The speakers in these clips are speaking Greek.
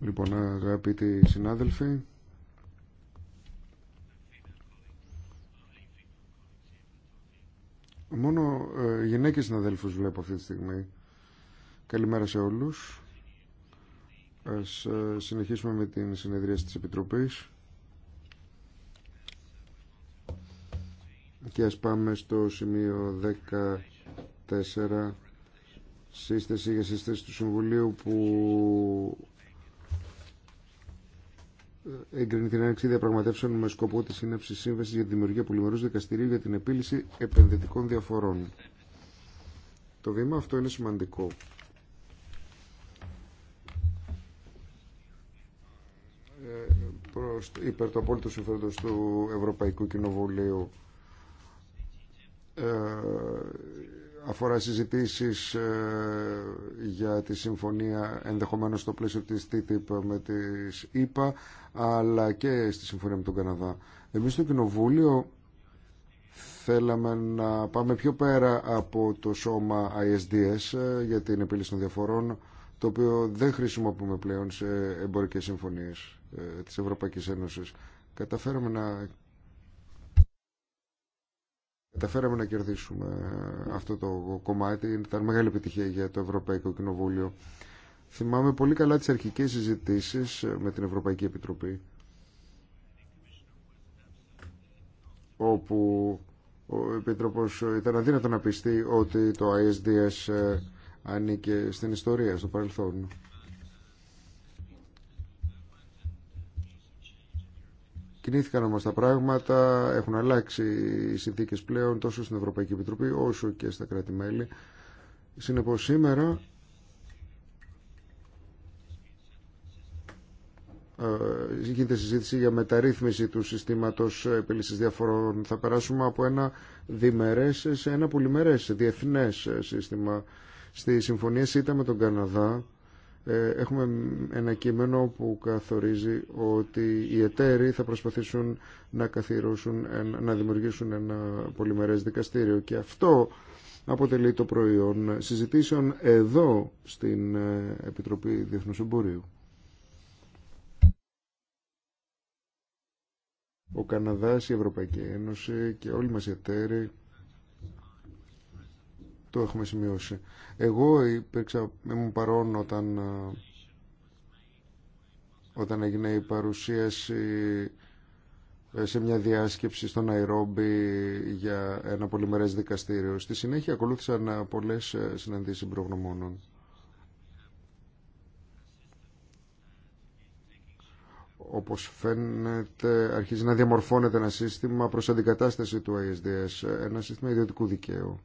Λοιπόν, αγαπητοί συνάδελφοι, μόνο ε, γυναίκες συναδέλφους βλέπω αυτή τη στιγμή. Καλημέρα σε όλους. Ας ε, συνεχίσουμε με την συνεδρία της Επιτροπής. Και ας πάμε στο σημείο 14 σύσταση για σύσταση του Συμβουλίου που εγκρίνει την άνοιξη διαπραγματεύσεων με σκοπό τη σύναψη σύμβαση για τη δημιουργία πολυμερού δικαστηρίου για την επίλυση επενδυτικών διαφορών. Το βήμα αυτό είναι σημαντικό. Προς, υπέρ του απόλυτου συμφέροντος του Ευρωπαϊκού Κοινοβουλίου ε, αφορά συζητήσεις ε, για τη συμφωνία ενδεχομένως στο πλαίσιο της TTIP με τις ΗΠΑ αλλά και στη συμφωνία με τον Καναδά. Εμείς στο Κοινοβούλιο θέλαμε να πάμε πιο πέρα από το σώμα ISDS ε, για την επίλυση των διαφορών το οποίο δεν χρησιμοποιούμε πλέον σε εμπορικές συμφωνίες ε, της Ευρωπαϊκής Ένωσης. Καταφέραμε να Καταφέραμε να κερδίσουμε αυτό το κομμάτι. Ήταν μεγάλη επιτυχία για το Ευρωπαϊκό Κοινοβούλιο. Θυμάμαι πολύ καλά τις αρχικές συζητήσεις με την Ευρωπαϊκή Επιτροπή όπου ο Επίτροπος ήταν αδύνατο να πιστεί ότι το ISDS ε, ανήκε στην ιστορία, στο παρελθόν. Κινήθηκαν όμως τα πράγματα, έχουν αλλάξει οι συνθήκε πλέον τόσο στην Ευρωπαϊκή Επιτροπή όσο και στα κράτη-μέλη. Συνεπώ σήμερα ε, γίνεται συζήτηση για μεταρρύθμιση του συστήματος επίλυσης διαφορών. Θα περάσουμε από ένα διμερές σε ένα πολυμερές διεθνές σύστημα. Στη συμφωνία ΣΥΤΑ με τον Καναδά ε, έχουμε ένα κείμενο που καθορίζει ότι οι εταίροι θα προσπαθήσουν να καθιερώσουν, να δημιουργήσουν ένα πολυμερές δικαστήριο και αυτό αποτελεί το προϊόν συζητήσεων εδώ στην ε, Επιτροπή Διεθνούς Εμπορίου. Ο Καναδάς, η Ευρωπαϊκή Ένωση και όλοι μας οι εταίροι το έχουμε σημειώσει. Εγώ υπήρξα, ήμουν παρόν όταν, ε, όταν έγινε η παρουσίαση ε, σε μια διάσκεψη στο Ναϊρόμπι για ένα πολυμερές δικαστήριο. Στη συνέχεια ακολούθησαν ε, πολλές συναντήσεις προγνωμόνων. όπως φαίνεται αρχίζει να διαμορφώνεται ένα σύστημα προς αντικατάσταση του ISDS, ένα σύστημα ιδιωτικού δικαίου.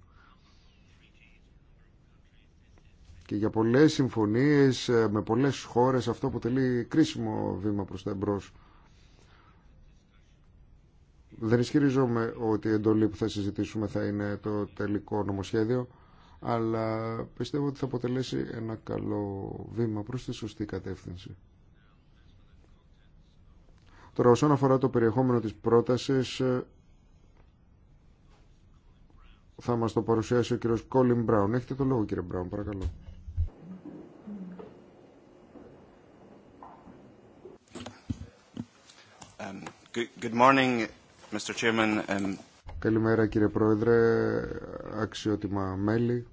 Και για πολλές συμφωνίες ε, με πολλές χώρες αυτό αποτελεί κρίσιμο βήμα προς τα εμπρός. Δεν ισχυρίζομαι ότι η εντολή που θα συζητήσουμε θα είναι το τελικό νομοσχέδιο, αλλά πιστεύω ότι θα αποτελέσει ένα καλό βήμα προς τη σωστή κατεύθυνση. Τώρα, όσον αφορά το περιεχόμενο της πρότασης, ε, θα μας το παρουσιάσει ο κύριος Κόλιν Μπράουν. Έχετε το λόγο κύριε Μπράουν, παρακαλώ. Um, um, Καλημέρα κύριε Πρόεδρε, αξιότιμα μέλη.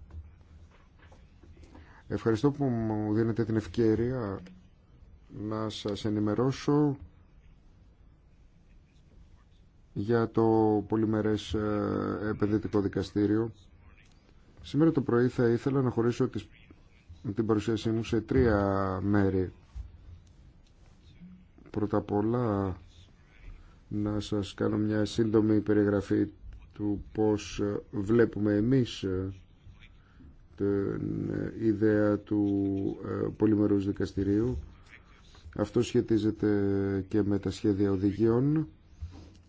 Ευχαριστώ που μου δίνετε την ευκαιρία να σας ενημερώσω για το Πολυμερές ε, Επενδυτικό Δικαστήριο. Σήμερα το πρωί θα ήθελα να χωρίσω την παρουσίασή μου σε τρία μέρη. Πρώτα απ' όλα να σας κάνω μια σύντομη περιγραφή του πώς βλέπουμε εμείς ε, την ιδέα του ε, πολυμερούς δικαστηρίου. Αυτό σχετίζεται και με τα σχέδια οδηγιών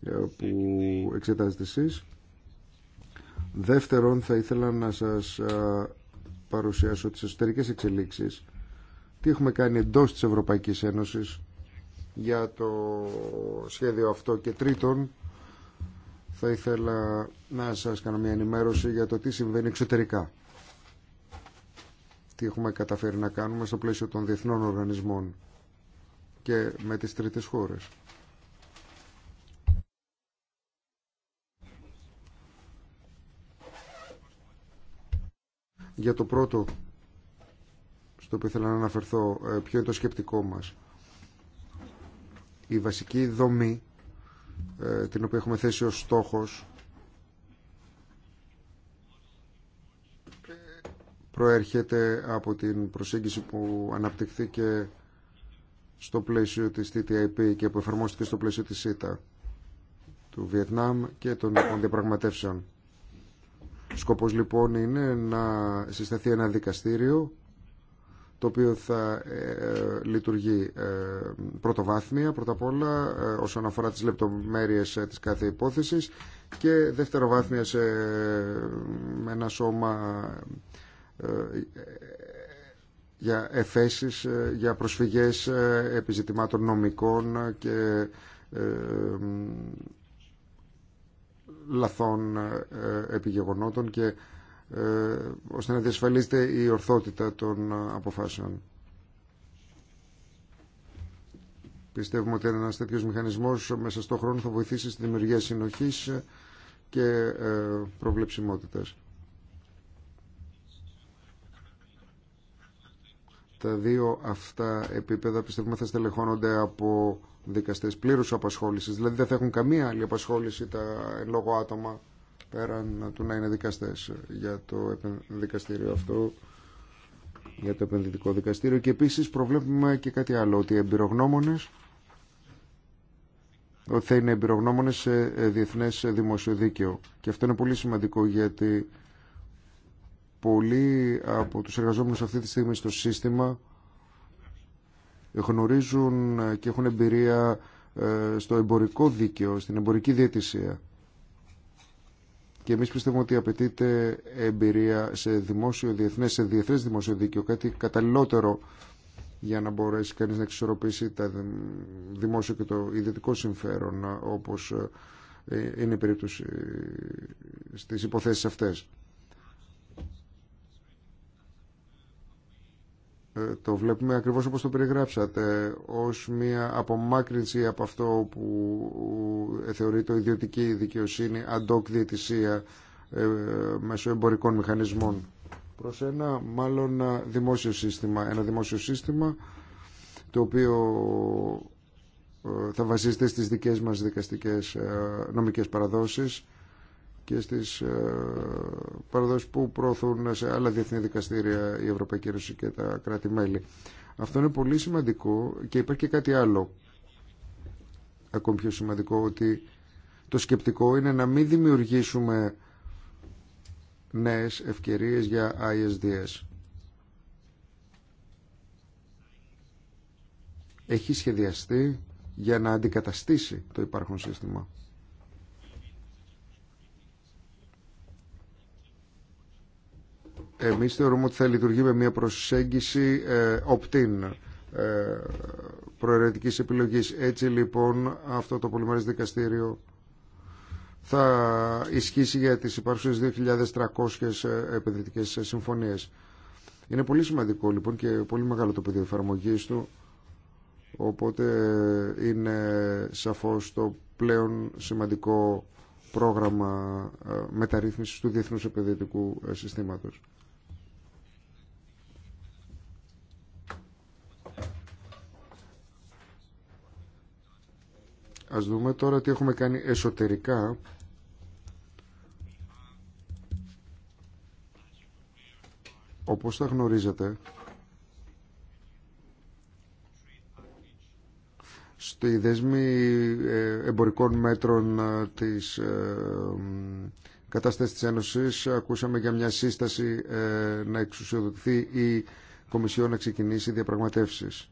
ε, που εξετάζετε εσείς. Δεύτερον, θα ήθελα να σας παρουσιάσω τις εσωτερικές εξελίξεις. Τι έχουμε κάνει εντός της Ευρωπαϊκής Ένωσης για το σχέδιο αυτό και τρίτον θα ήθελα να σας κάνω μια ενημέρωση για το τι συμβαίνει εξωτερικά τι έχουμε καταφέρει να κάνουμε στο πλαίσιο των διεθνών οργανισμών και με τις τρίτες χώρες. Για το πρώτο, στο οποίο ήθελα να αναφερθώ, ε, ποιο είναι το σκεπτικό μας η βασική δομή ε, την οποία έχουμε θέσει ως στόχος προέρχεται από την προσέγγιση που αναπτυχθήκε στο πλαίσιο της TTIP και που εφαρμόστηκε στο πλαίσιο της ΣΥΤΑ του Βιετνάμ και των λοιπόν διαπραγματεύσεων. Σκοπός λοιπόν είναι να συσταθεί ένα δικαστήριο το οποίο θα ε, ε, λειτουργεί ε, πρωτοβάθμια πρώτα απ' όλα όσον αφορά τις λεπτομέρειες της κάθε υπόθεσης και δευτεροβάθμια σε με ένα σώμα για εφέσεις, για προσφυγές επιζητημάτων νομικών και λαθών επιγεγονότων και ε, ώστε να διασφαλίζεται η ορθότητα των ε, αποφάσεων. Πιστεύουμε ότι ένα τέτοιο μηχανισμό μέσα στον χρόνο θα βοηθήσει στη δημιουργία συνοχή και ε, προβλεψιμότητα. Τα δύο αυτά επίπεδα πιστεύουμε θα στελεχώνονται από δικαστέ πλήρου απασχόληση. Δηλαδή δεν θα έχουν καμία άλλη απασχόληση τα εν λόγω άτομα πέραν του να είναι δικαστές για το δικαστήριο αυτό για το επενδυτικό δικαστήριο και επίσης προβλέπουμε και κάτι άλλο ότι ότι θα είναι εμπειρογνώμονες σε ε, διεθνές δημοσιοδίκαιο και αυτό είναι πολύ σημαντικό γιατί πολλοί από τους εργαζόμενους αυτή τη στιγμή στο σύστημα γνωρίζουν και έχουν εμπειρία ε, στο εμπορικό δίκαιο, στην εμπορική διαιτησία και εμεί πιστεύουμε ότι απαιτείται εμπειρία σε δημόσιο διεθνές, σε διεθνές δημόσιο δίκαιο, κάτι καταλληλότερο για να μπορέσει κανείς να εξισορροπήσει τα δημόσιο και το ιδιωτικό συμφέρον, όπως ε, είναι η περίπτωση ε, στις υποθέσεις αυτές. Ε, το βλέπουμε ακριβώς όπως το περιγράψατε, ως μια απομάκρυνση από αυτό που θεωρείται ιδιωτική δικαιοσύνη, αντόκ διαιτησία ε, μέσω εμπορικών μηχανισμών προς ένα μάλλον δημόσιο σύστημα. Ένα δημόσιο σύστημα το οποίο ε, θα βασίζεται στις δικές μας δικαστικές νομικές παραδόσεις και στις ε, παραδόσει που προωθούν σε άλλα διεθνή δικαστήρια η Ευρωπαϊκή Ένωση και τα κράτη-μέλη. Αυτό είναι πολύ σημαντικό και υπάρχει και κάτι άλλο ακόμη πιο σημαντικό ότι το σκεπτικό είναι να μην δημιουργήσουμε νέες ευκαιρίες για ISDS. Έχει σχεδιαστεί για να αντικαταστήσει το υπάρχον σύστημα. Εμείς θεωρούμε ότι θα λειτουργεί με μια προσέγγιση ε, opt-in ε, προαιρετικής επιλογής. Έτσι λοιπόν αυτό το πολυμερές δικαστήριο θα ισχύσει για τις υπάρχουσες 2.300 ε, επενδυτικές συμφωνίες. Είναι πολύ σημαντικό λοιπόν και πολύ μεγάλο το πεδίο εφαρμογή του, οπότε είναι σαφώς το πλέον σημαντικό πρόγραμμα ε, μεταρρύθμισης του διεθνούς επενδυτικού ε, συστήματος. Ας δούμε τώρα τι έχουμε κάνει εσωτερικά. Όπως θα γνωρίζετε, στη δέσμη ε, εμπορικών μέτρων ε, της ε, κατάστασης της Ένωσης ακούσαμε για μια σύσταση να εξουσιοδοτηθεί η Κομισιόν να ξεκινήσει διαπραγματεύσεις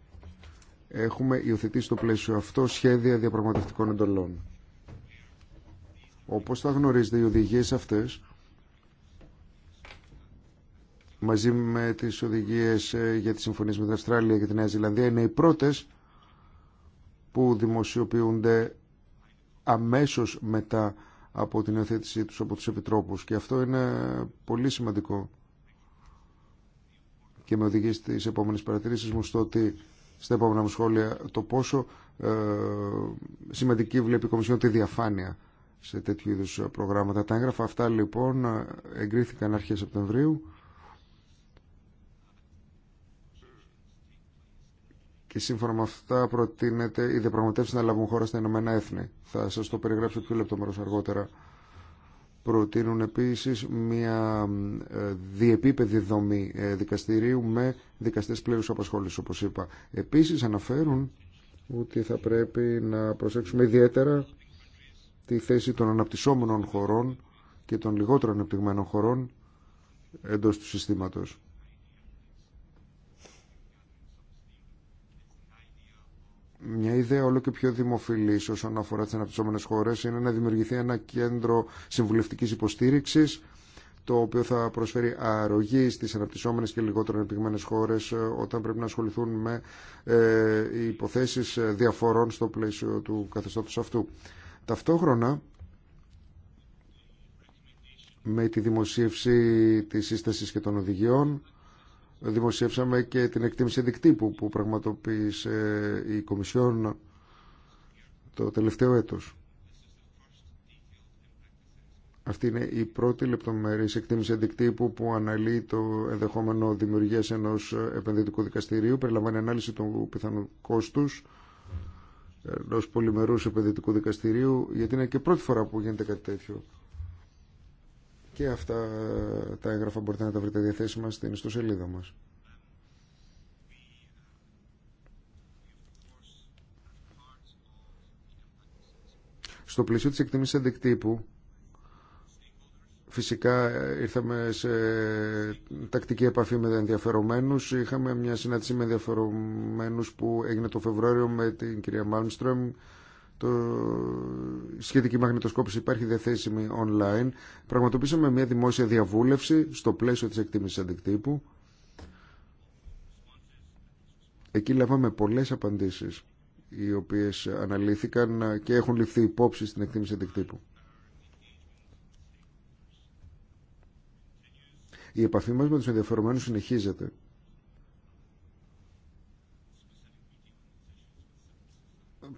έχουμε υιοθετήσει στο πλαίσιο αυτό σχέδια διαπραγματευτικών εντολών. Όπως θα γνωρίζετε, οι οδηγίες αυτές μαζί με τις οδηγίες ε, για τις συμφωνίες με την Αυστράλια και την Νέα Ζηλανδία είναι οι πρώτες που δημοσιοποιούνται αμέσως μετά από την υιοθέτησή τους από τους επιτρόπους και αυτό είναι πολύ σημαντικό και με οδηγεί στις επόμενες παρατηρήσεις μου στο ότι στα επόμενα μου σχόλια το πόσο ε, σημαντική βλέπει η Κομισιόν τη διαφάνεια σε τέτοιου είδου προγράμματα. Τα έγγραφα αυτά λοιπόν εγκρίθηκαν αρχές Σεπτεμβρίου και σύμφωνα με αυτά προτείνεται οι διαπραγματεύσει να λάβουν χώρα στα Ηνωμένα Έθνη. Θα σας το περιγράψω πιο λεπτομερώς αργότερα προτείνουν επίσης μια ε, διεπίπεδη δομή ε, δικαστηρίου με δικαστές πλήρους απασχόλησης όπως είπα. Επίσης αναφέρουν ότι θα πρέπει να προσέξουμε ιδιαίτερα τη θέση των αναπτυσσόμενων χωρών και των λιγότερων αναπτυγμένων χωρών εντός του συστήματος. μια ιδέα όλο και πιο δημοφιλή όσον αφορά τι αναπτυσσόμενε χώρε είναι να δημιουργηθεί ένα κέντρο συμβουλευτική υποστήριξη το οποίο θα προσφέρει αρρωγή στι αναπτυσσόμενε και λιγότερο ανεπτυγμένε χώρε ε, όταν πρέπει να ασχοληθούν με ε, υποθέσει ε, διαφορών στο πλαίσιο του καθεστώτος αυτού. Ταυτόχρονα, με τη δημοσίευση της σύστασης και των οδηγιών, δημοσίευσαμε και την εκτίμηση δικτύπου που πραγματοποίησε η Κομισιόν το τελευταίο έτος. Αυτή είναι η πρώτη λεπτομερή εκτίμηση δικτύπου που αναλύει το ενδεχόμενο δημιουργία ενό επενδυτικού δικαστηρίου. Περιλαμβάνει ανάλυση των πιθανών κόστου ενό πολυμερού επενδυτικού δικαστηρίου, γιατί είναι και πρώτη φορά που γίνεται κάτι τέτοιο. Και αυτά τα έγγραφα μπορείτε να τα βρείτε διαθέσιμα στην ιστοσελίδα μας. Στο πλαίσιο της εκτίμησης αντικτύπου, Φυσικά ήρθαμε σε τακτική επαφή με ενδιαφερομένους. Είχαμε μια συνάντηση με ενδιαφερομένους που έγινε το Φεβρουάριο με την κυρία Μάλμστρομ το... σχετική μαγνητοσκόπηση υπάρχει διαθέσιμη online. Πραγματοποιήσαμε μια δημόσια διαβούλευση στο πλαίσιο της εκτίμησης αντικτύπου. Εκεί λάβαμε πολλές απαντήσεις οι οποίες αναλύθηκαν και έχουν ληφθεί υπόψη στην εκτίμηση αντικτύπου. Η επαφή μας με τους ενδιαφερομένους συνεχίζεται.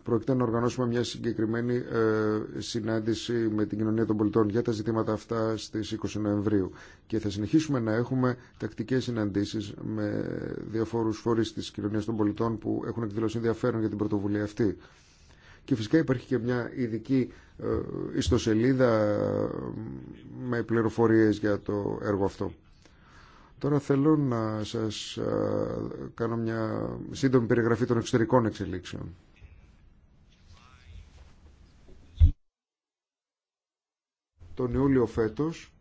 πρόκειται να οργανώσουμε μια συγκεκριμένη ε, συνάντηση με την κοινωνία των πολιτών για τα ζητήματα αυτά στις 20 Νοεμβρίου και θα συνεχίσουμε να έχουμε τακτικές συναντήσεις με διαφόρους φορείς της κοινωνίας των πολιτών που έχουν εκδηλώσει ενδιαφέρον για την πρωτοβουλία αυτή. Και φυσικά υπάρχει και μια ειδική ε, ιστοσελίδα με πληροφορίες για το έργο αυτό. Τώρα θέλω να σας ε, κάνω μια σύντομη περιγραφή των εξωτερικών εξελίξεων. τον Ιούλιο φέτος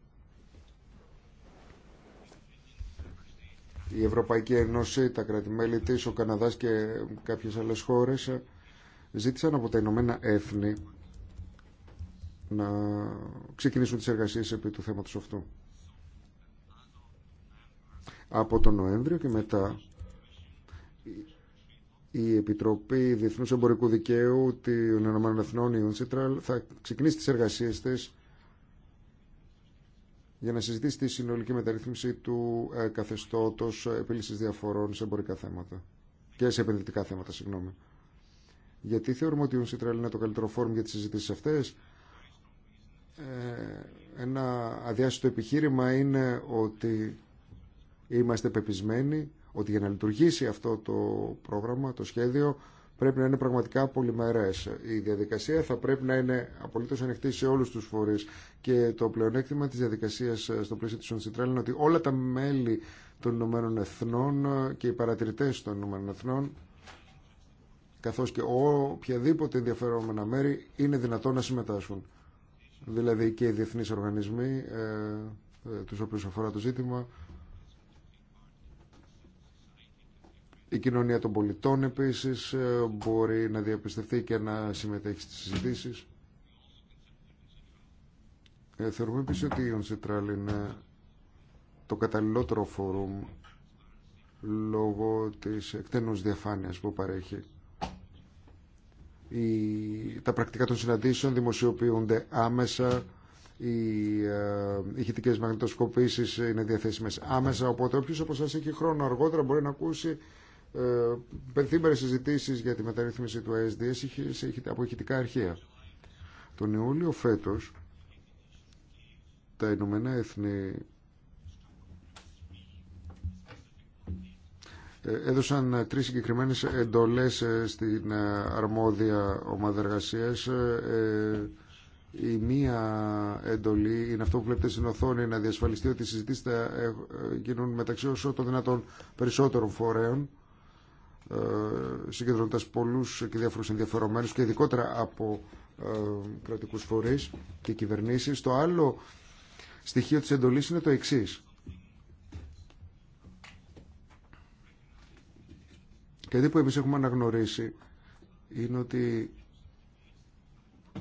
η Ευρωπαϊκή Ένωση, τα κρατημέλη της, ο Καναδάς και κάποιες άλλες χώρες ε, ζήτησαν από τα Ηνωμένα Έθνη να ξεκινήσουν τις εργασίες επί του θέματος αυτού. Από τον Νοέμβριο και μετά η Επιτροπή Διεθνούς Εμπορικού Δικαίου των Ηνωμένων Εθνών, η UNCITRAL, θα ξεκινήσει τις εργασίες της για να συζητήσει τη συνολική μεταρρύθμιση του ε, καθεστώτος ε, επίλυσης διαφορών σε εμπορικά θέματα και σε επενδυτικά θέματα, συγγνώμη. Γιατί θεωρούμε ότι η Uncitral είναι το καλύτερο φόρουμ για τις συζητήσεις αυτές. Ε, ένα αδιάστο επιχείρημα είναι ότι είμαστε πεπισμένοι ότι για να λειτουργήσει αυτό το πρόγραμμα, το σχέδιο, πρέπει να είναι πραγματικά πολυμερές. Η διαδικασία θα πρέπει να είναι απολύτως ανοιχτή σε όλους τους φορείς και το πλεονέκτημα της διαδικασίας ε, στο πλαίσιο της Ονσιτρέλ είναι ότι όλα τα μέλη των Ηνωμένων Εθνών ε, και οι παρατηρητές των Ηνωμένων Εθνών καθώς και οποιαδήποτε ενδιαφερόμενα μέρη είναι δυνατόν να συμμετάσχουν. Δηλαδή και οι διεθνείς οργανισμοί ε, ε, τους οποίους αφορά το ζήτημα Η κοινωνία των πολιτών επίσης ε, μπορεί να διαπιστευτεί και να συμμετέχει στις συζητήσεις. Ε, θεωρούμε επίση ότι η Ονσιτράλ είναι το καταλληλότερο φόρουμ λόγω της εκτενούς διαφάνειας που παρέχει. Η, τα πρακτικά των συναντήσεων δημοσιοποιούνται άμεσα, οι ε, ηχητικές μαγνητοσκοπήσεις είναι διαθέσιμες άμεσα, οπότε όποιος από εσάς έχει χρόνο αργότερα μπορεί να ακούσει ε, πενθήμερες συζητήσεις για τη μεταρρύθμιση του ΑΕΣΔΙΕΣ από ηχητικά αρχεία. Τον Ιούλιο φέτος τα Ηνωμένα Έθνη ε, έδωσαν τρεις συγκεκριμένες εντολές ε, στην αρμόδια ομάδα εργασίας. Η μία εντολή είναι αυτό που βλέπετε στην οθόνη να διασφαλιστεί ότι οι συζητήσεις θα γίνουν μεταξύ όσο το δυνατόν περισσότερων φορέων ε, συγκεντρώνοντας πολλού και διάφορου ενδιαφερομένου και ειδικότερα από ε, κρατικούς φορείς και κυβερνήσεις. Το άλλο στοιχείο της εντολή είναι το εξής. Κάτι που εμείς έχουμε αναγνωρίσει είναι ότι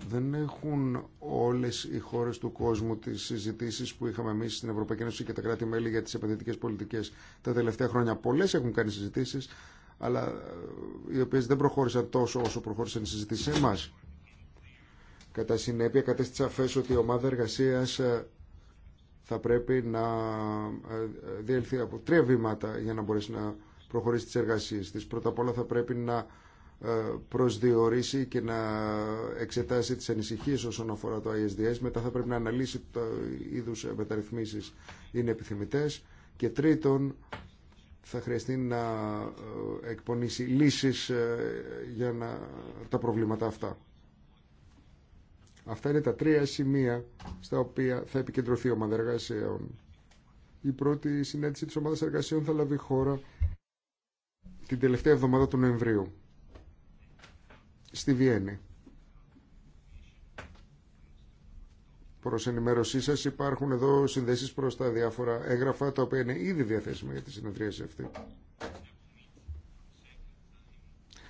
δεν έχουν όλες οι χώρες του κόσμου τις συζητήσεις που είχαμε εμείς στην Ευρωπαϊκή Ένωση και τα κράτη-μέλη για τις επενδυτικές πολιτικές τα τελευταία χρόνια. Πολλές έχουν κάνει συζητήσεις, αλλά ε, οι οποίες δεν προχώρησαν τόσο όσο προχώρησαν οι συζητήσεις μας. Κατά συνέπεια κατέστησα φέσο ότι η ομάδα εργασίας ε, θα πρέπει να ε, διέλθει από τρία βήματα για να μπορέσει να προχωρήσει τις εργασίες της. Πρώτα απ' όλα θα πρέπει να προσδιορίσει και να εξετάσει τις ανησυχίες όσον αφορά το ISDS. Μετά θα πρέπει να αναλύσει το είδους μεταρρυθμίσεις είναι επιθυμητές. Και τρίτον, θα χρειαστεί να ε, εκπονήσει λύσεις ε, για να... τα προβλήματα αυτά. Αυτά είναι τα τρία σημεία στα οποία θα επικεντρωθεί η ομάδα εργασιών. Η πρώτη συνέντευξη της ομάδας εργασιών θα λάβει χώρα την τελευταία εβδομάδα του Νοεμβρίου στη Βιέννη. Προ ενημέρωσή σα υπάρχουν εδώ συνδέσει προ τα διάφορα έγγραφα τα οποία είναι ήδη διαθέσιμα για τη συνεδρίαση αυτή.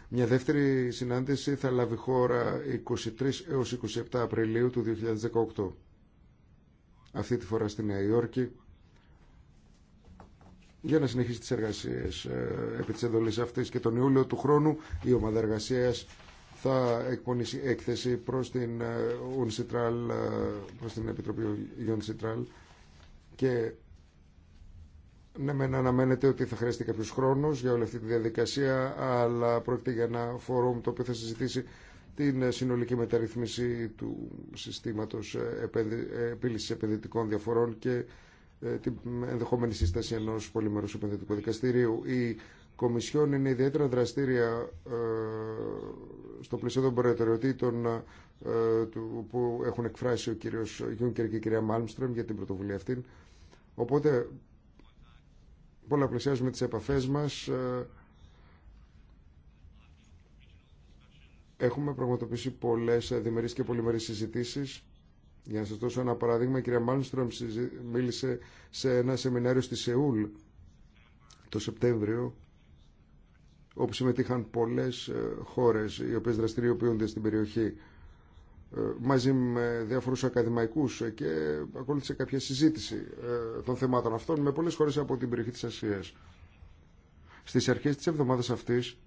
Μια δεύτερη συνάντηση θα λάβει χώρα 23 έως 27 Απριλίου του 2018. Αυτή τη φορά στη Νέα Υόρκη για να συνεχίσει τις εργασίες ε, επί της εντολής αυτής και τον Ιούλιο του χρόνου η ομάδα εργασίας θα εκπονήσει έκθεση προς την, ε, UNCITRAL, ε, προς την Επιτροπή UNCITRAL και ναι, να αναμένεται ότι θα χρειαστεί κάποιος χρόνος για όλη αυτή τη διαδικασία, αλλά πρόκειται για ένα φόρουμ το οποίο θα συζητήσει την ε, συνολική μεταρρύθμιση του συστήματος επίλυσης επενδυτικών διαφορών και την ενδεχόμενη σύσταση ενός πολυμερούς επενδυτικού δικαστηρίου. Κομισιόν είναι ιδιαίτερα δραστήρια ε, στο πλαίσιο των προτεραιοτήτων ε, που έχουν εκφράσει ο κύριος Γιούνκερ και η κυρία Μάλμστρομ για την πρωτοβουλία αυτή. Οπότε πολλαπλησιάζουμε τις επαφές μας. Ε, έχουμε πραγματοποιήσει πολλές διμερείς και πολυμερείς συζητήσεις. Για να σας δώσω ένα παράδειγμα, η κυρία Μάλμστρομ μίλησε σε ένα σεμινάριο στη Σεούλ το Σεπτέμβριο όπου συμμετείχαν πολλές ε, χώρες οι οποίες δραστηριοποιούνται στην περιοχή ε, μαζί με διάφορους ακαδημαϊκούς ε, και ακολούθησε κάποια συζήτηση των θεμάτων αυτών με πολλές χώρες από την περιοχή της Ασίας. Στις αρχές της εβδομάδας αυτής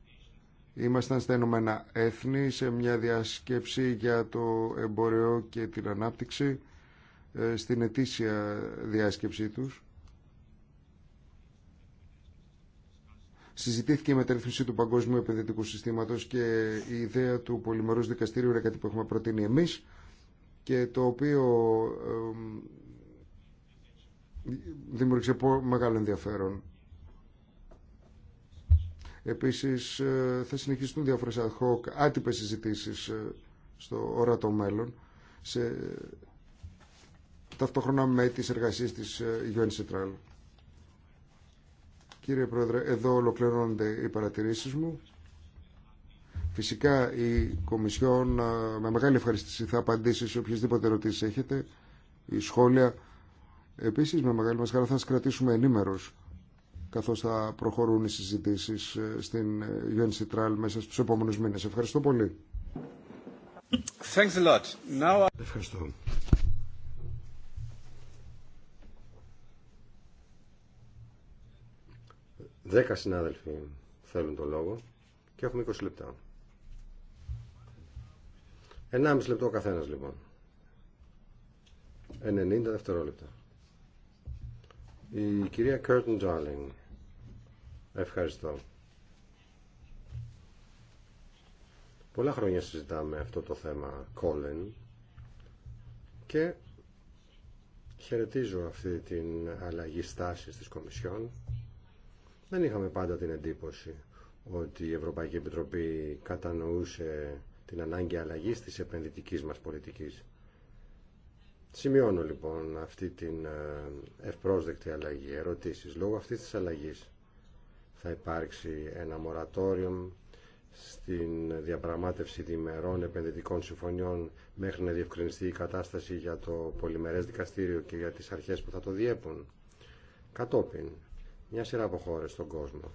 ήμασταν στα Ηνωμένα Έθνη σε μια διασκέψη για το εμπόριο και την ανάπτυξη στην ετήσια διάσκεψή τους Συζητήθηκε η μεταρρύθμιση του Παγκόσμιου Επενδυτικού Συστήματο και η ιδέα του πολυμερού δικαστηρίου είναι κάτι που έχουμε προτείνει εμεί και το οποίο δημιούργησε μεγάλο ενδιαφέρον. Επίσης ε, θα συνεχιστούν διάφορε ad hoc άτυπες συζητήσεις ε, στο όρατο μέλλον σε... ταυτόχρονα με τις εργασίες της ε, UN Central. Κύριε Πρόεδρε, εδώ ολοκληρώνονται οι παρατηρήσεις μου. Φυσικά η Κομισιόν με μεγάλη ευχαριστήση θα απαντήσει σε οποιασδήποτε ερωτήσει έχετε, η σχόλια. Επίσης με μεγάλη μας χαρά θα σας κρατήσουμε ενήμερος καθώς θα προχωρούν οι συζητήσεις ε, στην ε, UNCTRAL μέσα στους επόμενους μήνες. Ευχαριστώ πολύ. Ευχαριστώ. Δέκα συνάδελφοι θέλουν το λόγο και έχουμε 20 λεπτά. 1,5 λεπτό ο καθένας λοιπόν. 90 δευτερόλεπτα. Η κυρία Κέρτον Darling. Ευχαριστώ. Πολλά χρόνια συζητάμε αυτό το θέμα Colin και χαιρετίζω αυτή την αλλαγή στάσης της Κομισιόν δεν είχαμε πάντα την εντύπωση ότι η Ευρωπαϊκή Επιτροπή κατανοούσε την ανάγκη αλλαγής της επενδυτικής μας πολιτικής. Σημειώνω λοιπόν αυτή την ε, ευπρόσδεκτη αλλαγή. Ερωτήσεις. Λόγω αυτής της αλλαγής θα υπάρξει ένα μορατόριο στην διαπραγμάτευση διμερών επενδυτικών συμφωνιών μέχρι να διευκρινιστεί η κατάσταση για το πολυμερές δικαστήριο και για τις αρχές που θα το διέπουν. Κατόπιν, μια σειρά από χώρες στον κόσμο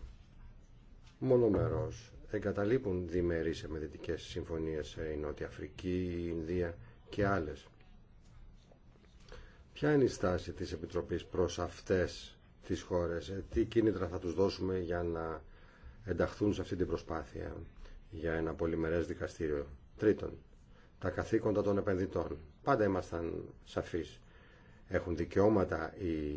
μονομερός εγκαταλείπουν διμερείς εμεδυτικές συμφωνίες σε η Νότια Αφρική, η Ινδία και άλλες. Ποια είναι η στάση της Επιτροπής προς αυτές τις χώρες, ε, τι κίνητρα θα τους δώσουμε για να ενταχθούν σε αυτή την προσπάθεια για ένα πολυμερές δικαστήριο. Τρίτον, τα καθήκοντα των επενδυτών. Πάντα ήμασταν σαφείς. Έχουν δικαιώματα οι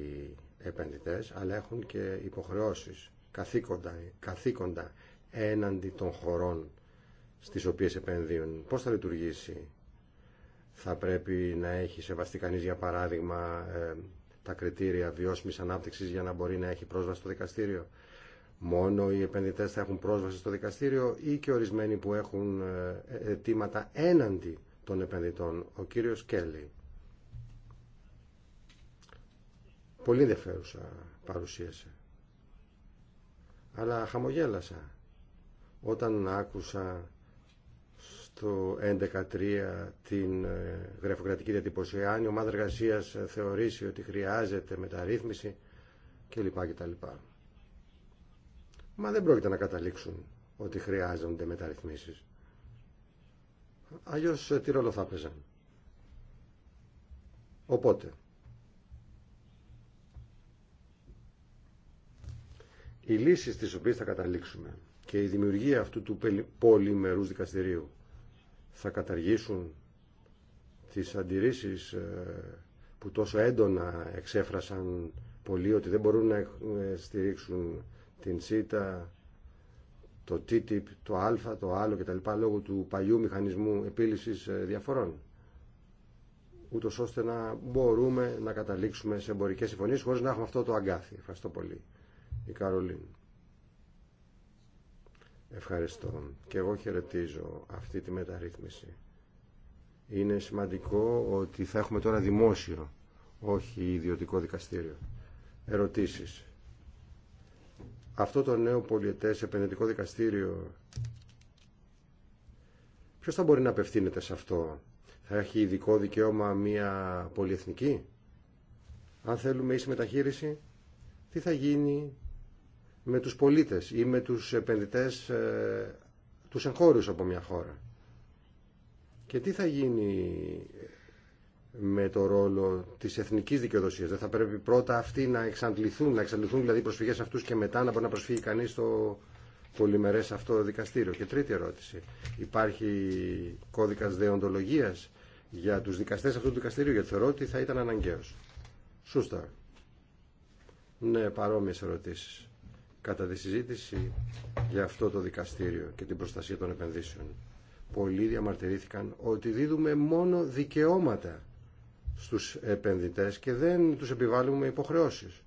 επενδυτές, αλλά έχουν και υποχρεώσεις, καθήκοντα, καθήκοντα έναντι των χωρών στις οποίες επενδύουν. Πώς θα λειτουργήσει. Θα πρέπει να έχει σεβαστεί κανεί, για παράδειγμα, ε, τα κριτήρια βιώσιμης ανάπτυξης για να μπορεί να έχει πρόσβαση στο δικαστήριο. Μόνο οι επενδυτές θα έχουν πρόσβαση στο δικαστήριο ή και ορισμένοι που έχουν ε, αιτήματα έναντι των επενδυτών. Ο κύριος Κέλλη Πολύ ενδιαφέρουσα παρουσίαση. Αλλά χαμογέλασα όταν άκουσα στο 11.3 την ε, γραφειοκρατική διατύπωση. Αν η ομάδα εργασία θεωρήσει ότι χρειάζεται μεταρρύθμιση κλπ. κτλ. Μα δεν πρόκειται να καταλήξουν ότι χρειάζονται μεταρρυθμίσεις. Αλλιώς ε, τι ρόλο θα παίζαν. Οπότε, οι λύσει τι οποίε θα καταλήξουμε και η δημιουργία αυτού του πολυμερού δικαστηρίου θα καταργήσουν τις αντιρρήσει ε, που τόσο έντονα εξέφρασαν πολλοί ότι δεν μπορούν να ε, στηρίξουν την ΣΥΤΑ, το TTIP, το Α, το άλλο κτλ. λόγω του παλιού μηχανισμού επίλυσης ε, διαφορών ούτω ώστε να μπορούμε να καταλήξουμε σε εμπορικέ συμφωνίε χωρί να έχουμε αυτό το αγκάθι. Ευχαριστώ πολύ η Καρολίν. Ευχαριστώ. Και εγώ χαιρετίζω αυτή τη μεταρρύθμιση. Είναι σημαντικό ότι θα έχουμε τώρα δημόσιο, όχι ιδιωτικό δικαστήριο. Ερωτήσεις. Αυτό το νέο πολιετές επενδυτικό δικαστήριο, ποιος θα μπορεί να απευθύνεται σε αυτό. Θα έχει ειδικό δικαίωμα μια πολυεθνική. Αν θέλουμε ίση μεταχείριση, τι θα γίνει με τους πολίτες ή με τους επενδυτές, ε, τους εγχώριους από μια χώρα. Και τι θα γίνει με το ρόλο της εθνικής δικαιοδοσίας. Δεν θα πρέπει πρώτα αυτοί να εξαντληθούν, να εξαντληθούν δηλαδή οι προσφυγέ αυτού και μετά να μπορεί να προσφύγει κανείς στο πολυμερές αυτό δικαστήριο. Και τρίτη ερώτηση. Υπάρχει κώδικας δεοντολογίας για τους δικαστές αυτού του δικαστήριου, γιατί θεωρώ ότι θα ήταν αναγκαίος. Σούστα. Ναι, παρόμοιε ερωτήσει κατά τη συζήτηση για αυτό το δικαστήριο και την προστασία των επενδύσεων. Πολλοί διαμαρτυρήθηκαν ότι δίδουμε μόνο δικαιώματα στους επενδυτές και δεν τους επιβάλλουμε υποχρεώσεις.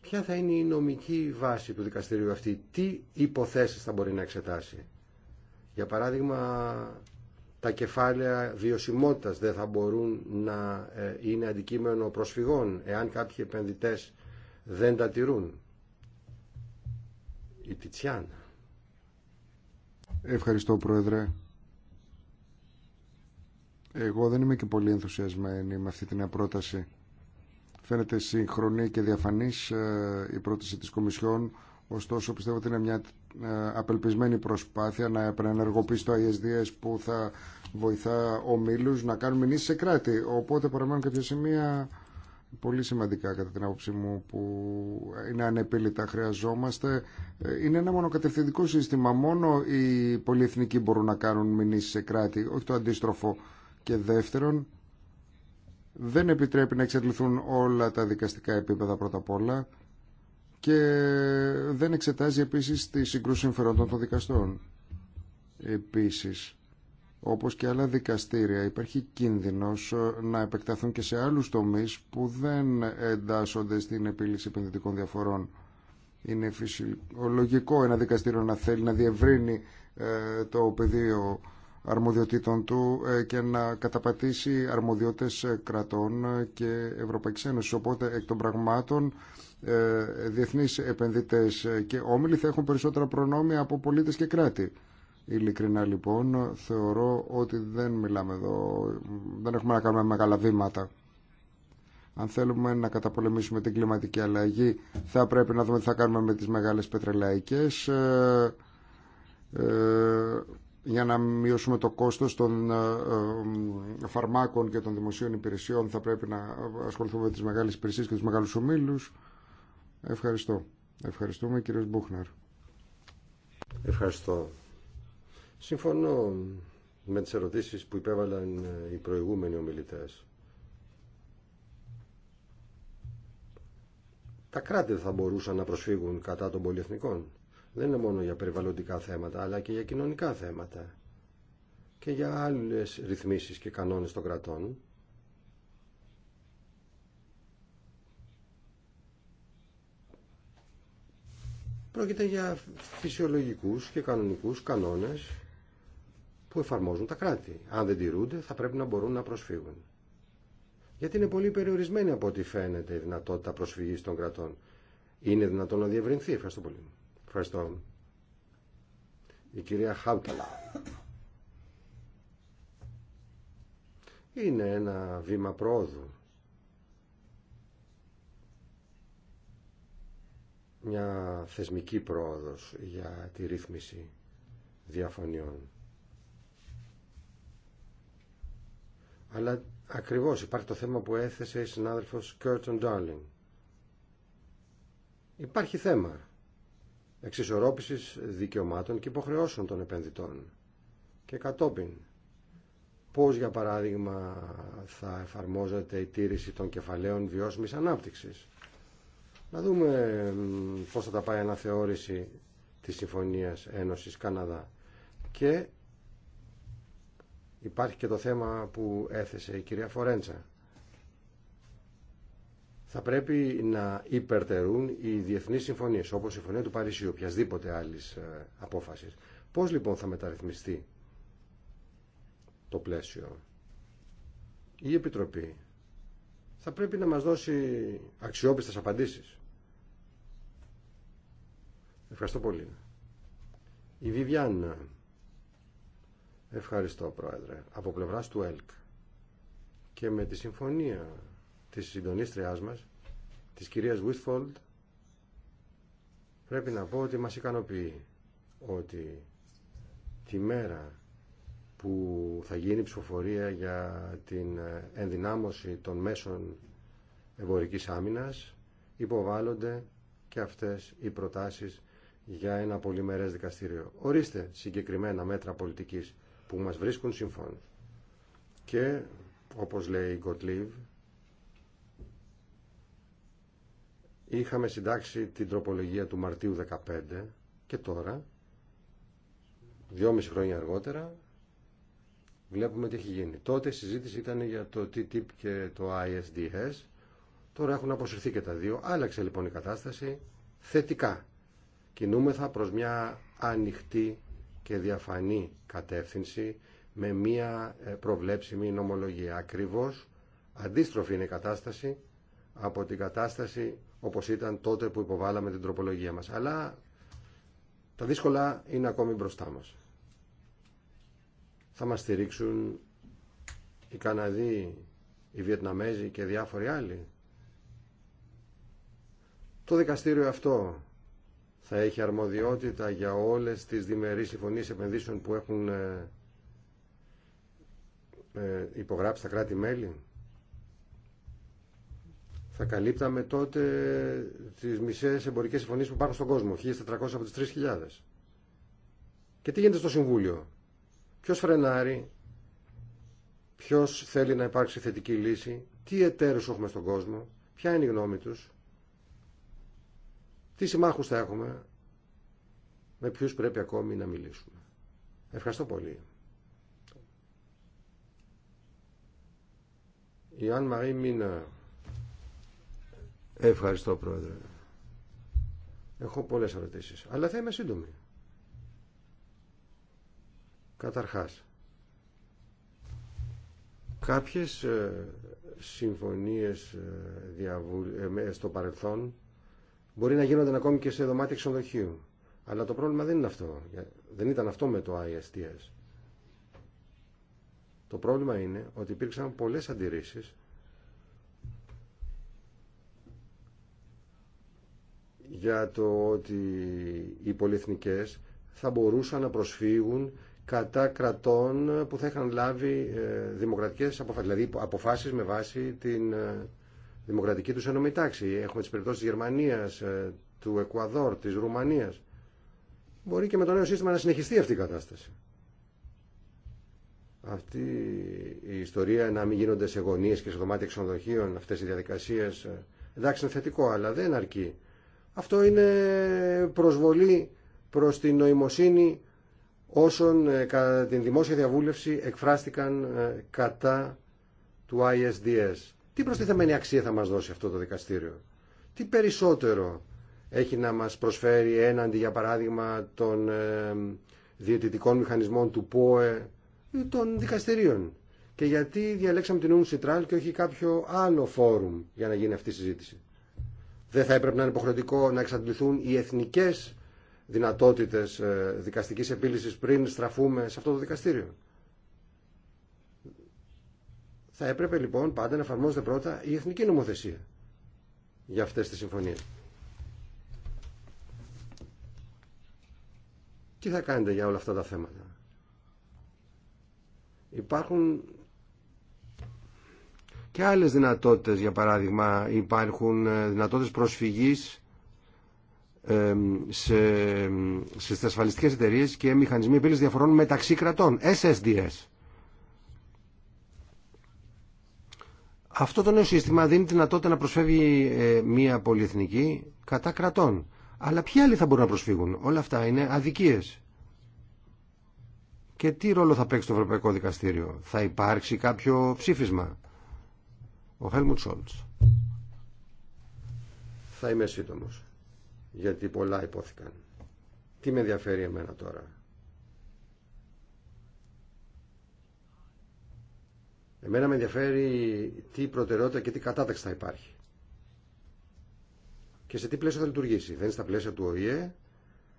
Ποια θα είναι η νομική βάση του δικαστηρίου αυτή, τι υποθέσεις θα μπορεί να εξετάσει. Για παράδειγμα, τα κεφάλαια βιωσιμότητας δεν θα μπορούν να ε, είναι αντικείμενο προσφυγών εάν κάποιοι επενδυτές δεν τα τηρούν. Η Τιτσιάνα. Ευχαριστώ Πρόεδρε. Εγώ δεν είμαι και πολύ ενθουσιασμένη με αυτή την πρόταση. Φαίνεται σύγχρονη και διαφανής ε, η πρόταση της Κομισιόν, ωστόσο πιστεύω ότι είναι μια ε, απελπισμένη προσπάθεια να επενεργοποιήσει το ISDS που θα βοηθά ομίλους να κάνουν μηνύσεις σε κράτη. Οπότε παραμένουν κάποια σημεία πολύ σημαντικά κατά την άποψή μου που είναι ανεπίλητα χρειαζόμαστε. Ε, είναι ένα μονοκατευθυντικό σύστημα. Μόνο οι πολυεθνικοί μπορούν να κάνουν μηνύσεις σε κράτη, όχι το αντίστροφο. Και δεύτερον, δεν επιτρέπει να εξαντληθούν όλα τα δικαστικά επίπεδα πρώτα απ' όλα και δεν εξετάζει επίσης τη συγκρούση συμφερόντων των δικαστών. Επίσης, όπως και άλλα δικαστήρια υπάρχει κίνδυνος ε, να επεκταθούν και σε άλλους τομείς που δεν εντάσσονται στην επίλυση επενδυτικών διαφορών. Είναι φυσιολογικό ένα δικαστήριο να θέλει να διευρύνει ε, το πεδίο αρμοδιοτήτων του ε, και να καταπατήσει αρμοδιότητες κρατών και Ευρωπαϊκής Ένωσης. Οπότε εκ των πραγμάτων διεθνείς επενδυτές και όμιλοι θα έχουν περισσότερα προνόμια από πολίτες και κράτη. Ειλικρινά λοιπόν θεωρώ ότι δεν μιλάμε εδώ, δεν έχουμε να κάνουμε μεγάλα βήματα. Αν θέλουμε να καταπολεμήσουμε την κλιματική αλλαγή θα πρέπει να δούμε τι θα κάνουμε με τις μεγάλες πετρελαϊκές ε, ε για να μειώσουμε το κόστος των ε, ε, φαρμάκων και των δημοσίων υπηρεσιών θα πρέπει να ασχοληθούμε με τις μεγάλες υπηρεσίες και τους μεγάλους ομίλους. Ευχαριστώ. Ευχαριστούμε κύριος Μπούχναρ. Ευχαριστώ. Συμφωνώ με τις ερωτήσεις που υπέβαλαν ε, οι προηγούμενοι ομιλητές. Τα κράτη θα μπορούσαν να προσφύγουν κατά των πολυεθνικών. Δεν είναι μόνο για περιβαλλοντικά θέματα, αλλά και για κοινωνικά θέματα και για άλλες ρυθμίσεις και κανόνες των κρατών. Πρόκειται για φυσιολογικούς και κανονικούς κανόνες που εφαρμόζουν τα κράτη. Αν δεν τηρούνται θα πρέπει να μπορούν να προσφύγουν. Γιατί είναι πολύ περιορισμένη από ό,τι φαίνεται η δυνατότητα προσφυγή των κρατών. Είναι δυνατόν να διευρυνθεί. Ευχαριστώ πολύ. Ευχαριστώ. Η κυρία Χάουταλα. Είναι ένα βήμα πρόοδου. Μια θεσμική πρόοδος για τη ρύθμιση διαφωνιών. Αλλά ακριβώς υπάρχει το θέμα που έθεσε η συνάδελφος Κέρτον Ντάρλιν. Υπάρχει θέμα εξισορρόπησης δικαιωμάτων και υποχρεώσεων των επενδυτών και κατόπιν. Πώς, για παράδειγμα, θα εφαρμόζεται η τήρηση των κεφαλαίων βιώσιμης ανάπτυξης. Να δούμε πώς θα τα πάει η αναθεώρηση της Συμφωνίας Ένωσης Καναδά. Και υπάρχει και το θέμα που έθεσε η κυρία Φορέντσα. Θα πρέπει να υπερτερούν οι διεθνείς συμφωνίες, όπως η Συμφωνία του Παρισίου, οποιασδήποτε αλλη ε, αποφαση Πώς λοιπόν θα μεταρρυθμιστεί το πλαίσιο. Η Επιτροπή θα πρέπει να μας δώσει αξιόπιστες απαντήσεις. Ευχαριστώ πολύ. Η Βιβιάννα. Ευχαριστώ, Πρόεδρε. Από πλευρά του ΕΛΚ και με τη συμφωνία της συντονίστριάς μας, της κυρίας Βουιθφολτ, πρέπει να πω ότι μας ικανοποιεί ότι τη μέρα που θα γίνει ψηφοφορία για την ενδυνάμωση των μέσων εμπορική άμυνας υποβάλλονται και αυτές οι προτάσεις για ένα πολυμερές δικαστήριο. Ορίστε συγκεκριμένα μέτρα πολιτικής που μας βρίσκουν συμφώνους. Και, όπως λέει η Γκοτλίβ, είχαμε συντάξει την τροπολογία του Μαρτίου 15 και τώρα, δυόμιση χρόνια αργότερα, βλέπουμε τι έχει γίνει. Τότε η συζήτηση ήταν για το TTIP και το ISDS. Τώρα έχουν αποσυρθεί και τα δύο. Άλλαξε λοιπόν η κατάσταση θετικά. Κινούμεθα προς μια ανοιχτή και διαφανή κατεύθυνση με μία ε, προβλέψιμη νομολογία. Ακριβώς αντίστροφη είναι η κατάσταση από την κατάσταση όπως ήταν τότε που υποβάλαμε την τροπολογία μας. Αλλά τα δύσκολα είναι ακόμη μπροστά μας. Θα μας στηρίξουν οι Καναδοί, οι Βιετναμέζοι και διάφοροι άλλοι. Το δικαστήριο αυτό θα έχει αρμοδιότητα για όλες τις διμερείς συμφωνίες επενδύσεων που έχουν ε, ε, υπογράψει τα κράτη-μέλη. Θα καλύπταμε τότε τις μισές εμπορικές συμφωνίες που υπάρχουν στον κόσμο, 1.400 από τις 3.000. Και τι γίνεται στο Συμβούλιο. Ποιος φρενάρει, ποιος θέλει να υπάρξει θετική λύση, τι εταίρους έχουμε στον κόσμο, ποια είναι η γνώμη τους τι συμμάχους θα έχουμε, με ποιους πρέπει ακόμη να μιλήσουμε. Ευχαριστώ πολύ. Ιωάνν Μαρή Ευχαριστώ πρόεδρε. Έχω πολλές ερωτήσεις, αλλά θα είμαι σύντομη. Καταρχάς, κάποιες ε, συμφωνίες ε, ε, στο παρελθόν Μπορεί να γίνονται ακόμη και σε δωμάτια ξενοδοχείου. Αλλά το πρόβλημα δεν είναι αυτό. Δεν ήταν αυτό με το ISTS. Το πρόβλημα είναι ότι υπήρξαν πολλές αντιρρήσεις για το ότι οι πολυεθνικές θα μπορούσαν να προσφύγουν κατά κρατών που θα είχαν λάβει ε, δημοκρατικές αποφάσεις, δηλαδή αποφάσεις με βάση την ε, δημοκρατική του ενωμή τάξη. Έχουμε τι περιπτώσει τη Γερμανίας, ε, του Εκουαδόρ, της Ρουμανίας. Μπορεί και με το νέο σύστημα να συνεχιστεί αυτή η κατάσταση. Αυτή η ιστορία να μην γίνονται σε γωνίες και σε δωμάτια ξενοδοχείων αυτές οι διαδικασίες, ε, εντάξει είναι θετικό, αλλά δεν αρκεί. Αυτό είναι προσβολή προς την νοημοσύνη όσων ε, κατά την δημόσια διαβούλευση εκφράστηκαν κατά του ISDS. Τι προστιθεμένη αξία θα μας δώσει αυτό το δικαστήριο. Τι περισσότερο έχει να μας προσφέρει έναντι για παράδειγμα των ε, διαιτητικών μηχανισμών του ΠΟΕ ή των δικαστηρίων. Και γιατί διαλέξαμε την Ούμου Σιτράλ και όχι κάποιο άλλο φόρουμ για να γίνει αυτή η συζήτηση. Δεν θα έπρεπε να είναι υποχρεωτικό να εξαντληθούν οι εθνικές δυνατότητες ε, δικαστικής επίλυσης πριν στραφούμε σε αυτό το δικαστήριο. Θα έπρεπε λοιπόν πάντα να εφαρμόζεται πρώτα η εθνική νομοθεσία για αυτές τις συμφωνίες. Τι θα κάνετε για όλα αυτά τα θέματα. Υπάρχουν και άλλες δυνατότητες, για παράδειγμα, υπάρχουν ε, δυνατότητες προσφυγής ε, σε, ε, στις ασφαλιστικές εταιρείες και μηχανισμοί επίλυσης διαφορών μεταξύ κρατών, SSDS. Αυτό το νέο σύστημα δίνει δυνατότητα να προσφεύγει ε, μία πολυεθνική κατά κρατών. Αλλά ποιοι άλλοι θα μπορούν να προσφύγουν. Όλα αυτά είναι αδικίες. Και τι ρόλο θα παίξει το Ευρωπαϊκό Δικαστήριο. Θα υπάρξει κάποιο ψήφισμα. Ο Χέλμουντ Σόλτς. Θα είμαι σύντομο. Γιατί πολλά υπόθηκαν. Τι με ενδιαφέρει εμένα τώρα. Εμένα με ενδιαφέρει τι προτεραιότητα και τι κατάταξη θα υπάρχει. Και σε τι πλαίσιο θα λειτουργήσει. Δεν είναι στα πλαίσια του ΟΗΕ,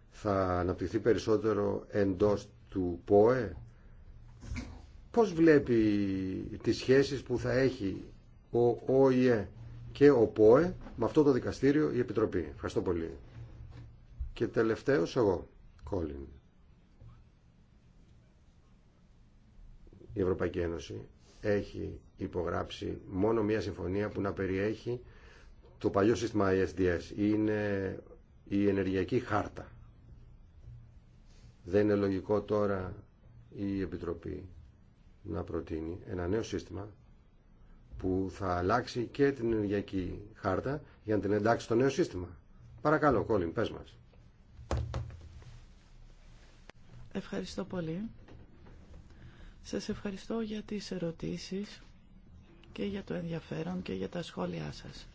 θα αναπτυχθεί περισσότερο εντός του ΠΟΕ. Πώς βλέπει τις σχέσεις που θα έχει ο ΟΗΕ και ο ΠΟΕ με αυτό το δικαστήριο η Επιτροπή. Ευχαριστώ πολύ. Και τελευταίος εγώ, Κόλλιν. Η Ευρωπαϊκή Ένωση έχει υπογράψει μόνο μία συμφωνία που να περιέχει το παλιό σύστημα ISDS. Είναι η ενεργειακή χάρτα. Δεν είναι λογικό τώρα η Επιτροπή να προτείνει ένα νέο σύστημα που θα αλλάξει και την ενεργειακή χάρτα για να την εντάξει στο νέο σύστημα. Παρακαλώ, Κόλλιν, πες μας. Ευχαριστώ πολύ. Σας ευχαριστώ για τις ερωτήσεις και για το ενδιαφέρον και για τα σχόλιά σας.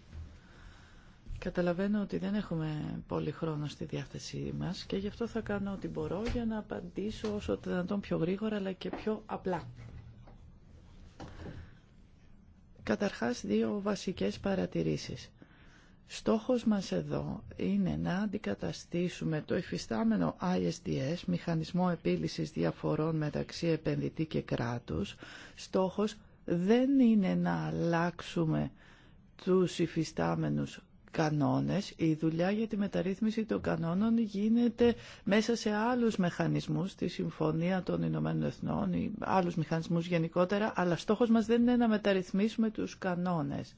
Καταλαβαίνω ότι δεν έχουμε πολύ χρόνο στη διάθεσή μας και γι' αυτό θα κάνω ό,τι μπορώ για να απαντήσω όσο το δυνατόν πιο γρήγορα αλλά και πιο απλά. Καταρχάς δύο βασικές παρατηρήσεις. Στόχος μας εδώ είναι να αντικαταστήσουμε το υφιστάμενο ISDS, Μηχανισμό Επίλυσης Διαφορών μεταξύ Επενδυτή και Κράτους. Στόχος δεν είναι να αλλάξουμε τους υφιστάμενους κανόνες. Η δουλειά για τη μεταρρύθμιση των κανόνων γίνεται μέσα σε άλλους μηχανισμούς, τη Συμφωνία των Ηνωμένων Εθνών ή άλλους μηχανισμούς γενικότερα, αλλά στόχος μας δεν είναι να μεταρρυθμίσουμε τους κανόνες.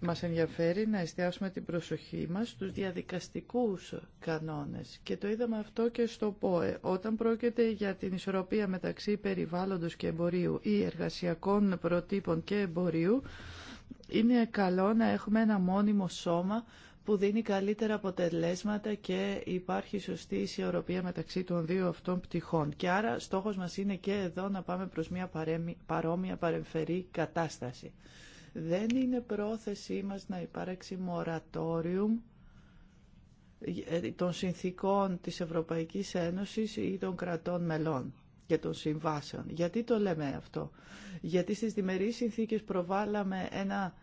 Μας ενδιαφέρει να εστιάσουμε την προσοχή μας στους διαδικαστικούς κανόνες και το είδαμε αυτό και στο ΠΟΕ. Όταν πρόκειται για την ισορροπία μεταξύ περιβάλλοντος και εμπορίου ή εργασιακών προτύπων και εμπορίου, είναι καλό να έχουμε ένα μόνιμο σώμα που δίνει καλύτερα αποτελέσματα και υπάρχει σωστή ισορροπία μεταξύ των δύο αυτών πτυχών. Και άρα στόχος μας είναι και εδώ να πάμε προς μια παρόμοια παρεμφερή κατάσταση. Δεν είναι πρόθεσή μας να υπάρξει μορατόριου ε, των συνθήκων της Ευρωπαϊκής Ένωσης ή των κρατών μελών και των συμβάσεων. Γιατί το λέμε αυτό. Γιατί στις διμερείς συνθήκες προβάλαμε ένα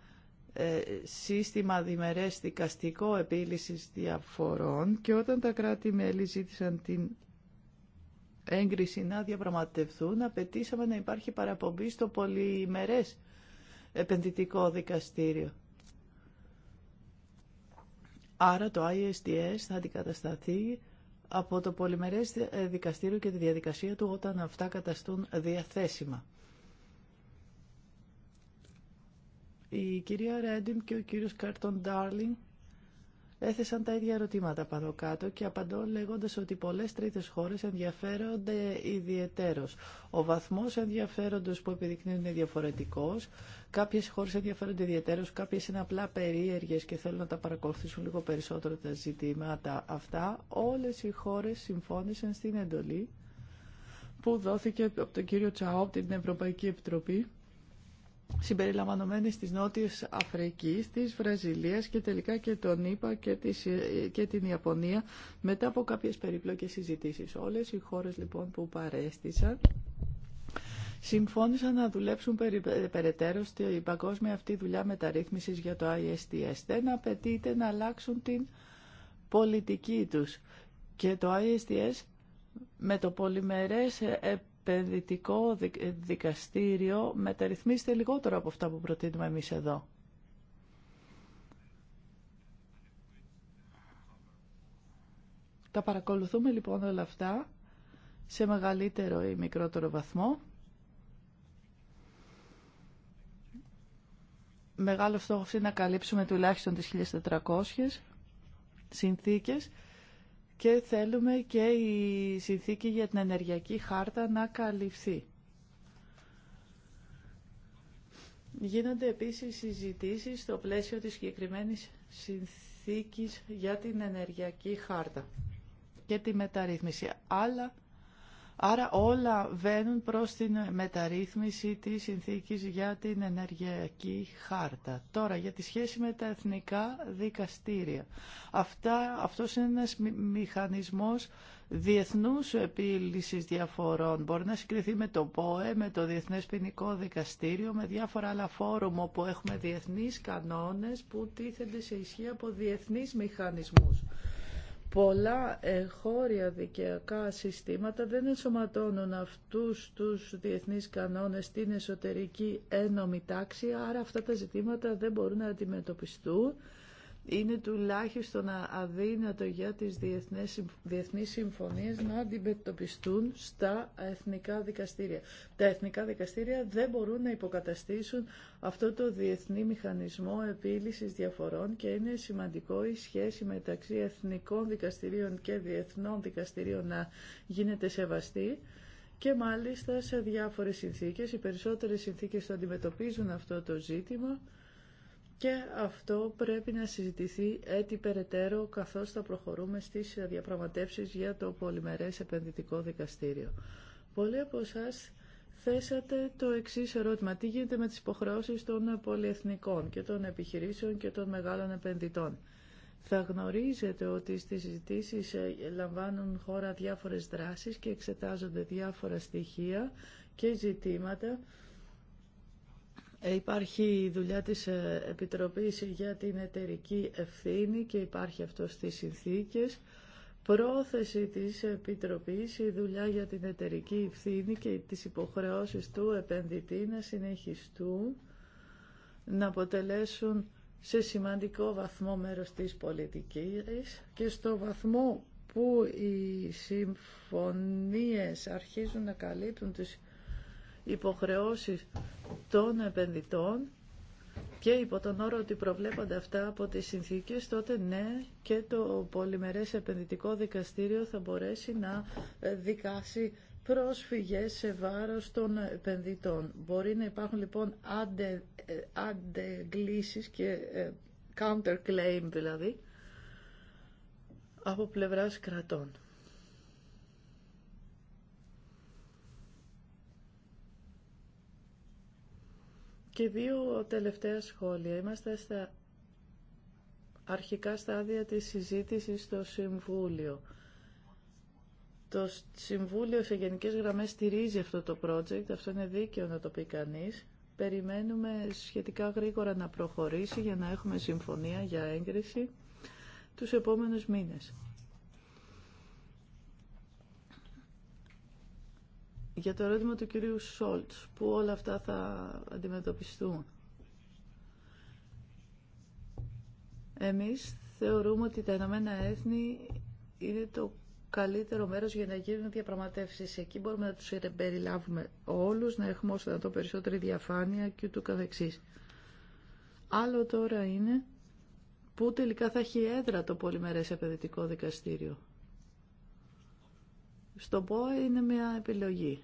ε, σύστημα διμερές δικαστικό επίλυσης διαφορών και όταν τα κράτη-μέλη ζήτησαν την έγκριση να διαπραγματευτούν, απαιτήσαμε να υπάρχει παραπομπή στο πολυμερές επενδυτικό δικαστήριο. Άρα το ISDS θα αντικατασταθεί από το πολυμερές δικαστήριο και τη διαδικασία του όταν αυτά καταστούν διαθέσιμα. Η κυρία Ρέντιμ και ο κύριος Κάρτον Ντάρλινγκ έθεσαν τα ίδια ερωτήματα πάνω κάτω και απαντώ λέγοντας ότι πολλές τρίτες χώρες ενδιαφέρονται ιδιαιτέρως. Ο βαθμός ενδιαφέροντος που επιδεικνύουν είναι διαφορετικός. Κάποιες χώρες ενδιαφέρονται ιδιαιτέρως, κάποιες είναι απλά περίεργες και θέλουν να τα παρακολουθήσουν λίγο περισσότερο τα ζητήματα αυτά. Όλες οι χώρες συμφώνησαν στην εντολή που δόθηκε από τον κύριο Τσαόπ την Ευρωπαϊκή Επιτροπή συμπεριλαμβανομένης της Νότιας Αφρικής, της Βραζιλίας και τελικά και τον ΙΠΑ και, της, και την Ιαπωνία μετά από κάποιες περιπλοκές συζητήσεις. Όλες οι χώρες λοιπόν που παρέστησαν συμφώνησαν να δουλέψουν περαιτέρω στην παγκόσμια αυτή δουλειά μεταρρύθμισης για το ISTS. Δεν απαιτείται να αλλάξουν την πολιτική τους. Και το ISTS με το πολυμερές επενδυτικό δικαστήριο μεταρρυθμίστε λιγότερο από αυτά που προτείνουμε εμείς εδώ. Τα παρακολουθούμε λοιπόν όλα αυτά σε μεγαλύτερο ή μικρότερο βαθμό. Μεγάλο στόχο είναι να καλύψουμε τουλάχιστον τις 1400 συνθήκες και θέλουμε και η συνθήκη για την ενεργειακή χάρτα να καλυφθεί. Γίνονται επίσης συζητήσεις στο πλαίσιο της συγκεκριμένη συνθήκης για την ενεργειακή χάρτα και τη μεταρρύθμιση. Άλλα Άρα όλα βαίνουν προς την μεταρρύθμιση της συνθήκης για την ενεργειακή χάρτα. Τώρα για τη σχέση με τα εθνικά δικαστήρια. Αυτά, αυτός είναι ένας μηχανισμός διεθνούς επίλυσης διαφορών. Μπορεί να συγκριθεί με το ΠΟΕ, με το Διεθνές Ποινικό Δικαστήριο, με διάφορα άλλα φόρουμ όπου έχουμε διεθνείς κανόνες που τίθενται σε ισχύ από διεθνείς μηχανισμούς. Πολλά χώρια δικαιακά συστήματα δεν ενσωματώνουν αυτούς τους διεθνείς κανόνες στην εσωτερική ένωμη τάξη, άρα αυτά τα ζητήματα δεν μπορούν να αντιμετωπιστούν είναι τουλάχιστον αδύνατο για τις διεθνές, διεθνείς συμφωνίες να αντιμετωπιστούν στα εθνικά δικαστήρια. Τα εθνικά δικαστήρια δεν μπορούν να υποκαταστήσουν αυτό το διεθνή μηχανισμό επίλυσης διαφορών και είναι σημαντικό η σχέση μεταξύ εθνικών δικαστηρίων και διεθνών δικαστηρίων να γίνεται σεβαστή και μάλιστα σε διάφορες συνθήκες. Οι περισσότερες συνθήκες το αντιμετωπίζουν αυτό το ζήτημα. Και αυτό πρέπει να συζητηθεί έτσι περαιτέρω καθώς θα προχωρούμε στις διαπραγματεύσεις για το πολυμερές επενδυτικό δικαστήριο. Πολλοί από εσά θέσατε το εξής ερώτημα. Τι γίνεται με τις υποχρεώσεις των πολυεθνικών και των επιχειρήσεων και των μεγάλων επενδυτών. Θα γνωρίζετε ότι στις συζητήσεις ε, λαμβάνουν χώρα διάφορες δράσεις και εξετάζονται διάφορα στοιχεία και ζητήματα Υπάρχει η δουλειά της ε, Επιτροπής για την εταιρική ευθύνη και υπάρχει αυτό στις συνθήκες. Πρόθεση της Επιτροπής, η δουλειά για την εταιρική ευθύνη και τις υποχρεώσεις του επενδυτή να συνεχιστούν, να αποτελέσουν σε σημαντικό βαθμό μέρος της πολιτικής και στο βαθμό που οι συμφωνίες αρχίζουν να καλύπτουν τις υποχρεώσεις των επενδυτών και υπό τον όρο ότι προβλέπονται αυτά από τις συνθήκες, τότε ναι και το πολυμερές επενδυτικό δικαστήριο θα μπορέσει να ε, δικάσει πρόσφυγες σε βάρος των επενδυτών. Μπορεί να υπάρχουν λοιπόν ε, αντεγκλήσεις και ε, counterclaim δηλαδή από πλευράς κρατών. Και δύο τελευταία σχόλια. Είμαστε στα αρχικά στάδια της συζήτησης στο Συμβούλιο. Το Συμβούλιο σε γενικές γραμμές στηρίζει αυτό το project, αυτό είναι δίκαιο να το πει κανείς. Περιμένουμε σχετικά γρήγορα να προχωρήσει για να έχουμε συμφωνία για έγκριση τους επόμενους μήνες. Για το ερώτημα του κυρίου Σόλτς, πού όλα αυτά θα αντιμετωπιστούν. Εμείς θεωρούμε ότι τα Ηνωμένα Έθνη είναι το καλύτερο μέρος για να γίνουν διαπραγματεύσεις. Εκεί μπορούμε να τους περιλάβουμε όλους, να έχουμε όσο το περισσότερη διαφάνεια και ούτω καθεξής. Άλλο τώρα είναι πού τελικά θα έχει έδρα το πολυμερές επενδυτικό δικαστήριο. Στο ΠΟΕ είναι μια επιλογή.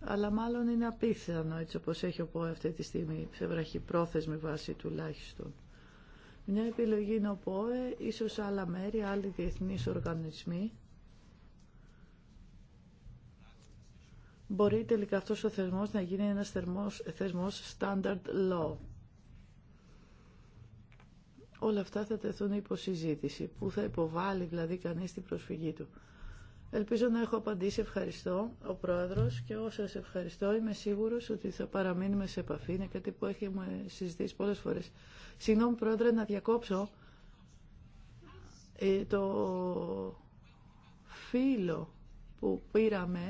Αλλά μάλλον είναι απίθανο έτσι όπως έχει ο ΠΟΕ αυτή τη στιγμή, σε βραχυπρόθεσμη βάση τουλάχιστον. Μια επιλογή είναι ο ΠΟΕ, ίσως άλλα μέρη, άλλοι διεθνείς οργανισμοί. Μπορεί τελικά αυτός ο θεσμός να γίνει ένας θεσμός standard law, όλα αυτά θα τεθούν του. Ελπίζω να έχω απαντήσει. Ευχαριστώ, ο πρόεδρος. Και όσας ευχαριστώ, είμαι σίγουρος ότι θα παραμείνουμε σε επαφή. Είναι κάτι που θα υποβάλει δηλαδή κανείς την προσφυγή του. Ελπίζω να έχω απαντήσει. Ευχαριστώ ο Πρόεδρος και όσο σας ευχαριστώ. Είμαι σίγουρος ότι θα παραμείνουμε σε επαφή. Είναι κάτι που έχουμε συζητήσει πολλές φορές. Συγγνώμη Πρόεδρε να διακόψω ε, το φίλο που πήραμε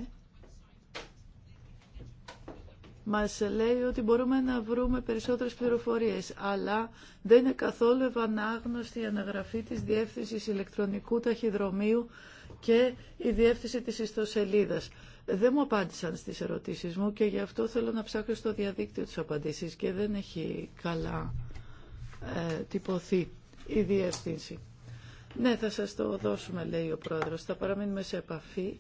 μας λέει ότι μπορούμε να βρούμε περισσότερες πληροφορίες, αλλά δεν είναι καθόλου ευανάγνωστη η αναγραφή της Διεύθυνσης Ηλεκτρονικού Ταχυδρομείου και η διεύθυνση της ιστοσελίδας. Δεν μου απάντησαν στις ερωτήσεις μου και γι' αυτό θέλω να ψάξω στο διαδίκτυο τις απαντήσεις και δεν έχει καλά ε, τυπωθεί η διεύθυνση. Ναι, θα σας το δώσουμε, λέει ο Πρόεδρος. Θα παραμείνουμε σε επαφή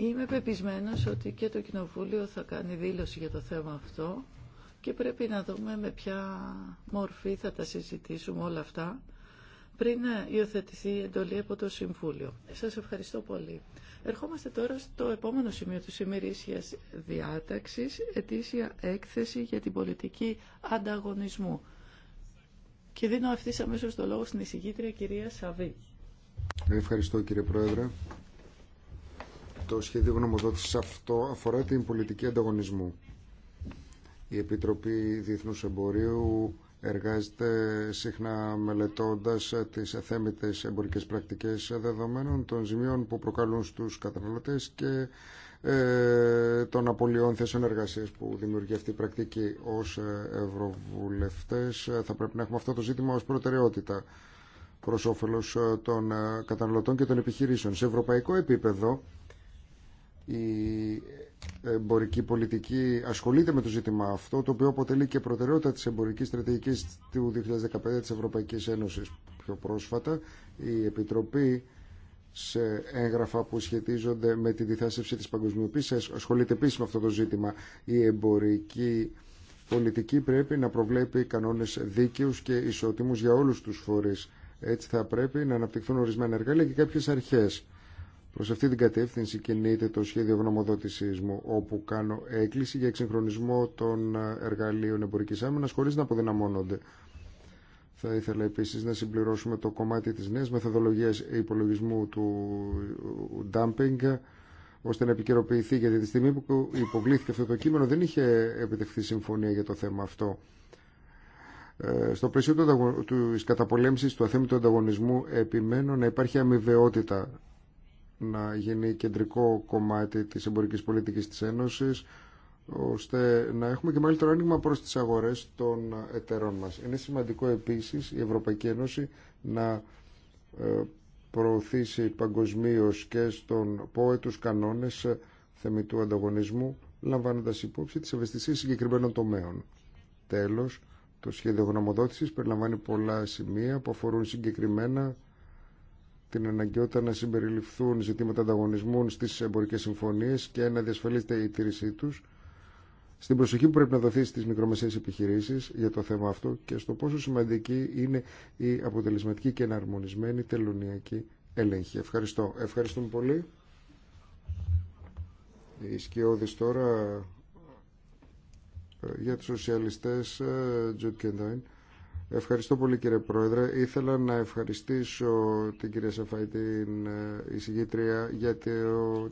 Είμαι πεπισμένος ότι και το Κοινοβούλιο θα κάνει δήλωση για το θέμα αυτό και πρέπει να δούμε με ποια μορφή θα τα συζητήσουμε όλα αυτά πριν να υιοθετηθεί η εντολή από το Συμβούλιο. Σας ευχαριστώ πολύ. Ερχόμαστε τώρα στο επόμενο σημείο της ημερήσιας διάταξης, ετήσια έκθεση για την πολιτική ανταγωνισμού. Και δίνω αυτή αμέσως το λόγο στην εισηγήτρια κυρία Σαβή. Ευχαριστώ κύριε Πρόεδρε. Το σχέδιο γνωμοδότησης αυτό αφορά την πολιτική ανταγωνισμού. Η Επιτροπή Διεθνούς Εμπορίου εργάζεται συχνά μελετώντας τις αθέμητες εμπορικές πρακτικές δεδομένων των ζημιών που προκαλούν στους καταναλωτές και ε, των απολειών θέσεων εργασίας που δημιουργεί αυτή η πρακτική ως ευρωβουλευτές. Θα πρέπει να έχουμε αυτό το ζήτημα ως προτεραιότητα προς όφελος των καταναλωτών και των επιχειρήσεων. Σε ευρωπαϊκό επίπεδο η εμπορική πολιτική ασχολείται με το ζήτημα αυτό, το οποίο αποτελεί και προτεραιότητα της εμπορικής στρατηγικής του 2015 της Ευρωπαϊκής Ένωσης πιο πρόσφατα. Η Επιτροπή σε έγγραφα που σχετίζονται με τη διθάσευση της παγκοσμιοποίησης ασχολείται επίση με αυτό το ζήτημα. Η εμπορική πολιτική πρέπει να προβλέπει κανόνες δίκαιους και ισότιμους για όλους τους φορείς. Έτσι θα πρέπει να αναπτυχθούν ορισμένα εργαλεία και κάποιες αρχές Προς αυτή την κατεύθυνση κινείται το σχέδιο γνωμοδότησής μου, όπου κάνω έκκληση για εξυγχρονισμό των εργαλείων εμπορικής άμυνας χωρίς να αποδυναμώνονται. Θα ήθελα επίσης να συμπληρώσουμε το κομμάτι της νέας μεθοδολογίας υπολογισμού του dumping, ώστε να επικαιροποιηθεί, γιατί τη στιγμή που υποβλήθηκε αυτό το κείμενο δεν είχε επιτευχθεί συμφωνία για το θέμα αυτό. Ε, στο πλαίσιο τη καταπολέμηση του αθέμητου ανταγωνισμού, επιμένω να υπάρχει αμοιβαιότητα να γίνει κεντρικό κομμάτι της εμπορικής πολιτικής της Ένωσης ώστε να έχουμε και μεγαλύτερο άνοιγμα προς τις αγορές των εταιρών μας. Είναι σημαντικό επίσης η Ευρωπαϊκή Ένωση να ε, προωθήσει παγκοσμίω και στον ΠΟΕ τους κανόνες ε, θεμητού ανταγωνισμού λαμβάνοντας υπόψη τις ευαισθησίες συγκεκριμένων τομέων. Τέλος, το σχέδιο γνωμοδότησης περιλαμβάνει πολλά σημεία που αφορούν συγκεκριμένα την αναγκαιότητα να συμπεριληφθούν ζητήματα ανταγωνισμού στις εμπορικέ συμφωνίες και να διασφαλίζεται η τήρησή τους, στην προσοχή που πρέπει να δοθεί στις μικρομεσαίες επιχειρήσεις για το θέμα αυτό και στο πόσο σημαντική είναι η αποτελεσματική και εναρμονισμένη τελωνιακή έλεγχη. Ευχαριστώ. Ευχαριστούμε πολύ. Οι τώρα ε, για τους σοσιαλιστές ε, Τζουτ Κεντάιν. Ευχαριστώ πολύ κύριε Πρόεδρε. Ήθελα να ευχαριστήσω την κυρία Σαφάη, την ε, εισηγήτρια, γιατί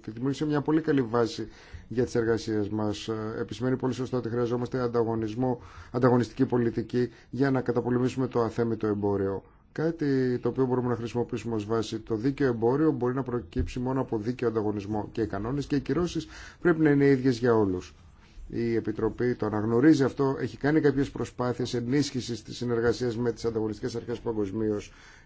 τη δημιούργησε μια πολύ καλή βάση για τις εργασίες μας. Ε, επισημαίνει πολύ σωστά ότι χρειαζόμαστε ανταγωνισμό, ανταγωνιστική πολιτική για να καταπολεμήσουμε το αθέμητο εμπόριο. Κάτι το οποίο μπορούμε να χρησιμοποιήσουμε ως βάση. Το δίκαιο εμπόριο μπορεί να προκύψει μόνο από δίκαιο ανταγωνισμό και οι κανόνες και οι κυρώσεις πρέπει να είναι ίδιες για όλους. Η Επιτροπή το αναγνωρίζει αυτό. Έχει κάνει κάποιε προσπάθειες ενίσχυση τη συνεργασία με τι ανταγωνιστικές αρχέ παγκοσμίω.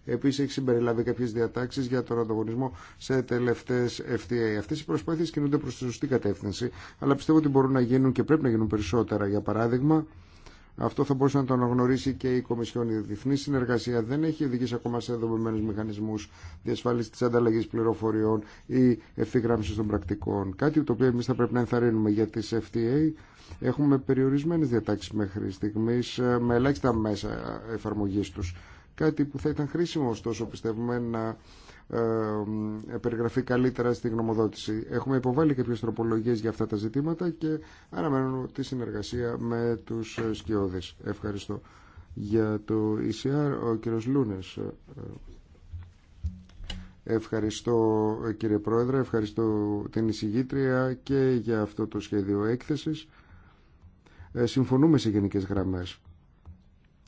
Επίση, έχει συμπεριλάβει κάποιε διατάξει για τον ανταγωνισμό σε τελευταίε FTA. Αυτέ οι προσπάθειε κινούνται προ τη σωστή κατεύθυνση, αλλά πιστεύω ότι μπορούν να γίνουν και πρέπει να γίνουν περισσότερα. Για παράδειγμα, αυτό θα μπορούσε να το αναγνωρίσει και η Κομισιόν. Η διεθνή συνεργασία δεν έχει οδηγήσει ακόμα σε δομημένου μηχανισμού διασφάλιση τη ανταλλαγή πληροφοριών ή ευθυγράμμιση των πρακτικών. Κάτι το οποίο εμεί θα πρέπει να ενθαρρύνουμε για τι FTA. Έχουμε περιορισμένε διατάξει μέχρι στιγμή ε, με ελάχιστα μέσα εφαρμογή του. Κάτι που θα ήταν χρήσιμο, ωστόσο, πιστεύουμε, να ε, περιγραφεί καλύτερα στη γνωμοδότηση. Έχουμε υποβάλει κάποιες τροπολογίες για αυτά τα ζητήματα και αναμένω τη συνεργασία με τους σκιώδες. Ευχαριστώ. Για το ECR, ο κύριος Λούνες. Ευχαριστώ κύριε Πρόεδρε, ευχαριστώ την εισηγήτρια και για αυτό το σχέδιο έκθεσης. Ε, συμφωνούμε σε γενικές γραμμές.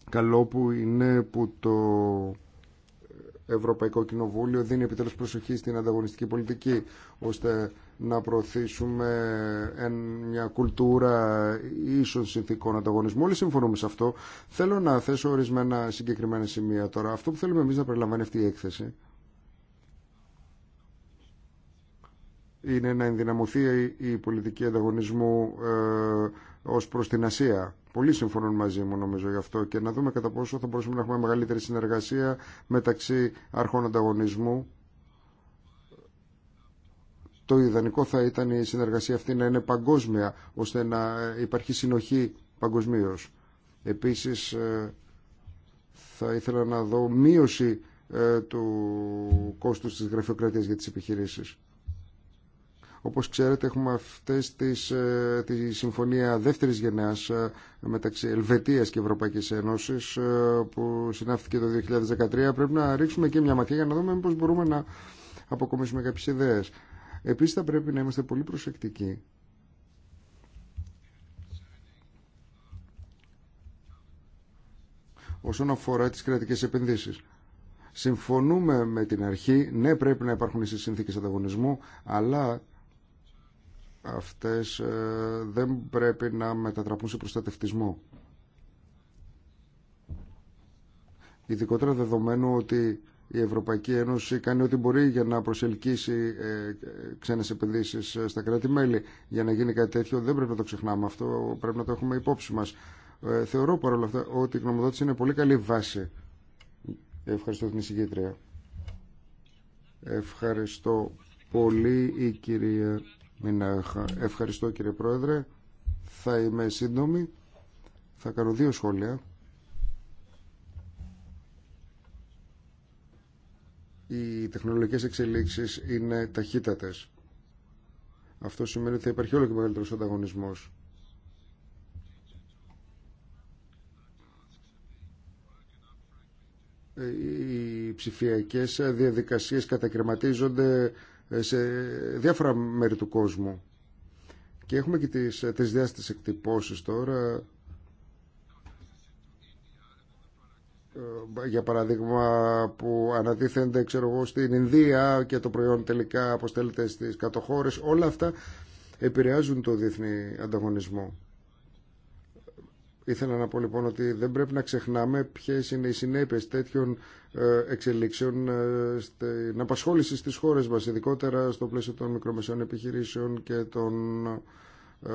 Καλό που είναι που το Ευρωπαϊκό Κοινοβούλιο δίνει επιτέλους προσοχή στην ανταγωνιστική πολιτική ώστε να προωθήσουμε μια κουλτούρα ίσων συνθήκων ανταγωνισμού. Όλοι συμφωνούμε σε αυτό. Θέλω να θέσω ορισμένα συγκεκριμένα σημεία τώρα. Αυτό που θέλουμε εμείς να περιλαμβάνει αυτή η έκθεση είναι να ενδυναμωθεί η πολιτική ανταγωνισμού ε, ως προς την Ασία Πολύ συμφωνούν μαζί μου νομίζω γι' αυτό και να δούμε κατά πόσο θα μπορούσαμε να έχουμε μεγαλύτερη συνεργασία μεταξύ αρχών ανταγωνισμού. Το ιδανικό θα ήταν η συνεργασία αυτή να είναι παγκόσμια, ώστε να υπάρχει συνοχή παγκοσμίω. Επίσης ε, θα ήθελα να δω μείωση ε, του κόστους της γραφειοκρατίας για τις επιχειρήσεις. Όπως ξέρετε έχουμε αυτές τις, ε, τη συμφωνία δεύτερης γενεάς ε, μεταξύ Ελβετίας και Ευρωπαϊκής Ένωσης ε, που συνάφθηκε το 2013. Πρέπει να ρίξουμε και μια ματιά για να δούμε πώς μπορούμε να αποκομίσουμε κάποιες ιδέες. Επίσης θα πρέπει να είμαστε πολύ προσεκτικοί όσον αφορά τις κρατικές επενδύσεις. Συμφωνούμε με την αρχή, ναι πρέπει να υπάρχουν οι συνθήκες ανταγωνισμού, αλλά αυτές ε, δεν πρέπει να μετατραπούν σε προστατευτισμό. Ειδικότερα δεδομένου ότι η Ευρωπαϊκή Ένωση κάνει ό,τι μπορεί για να προσελκύσει ε, ξένες επενδύσεις ε, στα κράτη-μέλη. Για να γίνει κάτι τέτοιο δεν πρέπει να το ξεχνάμε αυτό, πρέπει να το έχουμε υπόψη μας. Θεωρώ παρόλα αυτά ότι η γνωμοδότηση είναι πολύ καλή βάση. Ευχαριστώ την εισηγήτρια. Ευχαριστώ πολύ η κυρία Ευχαριστώ κύριε Πρόεδρε. Θα είμαι σύντομη. Θα κάνω δύο σχόλια. Οι τεχνολογικές εξελίξεις είναι ταχύτατες. Αυτό σημαίνει ότι θα υπάρχει όλο και μεγαλύτερος ανταγωνισμός. Ε, οι ψηφιακές διαδικασίες κατακρεματίζονται ε, σε διάφορα μέρη του κόσμου. Και έχουμε και τις ε, διάστητες εκτυπώσεις τώρα. Ε, για παραδείγμα που ανατίθενται ξέρω εγώ, στην Ινδία και το προϊόν τελικά αποστέλλεται στις κατοχώρες. Όλα αυτά επηρεάζουν το διεθνή ανταγωνισμό. Ήθελα να πω λοιπόν ότι δεν πρέπει να ξεχνάμε ποιε είναι οι συνέπειε τέτοιων ε, εξελίξεων ε, στην απασχόληση στι χώρε μα, ειδικότερα στο πλαίσιο των μικρομεσαίων επιχειρήσεων και των ε,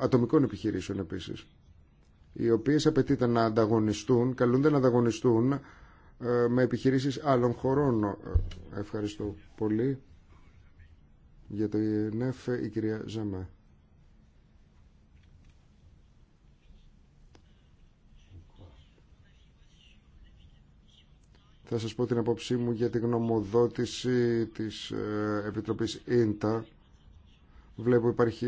ατομικών επιχειρήσεων επίση. Οι οποίε απαιτείται να ανταγωνιστούν, καλούνται να ανταγωνιστούν με επιχειρήσεις άλλων χωρών. Ευχαριστώ πολύ για το ΙΕΝΕΦ, η κυρία Ζαμέ. Θα σας πω την απόψή μου για τη γνωμοδότηση της ε, Επιτροπής ΙΝΤΑ. Βλέπω υπάρχει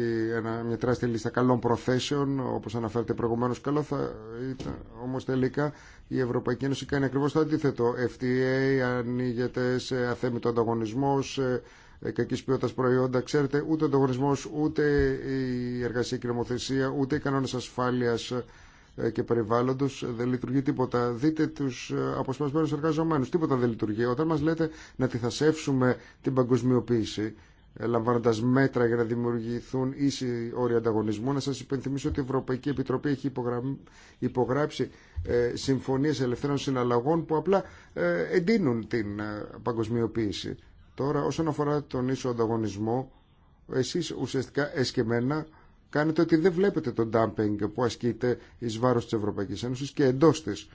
μια τεράστια λίστα καλών προθέσεων, όπως αναφέρατε προηγουμένως καλό θα ήταν. Όμως τελικά η Ευρωπαϊκή Ένωση κάνει ακριβώς το αντίθετο. FTA ανοίγεται σε αθέμητο ανταγωνισμό, σε ε, κακή ποιότητα προϊόντα. Ξέρετε, ούτε ο ανταγωνισμό, ούτε η εργασία και η νομοθεσία, ούτε οι κανόνε ασφάλεια ε, και περιβάλλοντο ε, δεν λειτουργεί τίποτα. Δείτε του ε, αποσπασμένου εργαζομένου. Τίποτα δεν λειτουργεί. Όταν μα λέτε να τηθασεύσουμε την παγκοσμιοποίηση, λαμβάνοντα μέτρα για να δημιουργηθούν ίσοι όροι ανταγωνισμού, να σα υπενθυμίσω ότι η Ευρωπαϊκή Επιτροπή έχει υπογράψει συμφωνίε ελευθέρων συναλλαγών που απλά εντείνουν την παγκοσμιοποίηση. Τώρα, όσον αφορά τον ίσο ανταγωνισμό, εσεί ουσιαστικά εσκεμένα κάνετε ότι δεν βλέπετε το dumping που ασκείται εις βάρος της Ευρωπαϊκής Ένωσης και εντός της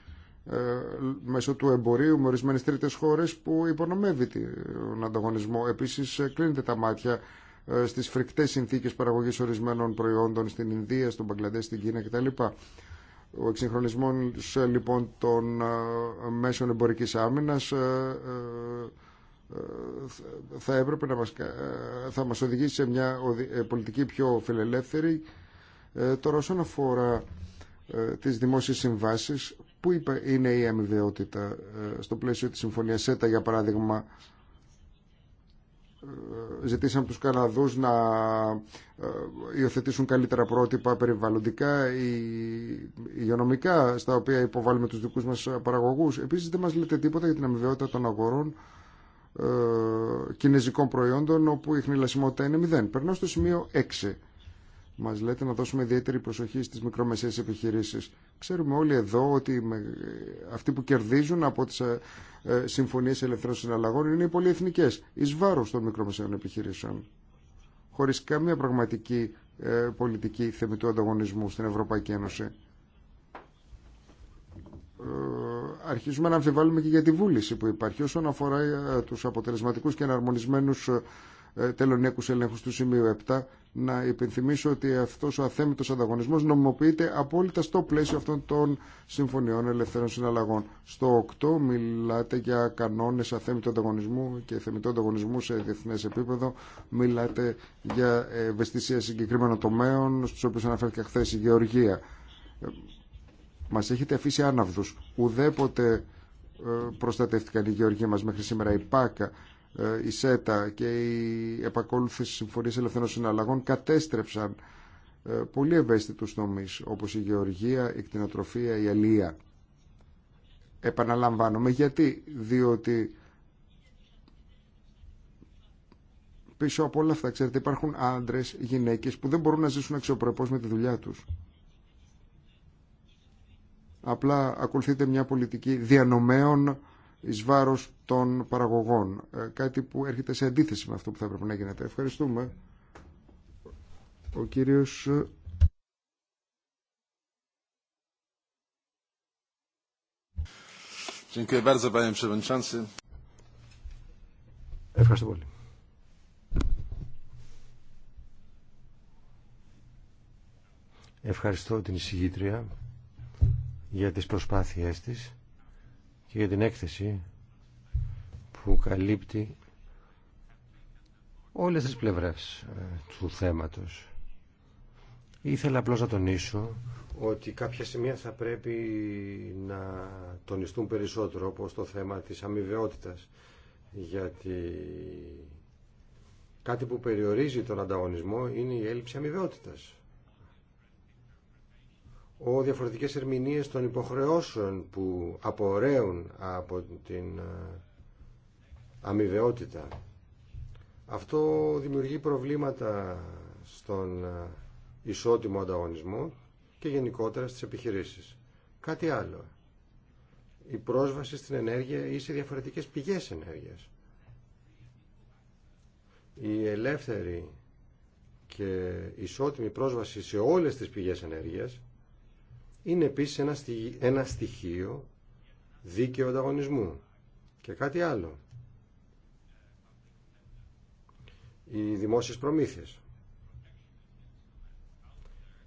ε, μέσω του εμπορίου με ορισμένε τρίτες χώρες που υπονομεύει τον ανταγωνισμό. Επίσης ε, κλείνετε τα μάτια ε, στις φρικτές συνθήκες παραγωγής ορισμένων προϊόντων στην Ινδία, στον Παγκλαντές, στην Κίνα κτλ. Ο εξυγχρονισμός λοιπόν των μέσων εμπορικής άμυνας ε, θα έπρεπε να μας, ε, θα μας οδηγήσει σε μια ε, πολιτική πιο φιλελεύθερη. Τώρα όσον αφορά τις δημόσιες συμβάσεις, πού είναι η αμοιβαιότητα στο πλαίσιο της Συμφωνίας ΣΕΤΑ για παράδειγμα ζητήσαν τους Καναδούς να υιοθετήσουν καλύτερα πρότυπα περιβαλλοντικά ή υγειονομικά στα οποία υποβάλλουμε τους δικούς μας παραγωγούς. Επίσης δεν μας λέτε τίποτα για την αμοιβαιότητα των αγορών ε, κινέζικων προϊόντων όπου η χνηλασιμότητα είναι 0 Περνώ στο σημείο 6. Μας λέτε να δώσουμε ιδιαίτερη προσοχή στις μικρομεσαίες επιχειρήσεις. Ξέρουμε όλοι εδώ ότι αυτοί που κερδίζουν από τις ε, ε, συμφωνίες ελευθερών συναλλαγών είναι οι πολυεθνικές, εις βάρος των μικρομεσαίων επιχειρήσεων. Χωρίς καμία πραγματική πολιτική θεμητού ανταγωνισμού στην Ευρωπαϊκή Ένωση αρχίζουμε να αμφιβάλλουμε και για τη βούληση που υπάρχει όσον αφορά ε, τους αποτελεσματικούς και εναρμονισμένους ε, ε, τελωνιακούς ελέγχους του σημείου 7 να υπενθυμίσω ότι αυτός ο αθέμητος ανταγωνισμός νομιμοποιείται απόλυτα στο πλαίσιο αυτών των συμφωνιών ελευθερών συναλλαγών. Στο 8 μιλάτε για κανόνες αθέμητου ανταγωνισμού και θεμητού ανταγωνισμού σε διεθνές επίπεδο. Μιλάτε για ευαισθησία συγκεκριμένων τομέων, στους οποίους αναφέρθηκε χθε η Γεωργία. Μα έχετε αφήσει άναυδους. Ουδέποτε ε, προστατεύτηκαν οι γεωργοί μας μέχρι σήμερα η ΠΑΚΑ, ε, η ΣΕΤΑ και οι επακόλουθε συμφωνίε ελευθερών συναλλαγών κατέστρεψαν ε, πολύ ευαίσθητους τομεί όπως η γεωργία, η κτηνοτροφία, η αλία. Επαναλαμβάνομαι γιατί, διότι πίσω από όλα αυτά, ξέρετε, υπάρχουν άντρες, γυναίκες που δεν μπορούν να ζήσουν αξιοπρεπώς με τη δουλειά τους. Απλά ακολουθείτε μια πολιτική διανομέων εις βάρος των παραγωγών. Ε, κάτι που έρχεται σε αντίθεση με αυτό που θα έπρεπε να γίνεται. Ευχαριστούμε. Ο κύριος... Ευχαριστώ πολύ. Ευχαριστώ την εισηγήτρια για τις προσπάθειές της και για την έκθεση που καλύπτει όλες τις πλευρές ε, του θέματος. Ήθελα απλώς να τονίσω ότι κάποια σημεία θα πρέπει να τονιστούν περισσότερο όπως το θέμα της αμοιβαιότητας γιατί κάτι που περιορίζει τον ανταγωνισμό είναι η έλλειψη αμοιβαιότητας ο διαφορετικές ερμηνείες των υποχρεώσεων που απορρέουν από την ε, αμοιβαιότητα. Αυτό δημιουργεί προβλήματα στον ε, ισότιμο ανταγωνισμό και γενικότερα στις επιχειρήσεις. Κάτι άλλο. Η πρόσβαση στην ενέργεια ή σε διαφορετικές πηγές ενέργειας. Η ελεύθερη και ισότιμη πρόσβαση σε όλες τις πηγές ενέργειας είναι επίσης ένα, ένα στοιχείο δίκαιο ανταγωνισμού. Και κάτι άλλο. Οι δημόσιες προμήθειες.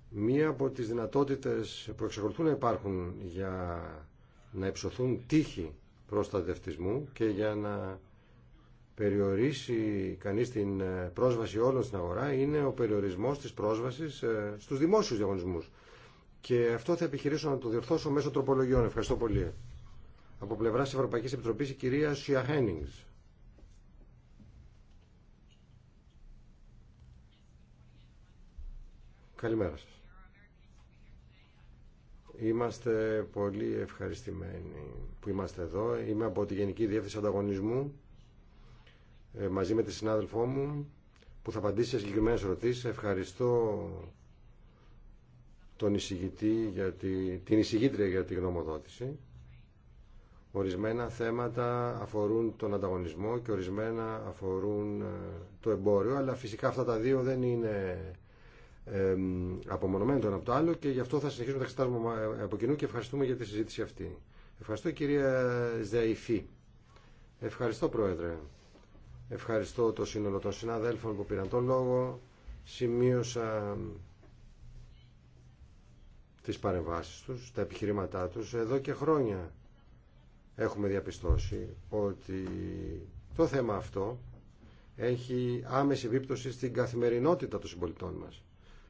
Μία από τις δυνατότητες που εξακολουθούν να υπάρχουν για να υψωθούν τύχη προστατευτισμού και για να περιορίσει κανείς την ε, πρόσβαση όλων στην αγορά είναι ο περιορισμός της πρόσβασης ε, στους δημόσιους διαγωνισμούς. Και αυτό θα επιχειρήσω να το διορθώσω μέσω τροπολογιών. Ευχαριστώ πολύ. Από πλευρά τη Ευρωπαϊκή Επιτροπή η κυρία Σια Χένιγκ. Καλημέρα σας. Είμαστε πολύ ευχαριστημένοι που είμαστε εδώ. Είμαι από τη Γενική Διεύθυνση Ανταγωνισμού ε, μαζί με τη συνάδελφό μου που θα απαντήσει σε συγκεκριμένες ερωτήσει. Ευχαριστώ τον για την εισηγήτρια για τη γνωμοδότηση. Ορισμένα θέματα αφορούν τον ανταγωνισμό και ορισμένα αφορούν ε, το εμπόριο, αλλά φυσικά αυτά τα δύο δεν είναι ε, το ένα από το άλλο και γι' αυτό θα συνεχίσουμε να τα εξετάζουμε ε, από κοινού και ευχαριστούμε για τη συζήτηση αυτή. Ευχαριστώ κυρία Ζαϊφή. Ευχαριστώ Πρόεδρε. Ευχαριστώ το σύνολο των συναδέλφων που πήραν τον λόγο. Σημείωσα τις παρεμβάσεις τους, τα επιχειρήματά τους. Εδώ και χρόνια έχουμε διαπιστώσει ότι το θέμα αυτό έχει άμεση επίπτωση στην καθημερινότητα των συμπολιτών μας.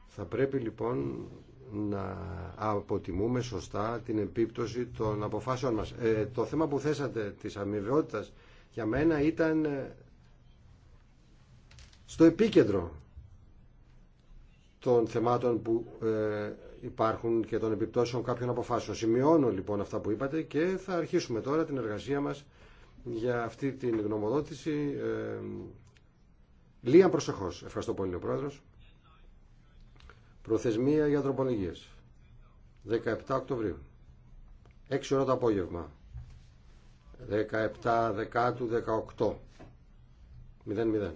Θα πρέπει λοιπόν να αποτιμούμε σωστά την επίπτωση των αποφάσεων μας. Ε, το θέμα που θέσατε της αμοιβαιότητας για μένα ήταν ε, στο επίκεντρο των θεμάτων που ε, υπάρχουν και των επιπτώσεων κάποιων αποφάσεων. Σημειώνω λοιπόν αυτά που είπατε και θα αρχίσουμε τώρα την εργασία μας για αυτή την γνωμοδότηση ε, λίγα προσεχώς. Ευχαριστώ πολύ ο Πρόεδρος. Προθεσμία για τροπολογίε. 17 Οκτωβρίου. 6 ώρα το απόγευμα. 17 Δεκάτου 18. 00.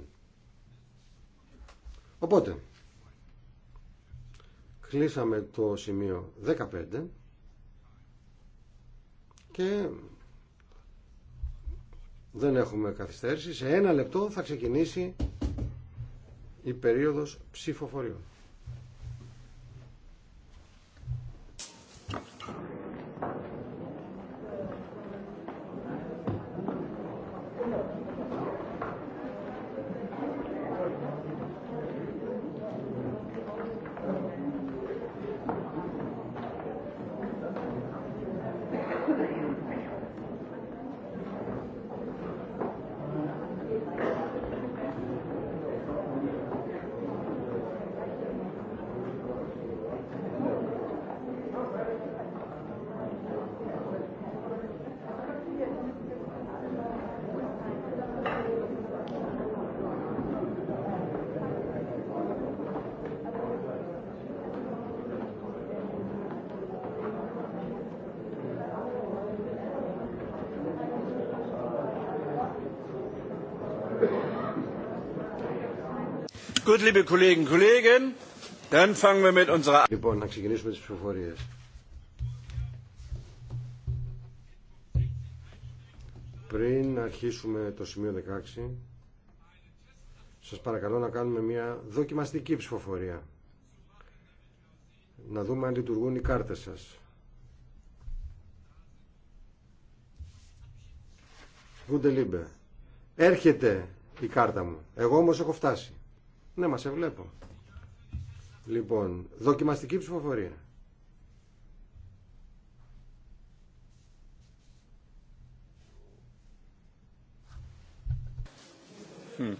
Οπότε, Κλείσαμε το σημείο 15 και δεν έχουμε καθυστέρηση. Σε ένα λεπτό θα ξεκινήσει η περίοδος ψηφοφοριών. Λοιπόν, να ξεκινήσουμε τις ψηφοφορίες. Πριν αρχίσουμε το σημείο 16, σας παρακαλώ να κάνουμε μια δοκιμαστική ψηφοφορία. Να δούμε αν λειτουργούν οι κάρτες σας. Βούντε λίμπε. Έρχεται η κάρτα μου. Εγώ όμως έχω φτάσει. Ναι, μα σε βλέπω. Λοιπόν, δοκιμαστική ψηφοφορία. Hm.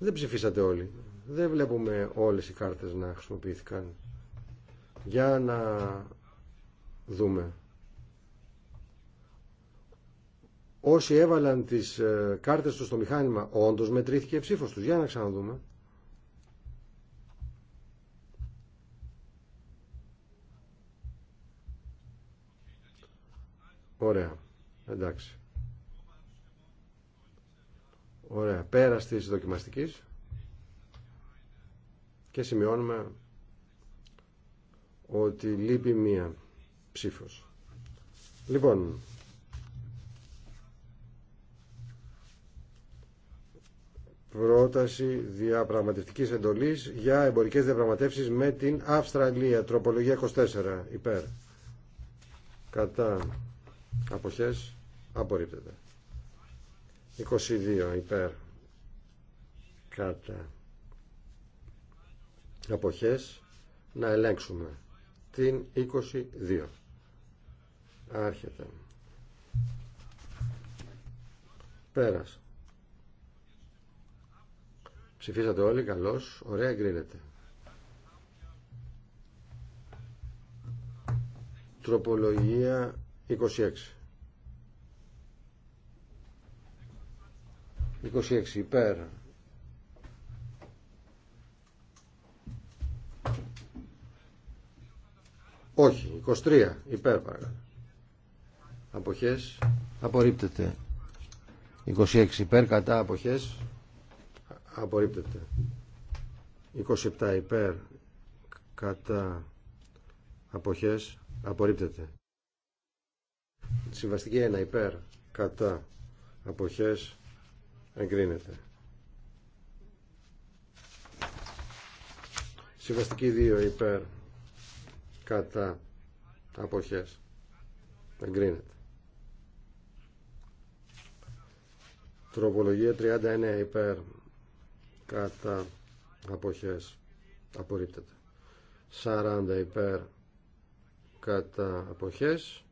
Δεν ψηφίσατε όλοι δεν βλέπουμε όλες οι κάρτες να χρησιμοποιήθηκαν. Για να δούμε. Όσοι έβαλαν τις ε, κάρτες τους στο μηχάνημα, όντως μετρήθηκε η ψήφος τους. Για να ξαναδούμε. Ωραία. Εντάξει. Ωραία. Πέρα τη δοκιμαστικής και σημειώνουμε ότι λείπει μία ψήφος. Λοιπόν, πρόταση διαπραγματευτικής εντολής για εμπορικές διαπραγματεύσεις με την Αυστραλία. Τροπολογία 24. Υπέρ. Κατά. Αποχές. Απορρίπτεται. 22. Υπέρ. Κατά αποχές να ελέγξουμε την 22 άρχεται πέρας ψηφίσατε όλοι καλώς ωραία εγκρίνεται τροπολογία 26 26 υπέρ Όχι, 23 υπέρ παρακαλώ. Αποχές απορρίπτεται. 26 υπέρ κατά αποχές απορρίπτεται. 27 υπέρ κατά αποχές απορρίπτεται. Συμβαστική 1 υπέρ κατά αποχές εγκρίνεται. Συμβαστική 2 υπέρ κατά αποχές εγκρίνεται τροπολογία 39 υπέρ κατά αποχές απορρίπτεται 40 υπέρ κατά αποχές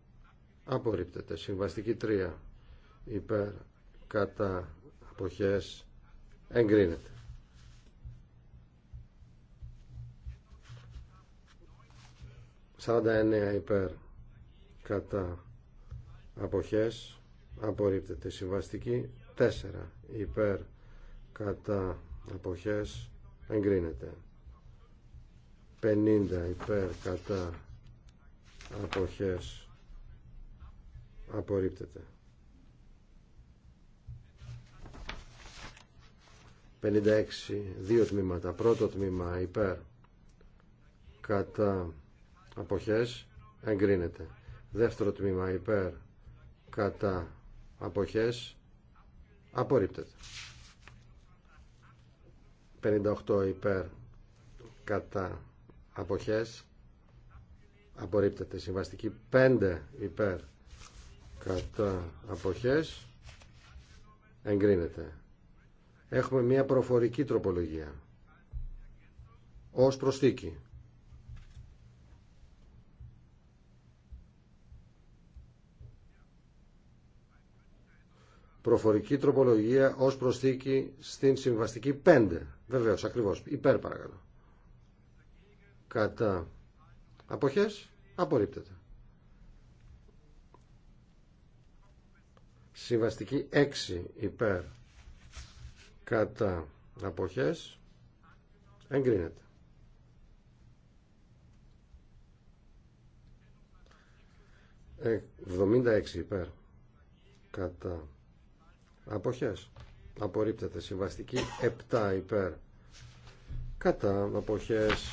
απορρίπτεται συμβαστική 3 υπέρ κατά αποχές εγκρίνεται 49 υπέρ κατά αποχές απορρίπτεται συμβαστική 4 υπέρ κατά αποχές εγκρίνεται 50 υπέρ κατά αποχές απορρίπτεται 56 δύο τμήματα πρώτο τμήμα υπέρ κατά αποχές εγκρίνεται δεύτερο τμήμα υπέρ κατά αποχές απορρίπτεται 58 υπέρ κατά αποχές απορρίπτεται συμβαστική 5 υπέρ κατά αποχές εγκρίνεται έχουμε μια προφορική τροπολογία ως προσθήκη προφορική τροπολογία ως προσθήκη στην συμβαστική 5. βεβαίω, ακριβώ Υπέρ παρακαλώ. Κατά αποχές απορρίπτεται. Συμβαστική 6 υπέρ κατά αποχές εγκρίνεται. Ε, 76 υπέρ κατά αποχές απορρίπτεται συμβαστική 7 υπέρ κατά αποχές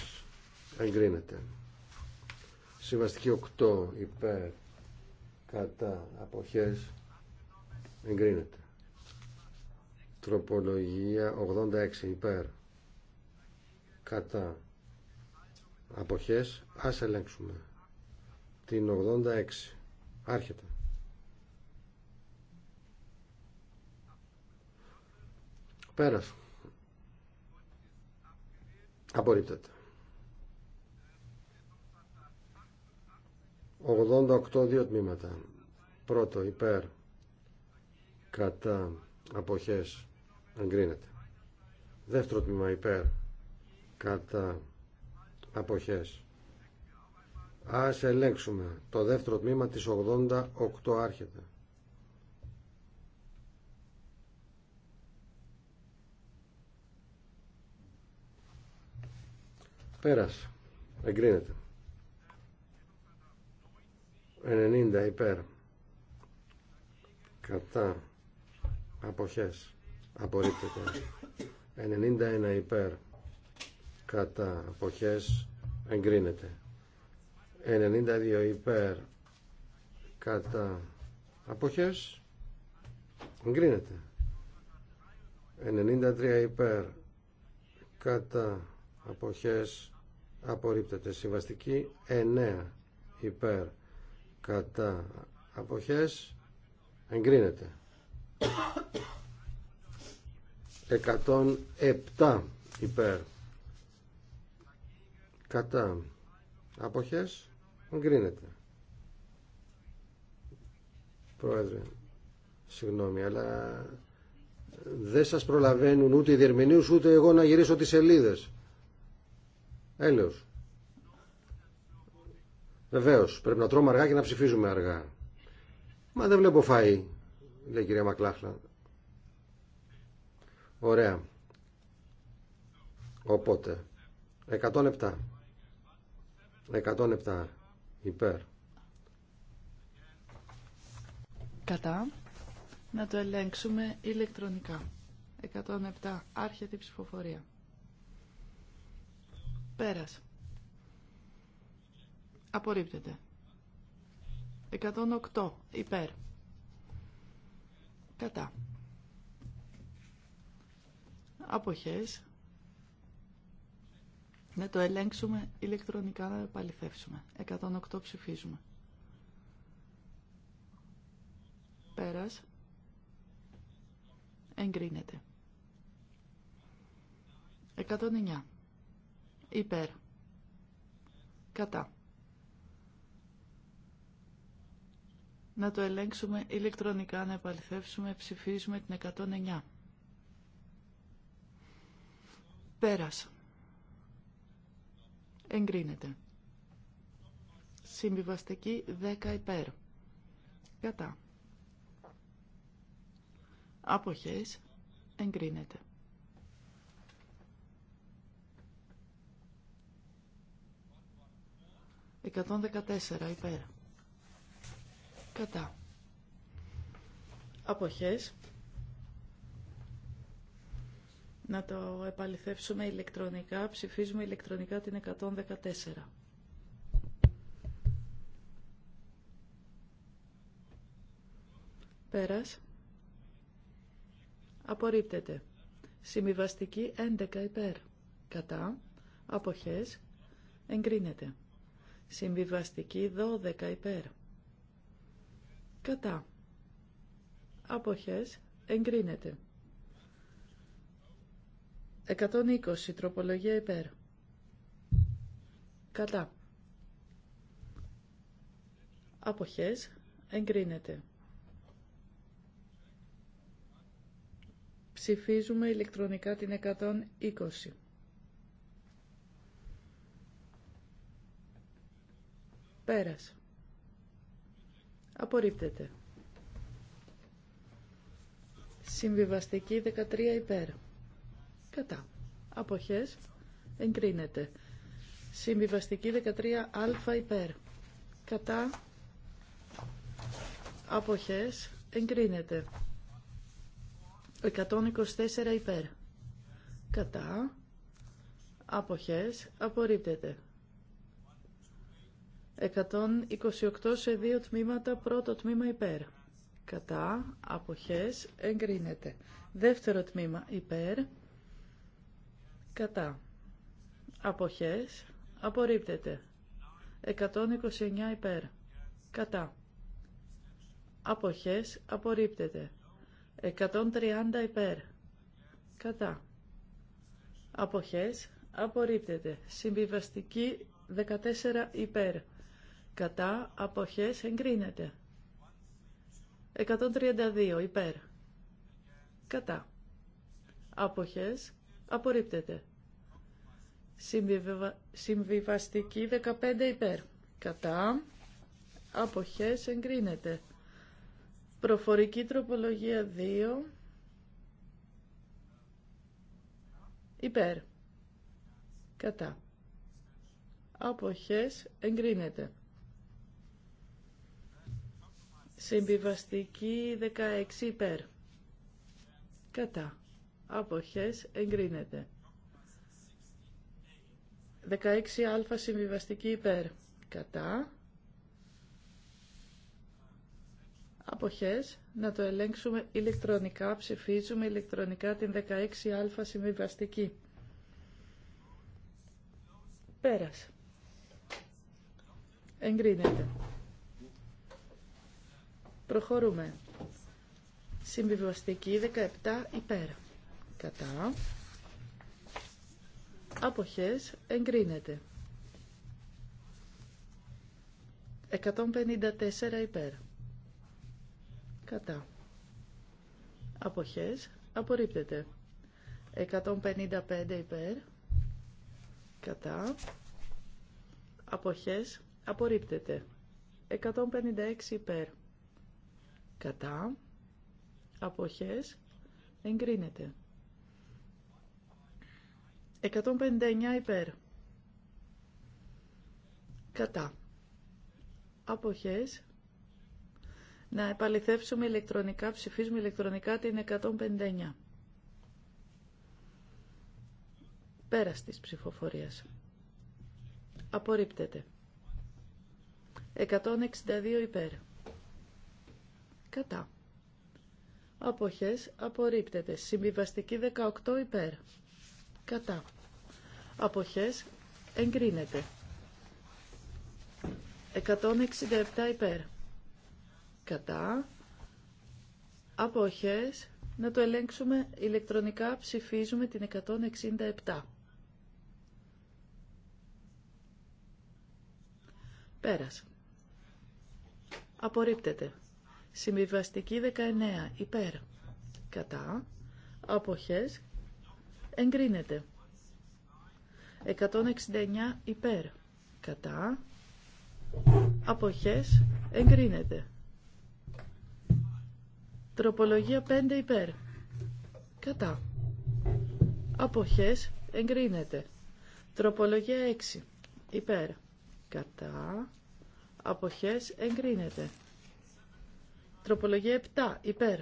εγκρίνεται συμβαστική 8 υπέρ κατά αποχές εγκρίνεται τροπολογία 86 υπέρ κατά αποχές ας ελέγξουμε την 86 άρχεται Πέρας. Απορρίπτεται. 88 δύο τμήματα. Πρώτο υπέρ κατά αποχές εγκρίνεται. Δεύτερο τμήμα υπέρ κατά αποχές. Ας ελέγξουμε το δεύτερο τμήμα της 88 άρχεται. πέρασε. Εγκρίνεται. 90 υπέρ. Κατά. Αποχές. Απορρίπτεται. 91 υπέρ. Κατά. Αποχές. Εγκρίνεται. 92 υπέρ. Κατά. Αποχές. Εγκρίνεται. 93 υπέρ. Κατά. Αποχές απορρίπτεται. Συμβαστική 9 υπέρ κατά αποχές εγκρίνεται. 107 υπέρ κατά αποχές εγκρίνεται. Πρόεδρε, συγγνώμη, αλλά δεν σας προλαβαίνουν ούτε οι διερμηνείους ούτε εγώ να γυρίσω τις σελίδες. Έλεος. Βεβαίω, πρέπει να τρώμε αργά και να ψηφίζουμε αργά. Μα δεν βλέπω φαΐ, λέει η κυρία Μακλάχλα. Ωραία. Οπότε, 107. 107 υπέρ. Κατά. Να το ελέγξουμε ηλεκτρονικά. 107. Άρχεται η ψηφοφορία. Πέρας. Απορρίπτεται. 108. Υπέρ. Κατά. Αποχές. Να το ελέγξουμε ηλεκτρονικά να επαληθεύσουμε. 108 ψηφίζουμε. Πέρας. Εγκρίνεται. 109 υπέρ. Κατά. Να το ελέγξουμε ηλεκτρονικά, να επαληθεύσουμε, ψηφίζουμε την 109. Πέρας. Εγκρίνεται. Συμβιβαστική 10 υπέρ. Κατά. Αποχές εγκρίνεται. 114 υπέρ. Κατά. Αποχές. Να το επαληθεύσουμε ηλεκτρονικά. Ψηφίζουμε ηλεκτρονικά την 114. Πέρας. Απορρίπτεται. Συμβιβαστική 11 υπέρ. Κατά. Αποχές. Εγκρίνεται. Συμβιβαστική 12 υπέρ. Κατά. Αποχές εγκρίνεται. 120 τροπολογία υπέρ. Κατά. Αποχές εγκρίνεται. Ψηφίζουμε ηλεκτρονικά την 120. Πέρας. Απορρίπτεται. Συμβιβαστική 13 υπέρ. Κατά. Αποχές. Εγκρίνεται. Συμβιβαστική 13α υπέρ. Κατά. Αποχές. Εγκρίνεται. 124 υπέρ. Κατά. Αποχές. Απορρίπτεται. 128 σε δύο τμήματα, πρώτο τμήμα υπέρ. Κατά, αποχές, εγκρίνεται. Δεύτερο τμήμα υπέρ, κατά, αποχές, απορρίπτεται. 129 υπέρ, κατά, αποχές, απορρίπτεται. 130 υπέρ, κατά, αποχές, απορρίπτεται. Συμβιβαστική 14 υπέρ κατά αποχές εγκρίνεται. 132 υπέρ κατά αποχές απορρίπτεται. Συμβιβα... Συμβιβαστική 15 υπέρ κατά αποχές εγκρίνεται. Προφορική τροπολογία 2 υπέρ κατά αποχές εγκρίνεται. Συμβιβαστική 16 υπέρ. Κατά. Αποχές εγκρίνεται. 16α συμβιβαστική υπέρ. Κατά. Αποχές. Να το ελέγξουμε ηλεκτρονικά. Ψηφίζουμε ηλεκτρονικά την 16α συμβιβαστική. Πέρασε. Εγκρίνεται. Προχωρούμε. Συμβιβαστική 17 υπέρ. Κατά. Αποχές εγκρίνεται. 154 υπέρ. Κατά. Αποχές απορρίπτεται. 155 υπέρ. Κατά. Αποχές απορρίπτεται. 156 υπέρ κατά, αποχές, εγκρίνεται. 159 υπέρ, κατά, αποχές, να επαληθεύσουμε ηλεκτρονικά, ψηφίζουμε ηλεκτρονικά την 159. Πέρας της ψηφοφορίας. Απορρίπτεται. 162 υπέρ κατά. Αποχές απορρίπτεται. Συμβιβαστική 18 υπέρ. Κατά. Αποχές εγκρίνεται. 167 υπέρ. Κατά. Αποχές. Να το ελέγξουμε ηλεκτρονικά. Ψηφίζουμε την 167. Πέρασε. Απορρίπτεται. Συμβιβαστική 19 υπέρ κατά αποχές εγκρίνεται. 169 υπέρ κατά αποχές εγκρίνεται. Τροπολογία 5 υπέρ κατά αποχές εγκρίνεται. Τροπολογία 6 υπέρ κατά αποχές εγκρίνεται. Τροπολογία 7 υπέρ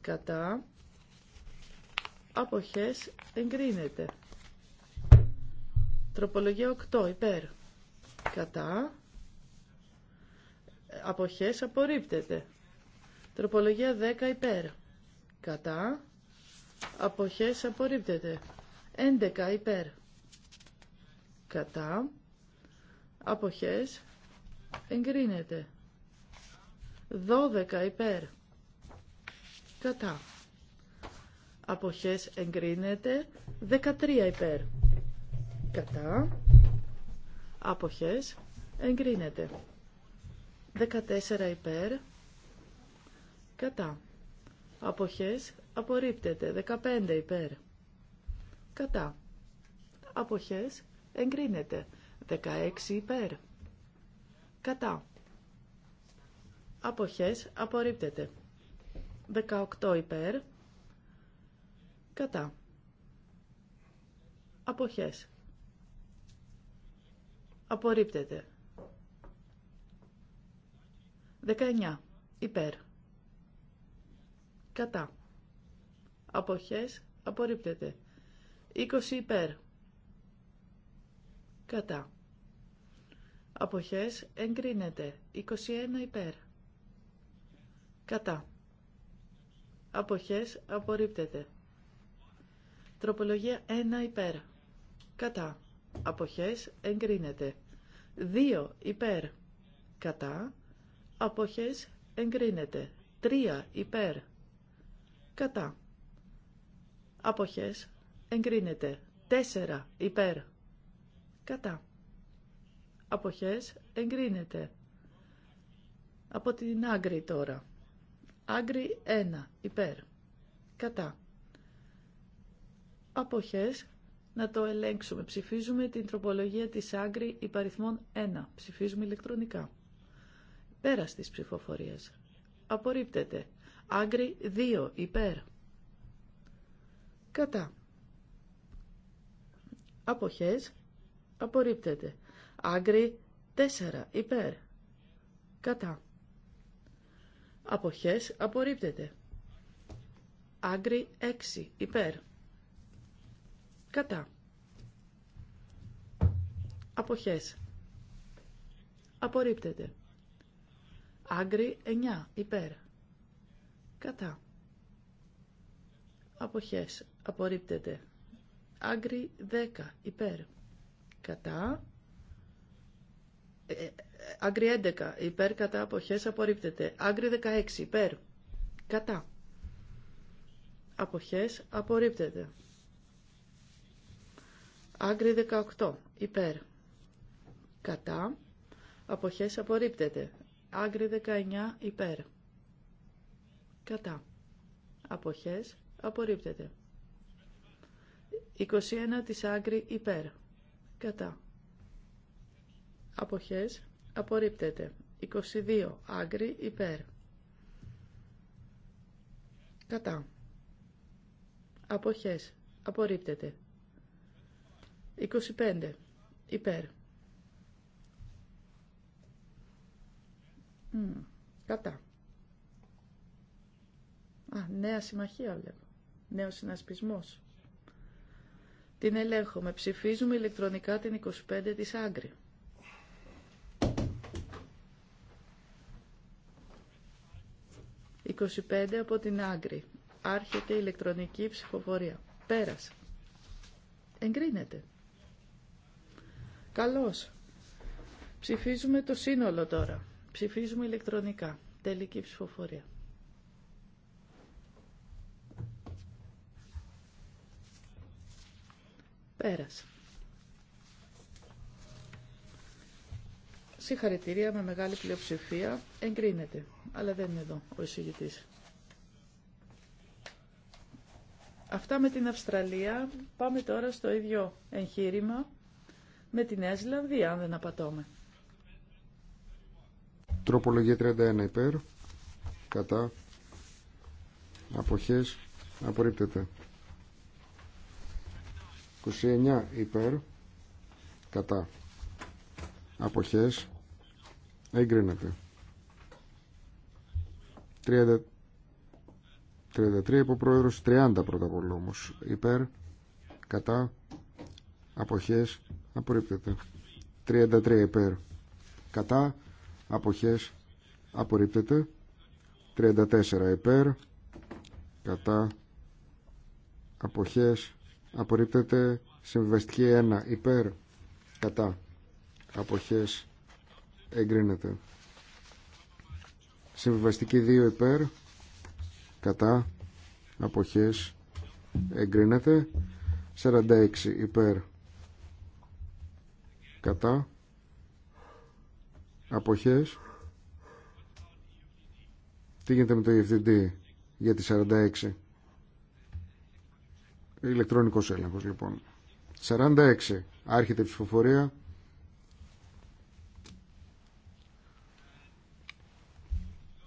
κατά αποχές εγκρίνεται. Τροπολογία 8 υπέρ κατά αποχές απορρίπτεται. Τροπολογία 10 υπέρ κατά αποχές απορρίπτεται. 11 υπέρ κατά αποχές εγκρίνεται. 12 υπέρ. Κατά. Αποχές εγκρίνεται. 13 υπέρ. Κατά. Αποχές εγκρίνεται. 14 υπέρ. Κατά. Αποχές απορρίπτεται. 15 υπέρ. Κατά. Αποχές εγκρίνεται. 16 υπέρ. Κατά αποχές απορρίπτεται. 18 υπέρ, κατά, αποχές, απορρίπτεται. 19 υπέρ, κατά, αποχές, απορρίπτεται. 20 υπέρ, κατά, αποχές, εγκρίνεται. 21 υπέρ Κατά. Αποχές απορρίπτεται. Τροπολογία 1 υπέρ. Κατά. Αποχές εγκρίνεται. 2 υπέρ. Κατά. Αποχές εγκρίνεται. 3 υπέρ. Κατά. Αποχές εγκρίνεται. 4 υπέρ. Κατά. Αποχές εγκρίνεται. Από την άγκρη τώρα. Άγκρι 1. Υπέρ. Κατά. Αποχές. Να το ελέγξουμε. Ψηφίζουμε την τροπολογία της Άγκρι υπαριθμών 1. Ψηφίζουμε ηλεκτρονικά. Πέρας της ψηφοφορίας. Απορρίπτεται. Άγκρι 2. Υπέρ. Κατά. Αποχές. Απορρίπτεται. Άγκρι 4. Υπέρ. Κατά. Αποχές απορρίπτεται. Άγκρι 6 υπέρ. Κατά. Αποχές. Απορρίπτεται. Άγκρι 9 υπέρ. Κατά. Αποχές. Απορρίπτεται. Άγκρι 10 υπέρ. Κατά. Ε, Άγκρι 11 υπέρ κατά αποχές απορρίπτεται. Άγκρι 16 υπέρ κατά αποχές απορρίπτεται. Άγκρι 18 υπέρ κατά αποχές απορρίπτεται. Άγκρι 19 υπέρ κατά αποχές απορρίπτεται. 21 της άγκρι υπέρ κατά αποχές απορρίπτεται. 22 άγκρι υπέρ. Κατά. Αποχές. Απορρίπτεται. 25. Υπέρ. κατά. Α, νέα συμμαχία βλέπω. Νέος συνασπισμός. Την ελέγχουμε. Ψηφίζουμε ηλεκτρονικά την 25 της Άγκρη. 25 από την Άγκρη. Άρχεται η ηλεκτρονική ψηφοφορία. Πέρασε. Εγκρίνεται. Καλώς. Ψηφίζουμε το σύνολο τώρα. Ψηφίζουμε ηλεκτρονικά. Τελική ψηφοφορία. Πέρασε. Συγχαρητήρια με μεγάλη πλειοψηφία. Εγκρίνεται. Αλλά δεν είναι εδώ ο εισηγητής. Αυτά με την Αυστραλία. Πάμε τώρα στο ίδιο εγχείρημα με την Νέα Ζηλανδία, αν δεν απατώμε. Τροπολογία 31 υπέρ. Κατά. Αποχές. Απορρίπτεται. 29 υπέρ. Κατά. Αποχές. Εγκρίνεται. 30... 33 προέδρος, 30 πρώτα απ' Υπέρ, κατά, αποχές, απορρίπτεται. 33 υπέρ, κατά, αποχές, απορρίπτεται. 34 υπέρ, κατά, αποχές, απορρίπτεται. Συμβιβαστική 1 υπέρ, κατά, αποχές, εγκρίνεται. Συμβιβαστική 2 υπέρ, κατά, αποχές, εγκρίνεται. 46 υπέρ, κατά, αποχές. Τι γίνεται με το EFTD για τη 46. Ηλεκτρονικός έλεγχος λοιπόν. 46. Άρχεται η ψηφοφορία.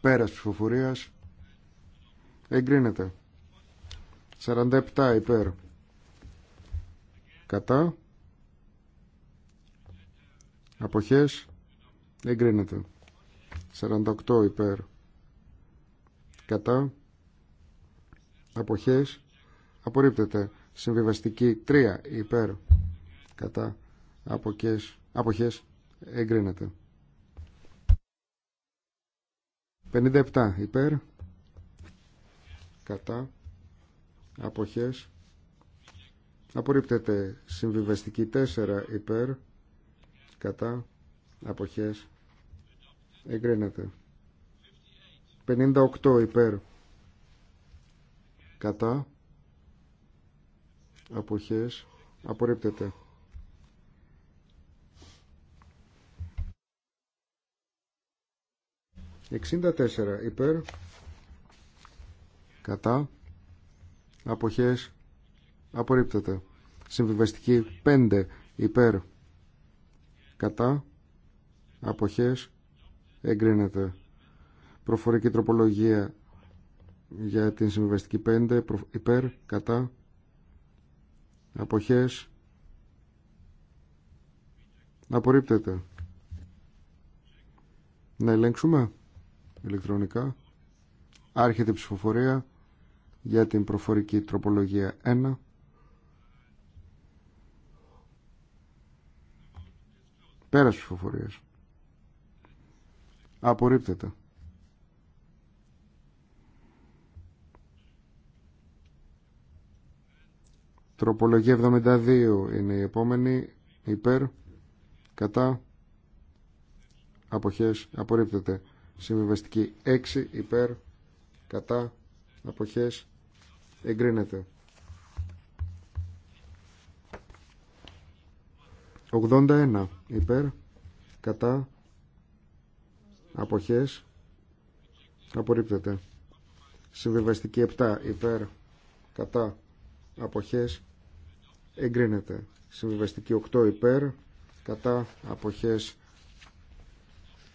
Πέρας ψηφοφορίας. Εγκρίνεται. 47 υπέρ. Κατά. Αποχές. Εγκρίνεται. 48 υπέρ. Κατά. Αποχές. Απορρίπτεται. Συμβιβαστική 3 υπέρ. Κατά. Αποχές. Αποχές. Εγκρίνεται. 57 υπέρ κατά αποχές απορρίπτεται συμβιβαστική 4 υπέρ κατά αποχές εγκρίνεται 58 υπέρ κατά αποχές απορρίπτεται 64 υπέρ κατά αποχές απορρίπτεται συμβιβαστική 5 υπέρ κατά αποχές εγκρίνεται προφορική τροπολογία για την συμβιβαστική 5 υπέρ κατά αποχές απορρίπτεται να ελέγξουμε ηλεκτρονικά. Άρχεται η ψηφοφορία για την προφορική τροπολογία 1. Πέρας ψηφοφορίας. Απορρίπτεται. Τροπολογία 72 είναι η επόμενη. Υπέρ, κατά, αποχές, απορρίπτεται. Συμβιβαστική 6 υπέρ κατά αποχές εγκρίνεται. 81 υπέρ κατά αποχές απορρίπτεται. Συμβιβαστική 7 υπέρ κατά αποχές εγκρίνεται. Συμβιβαστική 8 υπέρ κατά αποχές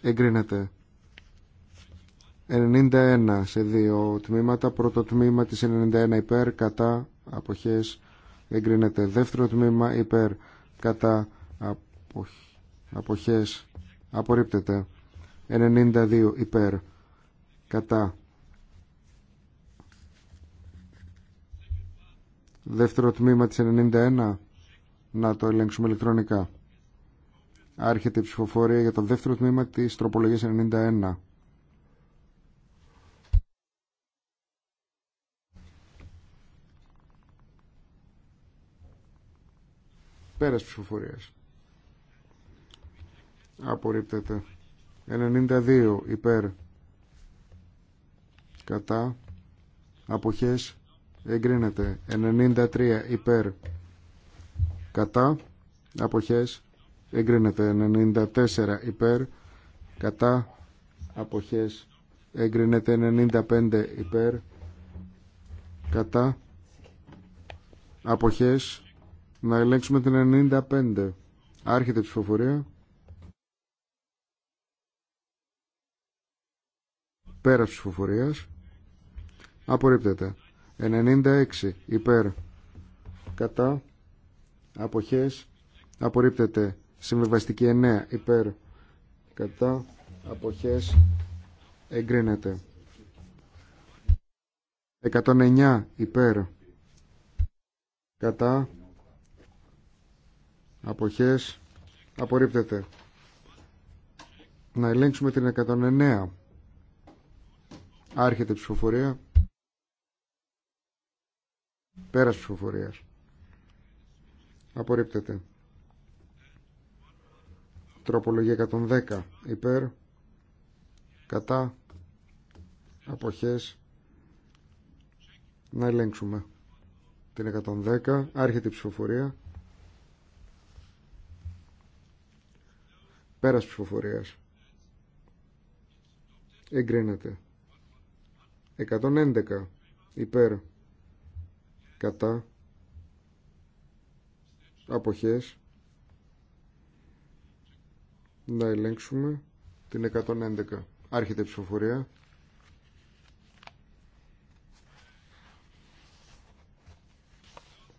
εγκρίνεται. 91 σε δύο τμήματα. Πρώτο τμήμα της 91 υπέρ κατά αποχές εγκρίνεται. Δεύτερο τμήμα υπέρ κατά αποχές απορρίπτεται. 92 υπέρ κατά δεύτερο τμήμα της 91 να το ελέγξουμε ηλεκτρονικά άρχεται η ψηφοφορία για το δεύτερο τμήμα της τροπολογίας 91 Πέρας ψηφοφορίας. Απορρίπτεται. 92 υπέρ. Κατά. Αποχές. Εγκρίνεται. 93 υπέρ. Κατά. Αποχές. Εγκρίνεται. 94 υπέρ. Κατά. Αποχές. Εγκρίνεται. 95 υπέρ. Κατά. Αποχές να ελέγξουμε την 95. Άρχεται η ψηφοφορία. Πέρας ψηφοφορίας. Απορρίπτεται. 96 υπέρ. Κατά. Αποχές. Απορρίπτεται. Συμβεβαστική 9 υπέρ. Κατά. Αποχές. Εγκρίνεται. 109 υπέρ. Κατά αποχές απορρίπτεται να ελέγξουμε την 109 άρχεται η ψηφοφορία πέρας ψηφοφορίας απορρίπτεται τροπολογία 110 υπέρ κατά αποχές να ελέγξουμε την 110 άρχεται η ψηφοφορία Πέρας ψηφοφορία. Εγκρίνεται. 111 υπέρ κατά αποχές να ελέγξουμε την 111 άρχεται η ψηφοφορία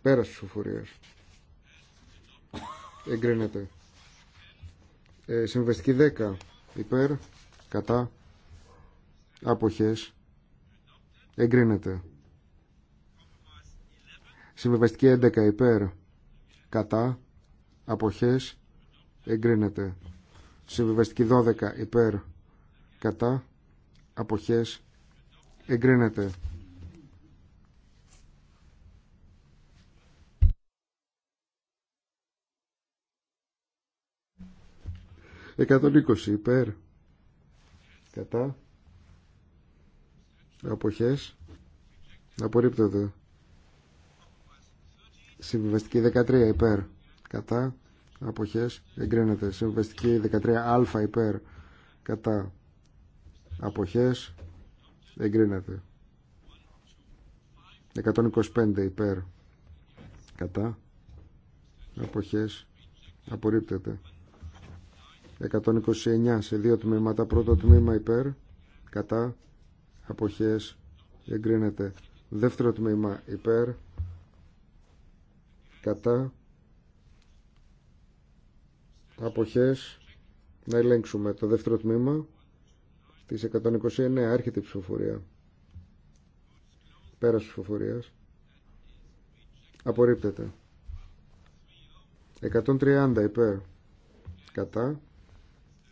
πέρας ψηφοφορίας εγκρίνεται ε, συμβεστική 10 υπέρ κατά αποχές εγκρίνεται. Συμβεβαστική 11 υπέρ κατά αποχές εγκρίνεται. Συμβεβαστική 12 υπέρ κατά αποχές εγκρίνεται. 120 υπέρ κατά αποχές απορρίπτεται συμβιβαστική 13 υπέρ κατά αποχές εγκρίνεται συμβιβαστική 13α υπέρ κατά αποχές εγκρίνεται 125 υπέρ κατά αποχές απορρίπτεται 129 σε δύο τμήματα. Πρώτο τμήμα υπέρ, κατά, αποχές, εγκρίνεται. Δεύτερο τμήμα υπέρ, κατά, αποχές, να ελέγξουμε το δεύτερο τμήμα της 129, έρχεται η ψηφοφορία. Πέρας ψηφοφορίας. Απορρίπτεται. 130 υπέρ. Κατά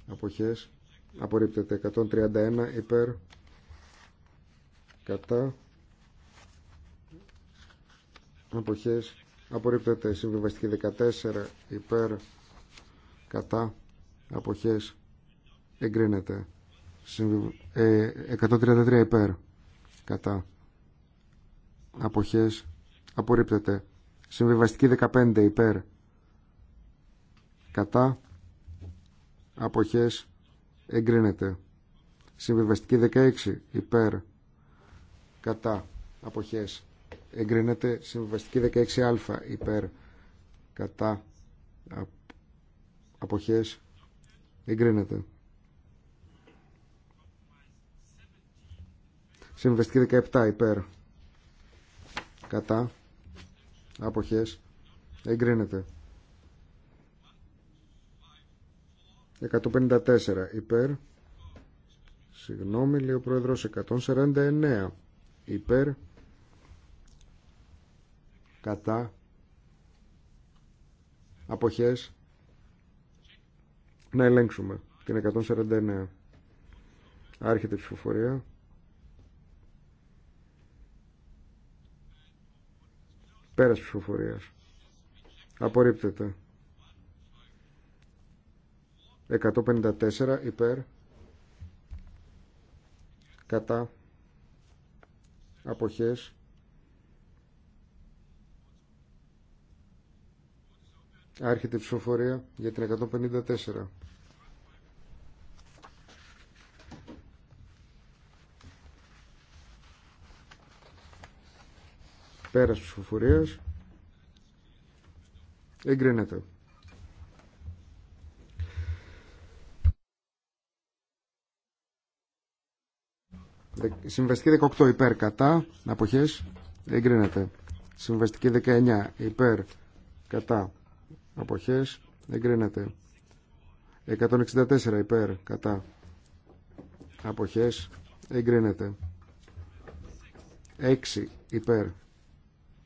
αποχές απορρίπτεται 131 υπέρ κατά αποχές απορρίπτεται συμβιβαστική 14 υπέρ κατά αποχές εγκρίνεται ε, 133 υπέρ κατά αποχές απορρίπτεται συμβιβαστική 15 υπέρ κατά αποχές εγκρίνεται συμβιβαστική 16 υπέρ κατά αποχές εγκρίνεται συμβιβαστική 16α υπέρ κατά αποχές εγκρίνεται συμβιβαστική 17 υπέρ κατά αποχές εγκρίνεται 154 υπέρ. Συγγνώμη, λέει ο Πρόεδρος, 149 υπέρ. Κατά. Αποχές. Να ελέγξουμε την 149. Άρχεται η ψηφοφορία. Πέρας ψηφοφορίας. Απορρίπτεται. 154 υπέρ κατά αποχές άρχεται η ψηφοφορία για την 154 πέρας ψηφοφορίας εγκρίνεται Συμβαστική 18 υπέρ κατά αποχές εγκρίνεται. Συμβαστική 19 υπέρ κατά αποχές εγκρίνεται. 164 υπέρ κατά αποχές εγκρίνεται. 6 υπέρ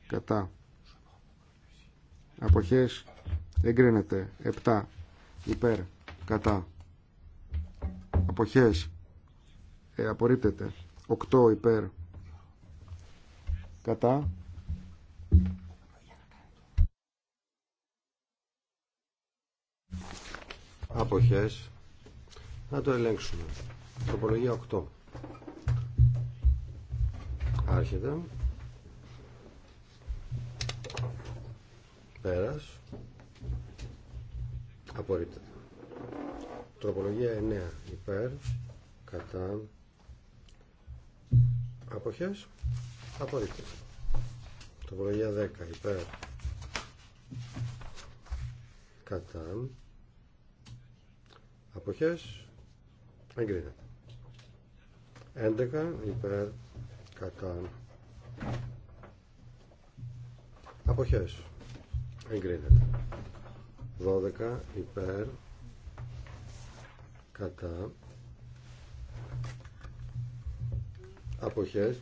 κατά αποχές εγκρίνεται. 7 υπέρ κατά αποχές ε, απορρίπτεται 8 υπέρ κατά αποχές να το ελέγξουμε τροπολογία 8 άρχεται πέρας απορρίπτεται τροπολογία 9 υπέρ κατά αποχές απορρίπτεται τροπολογία 10 υπέρ κατά αποχές εγκρίνεται 11 υπέρ κατά αποχές εγκρίνεται 12 υπέρ κατά αποχές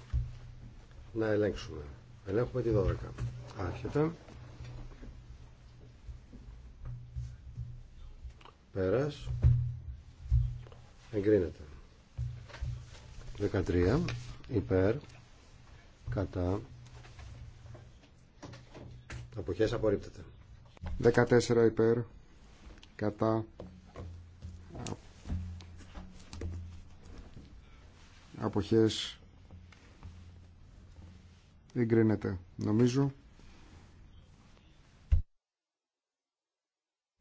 να ελέγξουμε. Ελέγχουμε τη 12. Άρχεται. Πέρας. Εγκρίνεται. 13. Υπέρ. Κατά. Αποχές απορρίπτεται. 14 υπέρ. Κατά. Αποχές Εγκρίνεται, νομίζω.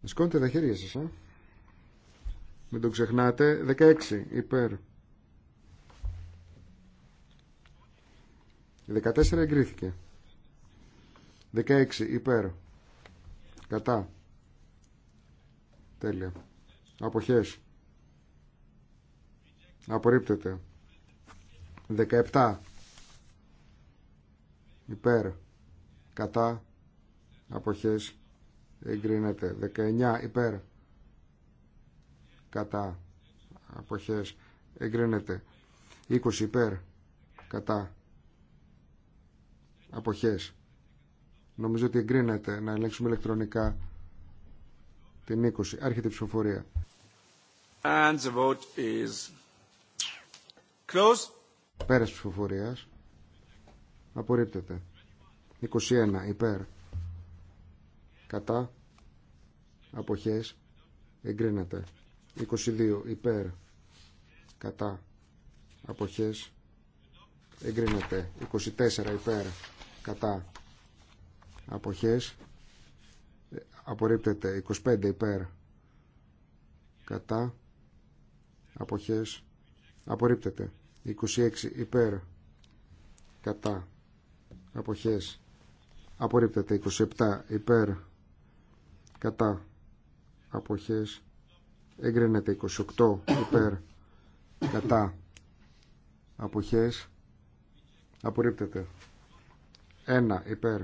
Σκόντε τα χέρια σας, α. Ε. Μην το ξεχνάτε. 16, υπέρ. 14 εγκρίθηκε. 16, υπέρ. Κατά. Τέλεια. Αποχές. Απορρίπτεται. 17 υπέρ κατά αποχές εγκρίνεται 19 υπέρ κατά αποχές εγκρίνεται 20 υπέρ κατά αποχές νομίζω ότι εγκρίνεται να ελέγξουμε ηλεκτρονικά την 20 άρχεται η ψηφοφορία And the vote is Πέρας ψηφοφορίας Απορρίπτεται. 21 υπέρ. Κατά. Αποχές. Εγκρίνεται. 22 υπέρ. Κατά. Αποχές. Εγκρίνεται. 24 ε, υπέρ. Κατά. Αποχές. Απορρίπτεται. 25 υπέρ. Κατά. Αποχές. Απορρίπτεται. 26 υπέρ. Κατά αποχές απορρίπτεται 27 υπέρ κατά αποχές εγκρίνεται 28 υπέρ κατά αποχές απορρίπτεται 1 υπέρ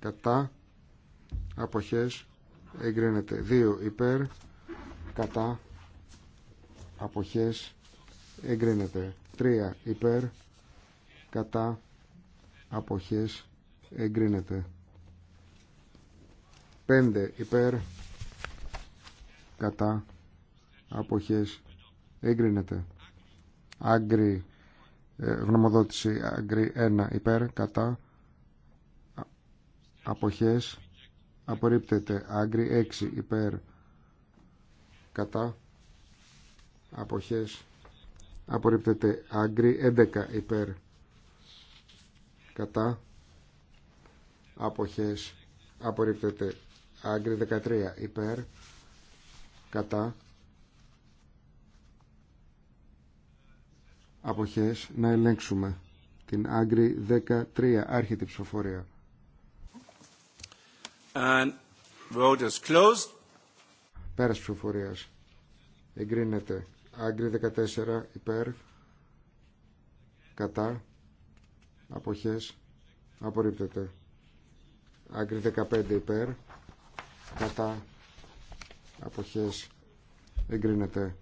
κατά αποχές εγκρίνεται 2 υπέρ κατά αποχές εγκρίνεται 3 υπέρ κατά αποχές εγκρίνεται 5 υπέρ κατά αποχές εγκρίνεται άγκρι ε, γνωμοδότηση άγκρι 1 υπέρ κατά αποχές απορρίπτεται άγκρι 6 υπέρ κατά αποχές απορρίπτεται άγκρι 11 υπέρ κατά αποχές απορρίπτεται άγκρι 13 υπέρ κατά αποχές να ελέγξουμε την άγκρι 13 άρχιτη ψηφοφορία And vote is Πέρας ψηφοφορίας εγκρίνεται άγκρι 14 υπέρ κατά αποχές απορρίπτεται άγκρι 15 υπέρ κατά αποχές εγκρίνεται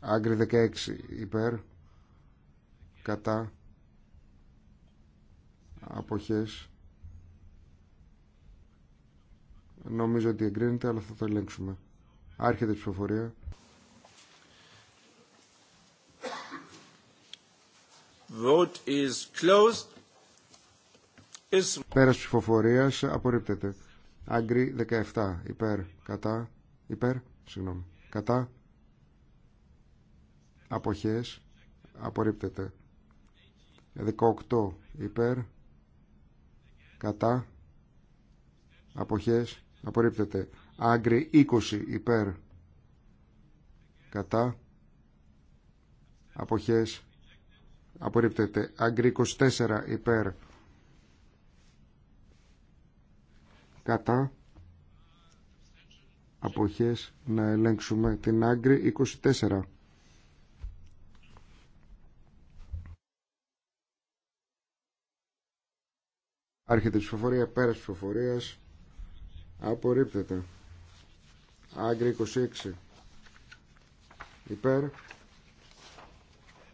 άγκρι 16 υπέρ κατά αποχές νομίζω ότι εγκρίνεται αλλά θα το ελέγξουμε άρχεται η ψηφοφορία Vote is closed. Πέρας ψηφοφορία απορρίπτεται. Άγκρι 17. Υπέρ. Κατά. Υπέρ. Συγγνώμη. Κατά. Αποχές. Απορρίπτεται. 18. Υπέρ. Κατά. αποχέ, Απορρίπτεται. Άγκρι 20. Υπέρ. Κατά. αποχέ, Απορρίπτεται. Άγκρι 24. Υπέρ κατά αποχές να ελέγξουμε την άγκρη 24 Άρχεται η ψηφοφορία, πέρας ψηφοφορίας, απορρίπτεται. Άγκρη 26. Υπέρ,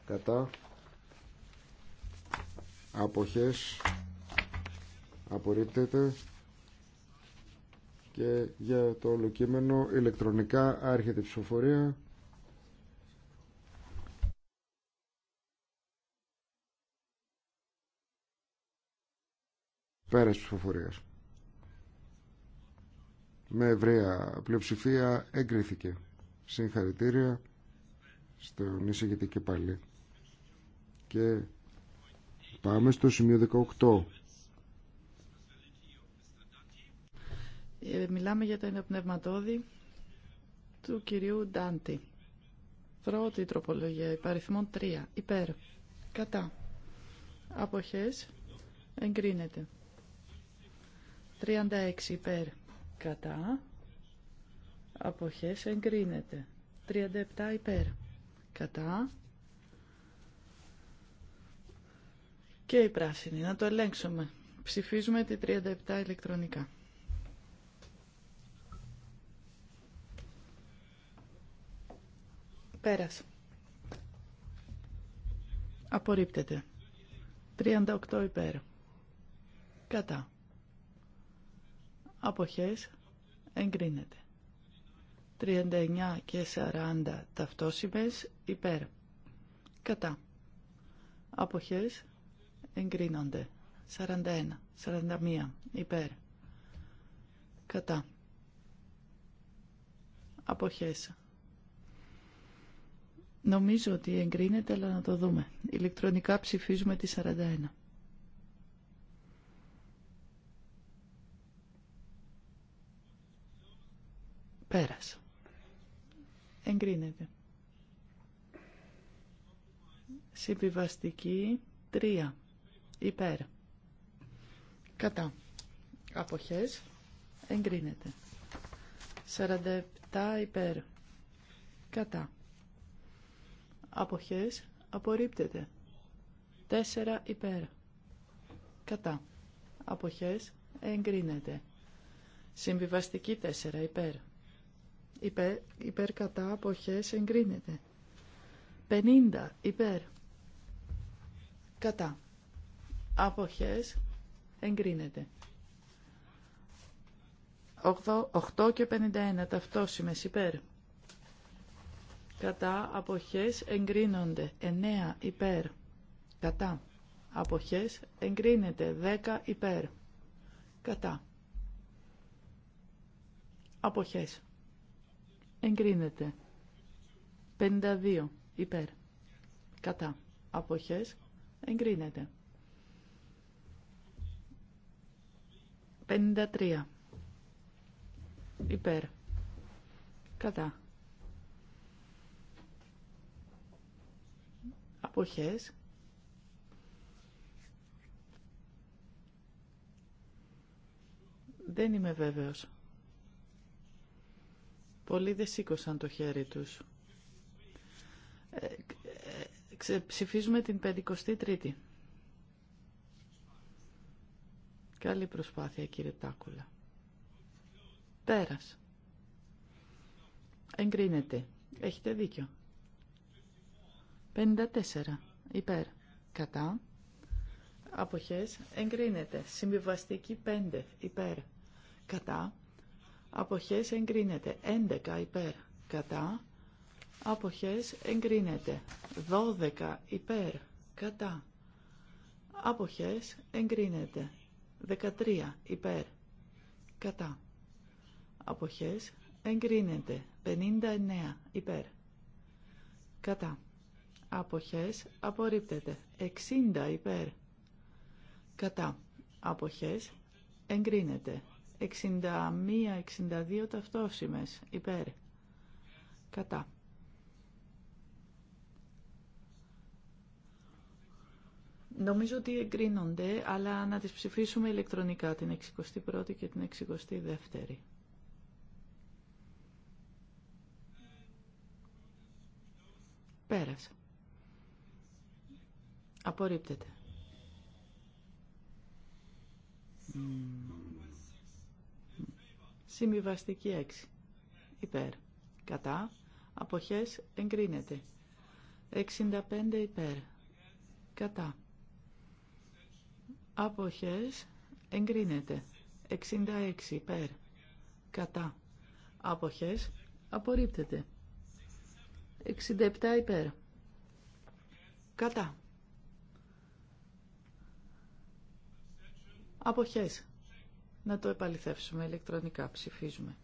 κατά, αποχές, απορρίπτεται και για το ολοκείμενο ηλεκτρονικά άρχεται η ψηφοφορία. Πέρας ψηφοφορίας. Με ευρεία πλειοψηφία εγκρίθηκε. Συγχαρητήρια στον εισηγητή και πάλι. Και πάμε στο σημείο 18. Ε, μιλάμε για το πνευματόδη του κυρίου Ντάντι. Πρώτη τροπολογία, υπαριθμών 3. Υπέρ. Κατά. Αποχές. Εγκρίνεται. 36 υπέρ. Κατά. Αποχές. Εγκρίνεται. 37 υπέρ. Κατά. Και η πράσινη. Να το ελέγξουμε. Ψηφίζουμε τη 37 ηλεκτρονικά. Πέρας. Απορρίπτεται. 38 υπέρ. Κατά. Αποχές. Εγκρίνεται. 39 και 40 ταυτόσιμες υπέρ. Κατά. Αποχές. Εγκρίνονται. 41, 41 υπέρ. Κατά. Αποχές. Νομίζω ότι εγκρίνεται, αλλά να το δούμε. Ηλεκτρονικά ψηφίζουμε τη 41. Πέρασε. Εγκρίνεται. Συμβιβαστική 3. Υπέρ. Κατά. Αποχές. Εγκρίνεται. 47 υπέρ. Κατά αποχές απορρίπτεται. 4 υπέρ κατά αποχές εγκρίνεται. Συμβιβαστική 4 υπέρ. Υπέρ, κατά αποχές εγκρίνεται. 50 υπέρ κατά αποχές εγκρίνεται. 8 και 51 ταυτόσημες υπέρ κατά αποχές εγκρίνονται 9 υπέρ κατά αποχές εγκρίνεται 10 υπέρ κατά αποχές εγκρίνεται 52 υπέρ κατά αποχές εγκρίνεται 53 υπέρ κατά αποχές δεν είμαι βέβαιος πολλοί δεν σήκωσαν το χέρι τους ε, ψηφίζουμε την 53η καλή προσπάθεια κύριε Τάκουλα πέρας εγκρίνεται έχετε δίκιο 54 υπέρ κατά αποχές εγκρίνεται. Συμβιβαστική 5 υπέρ κατά αποχές εγκρίνεται. 11 υπέρ κατά αποχές εγκρίνεται. 12 υπέρ κατά αποχές εγκρίνεται. 13 υπέρ κατά αποχές εγκρίνεται. 59 υπέρ κατά αποχές απορρίπτεται. 60 υπέρ κατά αποχές εγκρίνεται. 61-62 ταυτόσημες υπέρ κατά. Νομίζω ότι εγκρίνονται, αλλά να τις ψηφίσουμε ηλεκτρονικά την 61η και την 62η. Πέρασε. Απορρίπτεται. Συμβιβαστική 6. Υπέρ. Κατά. Αποχές εγκρίνεται. 65 υπέρ. Κατά. Αποχές εγκρίνεται. 66 υπέρ. Κατά. Αποχές απορρίπτεται. 67 υπέρ. Κατά. Αποχές. Να το επαληθεύσουμε ηλεκτρονικά. Ψηφίζουμε.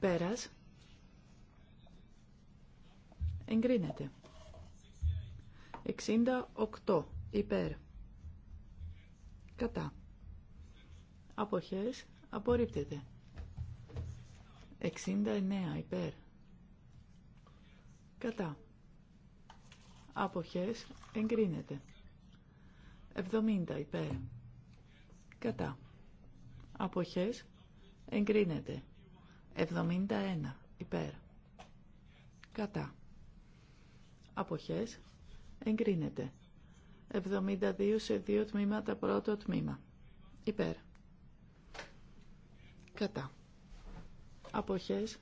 Πέρας. Εγκρίνεται. 68. Υπέρ. Κατά. Αποχές. Απορρίπτεται. 69. Υπέρ. Κατά. Αποχές εγκρίνεται. 70 υπέρ. Κατά. Αποχές εγκρίνεται. 71 υπέρ. Κατά. Αποχές εγκρίνεται. 72 σε 2 τμήματα πρώτο τμήμα. Υπέρ. Κατά. Αποχές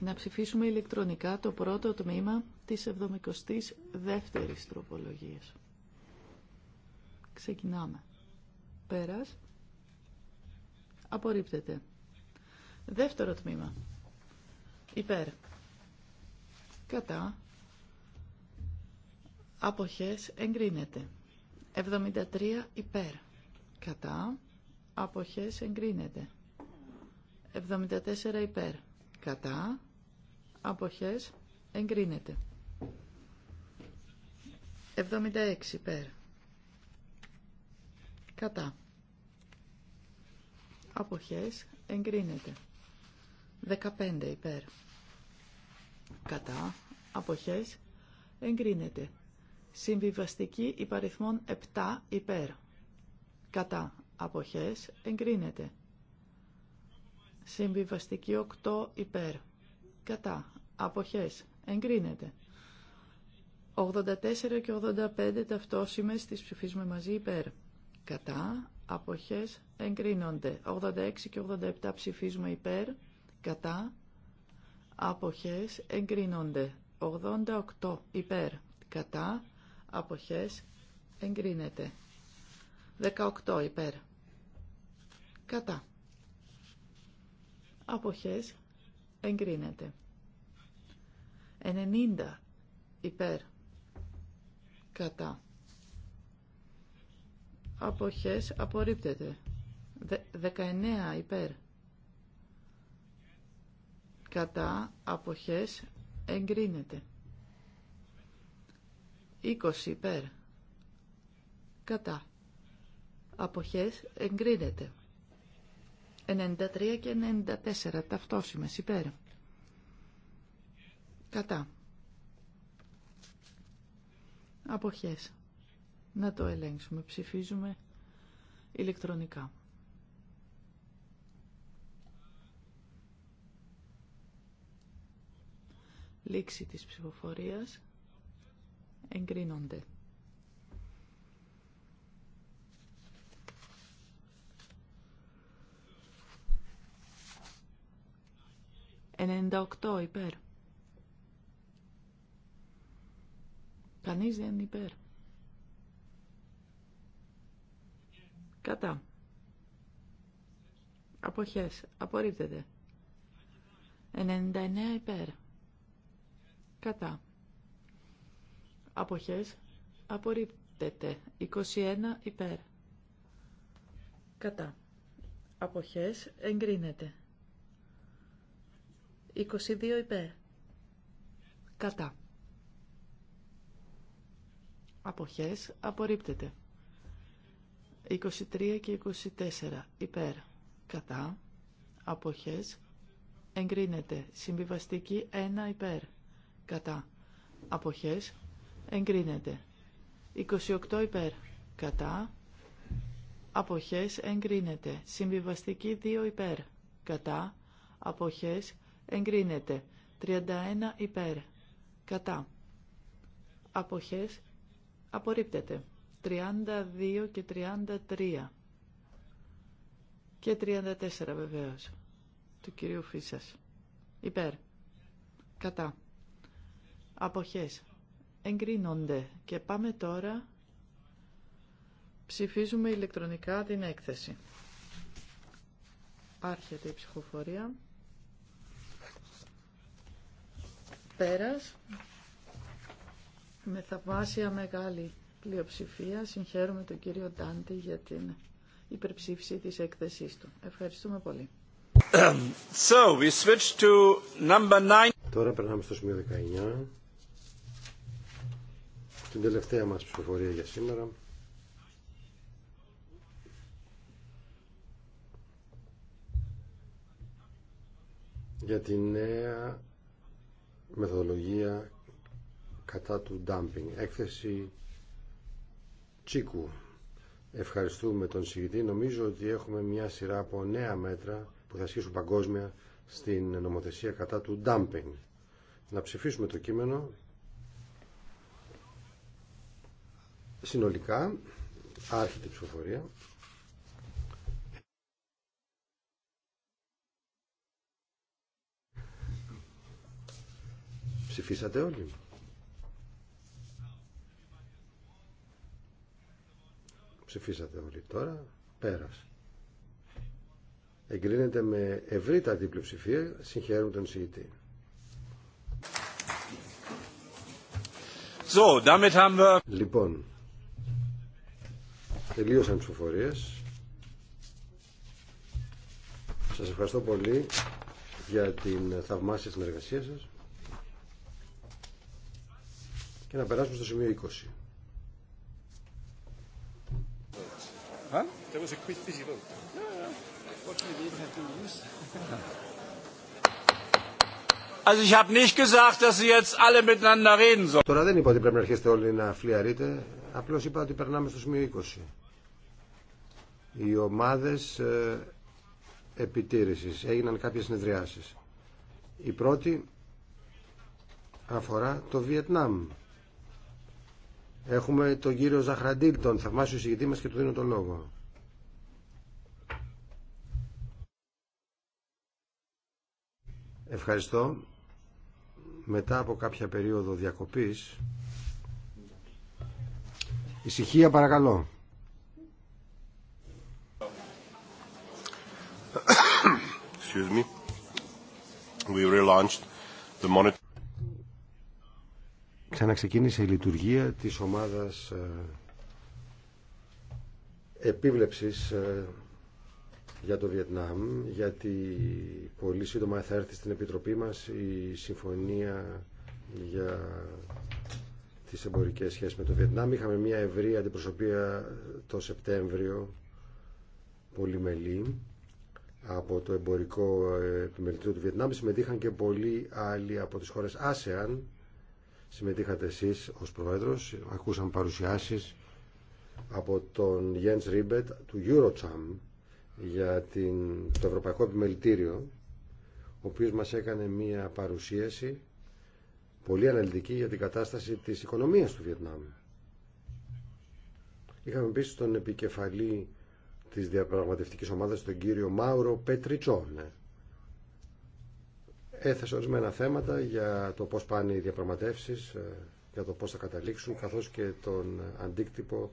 να ψηφίσουμε ηλεκτρονικά το πρώτο τμήμα της 72ης τροπολογίας. Ξεκινάμε. Πέρας. Απορρίπτεται. Δεύτερο τμήμα. Υπέρ. Κατά. Αποχές εγκρίνεται. 73 υπέρ. Κατά. Αποχές εγκρίνεται. 74 υπέρ. Κατά αποχές εγκρίνεται 76 υπέρ κατά αποχές εγκρίνεται 15 υπέρ κατά αποχές εγκρίνεται συμβιβαστική υπαριθμών 7 υπέρ κατά αποχές εγκρίνεται συμβιβαστική 8 υπέρ κατά, αποχές, εγκρίνεται. 84 και 85 ταυτόσημες τις ψηφίσουμε μαζί υπέρ. Κατά, αποχές, εγκρίνονται. 86 και 87 ψηφίζουμε υπέρ. Κατά, αποχές, εγκρίνονται. 88 υπέρ. Κατά, αποχές, εγκρίνεται. 18 υπέρ. Κατά. Αποχές, εγκρίνεται. 90 υπέρ κατά αποχές απορρίπτεται. 19 υπέρ κατά αποχές εγκρίνεται. 20 υπέρ κατά αποχές εγκρίνεται. 93 και 94 ταυτόσημες υπέρ. Κατά. Αποχές. Να το ελέγξουμε. Ψηφίζουμε ηλεκτρονικά. Λήξη της ψηφοφορίας εγκρίνονται. 98 υπέρ. Κανείς δεν υπέρ. Κατά. Αποχές. Απορρίπτεται. 99 υπέρ. Κατά. Αποχές. Απορρίπτεται. 21 υπέρ. Κατά. Αποχές. Εγκρίνεται. 22 υπέρ. Κατά. Αποχές απορρίπτεται. 23 και 24 υπέρ. Κατά. Αποχές εγκρίνεται. Συμβιβαστική 1 υπέρ. Κατά. Αποχές εγκρίνεται. 28 υπέρ. Κατά. Αποχές εγκρίνεται. Συμβιβαστική 2 υπέρ. Κατά. Αποχές εγκρίνεται. 31 υπέρ. Κατά. Αποχές απορρίπτεται. 32 και 33 και 34 βεβαίως του κυρίου Φίσας. Υπέρ. Κατά. Αποχές. Εγκρίνονται. Και πάμε τώρα ψηφίζουμε ηλεκτρονικά την έκθεση. Άρχεται η ψηφοφορία. Πέρας, με θαυμάσια μεγάλη πλειοψηφία, συγχαίρουμε τον κύριο Ντάντι για την υπερψήφιση της έκθεσής του. Ευχαριστούμε πολύ. So, we switch to number Τώρα περνάμε στο σημείο 19. Την τελευταία μας ψηφοφορία για σήμερα. Για τη νέα μεθοδολογία κατά του dumping. Έκθεση Τσίκου. Ευχαριστούμε τον συγκριτή. Νομίζω ότι έχουμε μια σειρά από νέα μέτρα που θα ασχίσουν παγκόσμια στην νομοθεσία κατά του dumping. Να ψηφίσουμε το κείμενο συνολικά άρχεται ψηφοφορία. Ψηφίσατε όλοι. Ψηφίσατε όλοι τώρα. Πέρασε. Εγκρίνεται με ευρύτατη πλειοψηφία. Συγχαίρουμε τον συγητή. So, damit haben wir... Λοιπόν, τελείωσαν τις φορές. Σας ευχαριστώ πολύ για την θαυμάσια συνεργασία σας και να περάσουμε στο σημείο 20. Τώρα δεν είπα ότι πρέπει να αρχίσετε όλοι να φλιαρείτε. Απλώς είπα ότι περνάμε στο σημείο 20. Οι ομάδες ε, επιτήρησης. Έγιναν κάποιες συνεδριάσεις. Η πρώτη αφορά το Βιετνάμ. Έχουμε τον κύριο Ζαχραντήλ, τον θαυμάσιο συγητή μας και του δίνω τον λόγο. Ευχαριστώ. Μετά από κάποια περίοδο διακοπής, ησυχία παρακαλώ. Excuse me. We relaunched the ξαναξεκίνησε η λειτουργία της ομάδας ε, επίβλεψης ε, για το Βιετνάμ γιατί πολύ σύντομα θα έρθει στην Επιτροπή μας η συμφωνία για τις εμπορικές σχέσεις με το Βιετνάμ. Είχαμε μια ευρία αντιπροσωπεία το Σεπτέμβριο πολυμελή από το εμπορικό ε, επιμελητήριο του Βιετνάμ συμμετείχαν και πολλοί άλλοι από τις χώρες ASEAN συμμετείχατε εσείς ως Πρόεδρος, ακούσαμε παρουσιάσεις από τον Γιέντ Ρίμπετ του Eurocham για την, το Ευρωπαϊκό Επιμελητήριο, ο οποίος μας έκανε μία παρουσίαση πολύ αναλυτική για την κατάσταση της οικονομίας του Βιετνάμ. Είχαμε επίσης τον επικεφαλή της διαπραγματευτικής ομάδας, τον κύριο Μάουρο Πετριτσόνε, έθεσε ορισμένα θέματα για το πώς πάνε οι διαπραγματεύσεις, ε, για το πώς θα καταλήξουν, καθώς και τον αντίκτυπο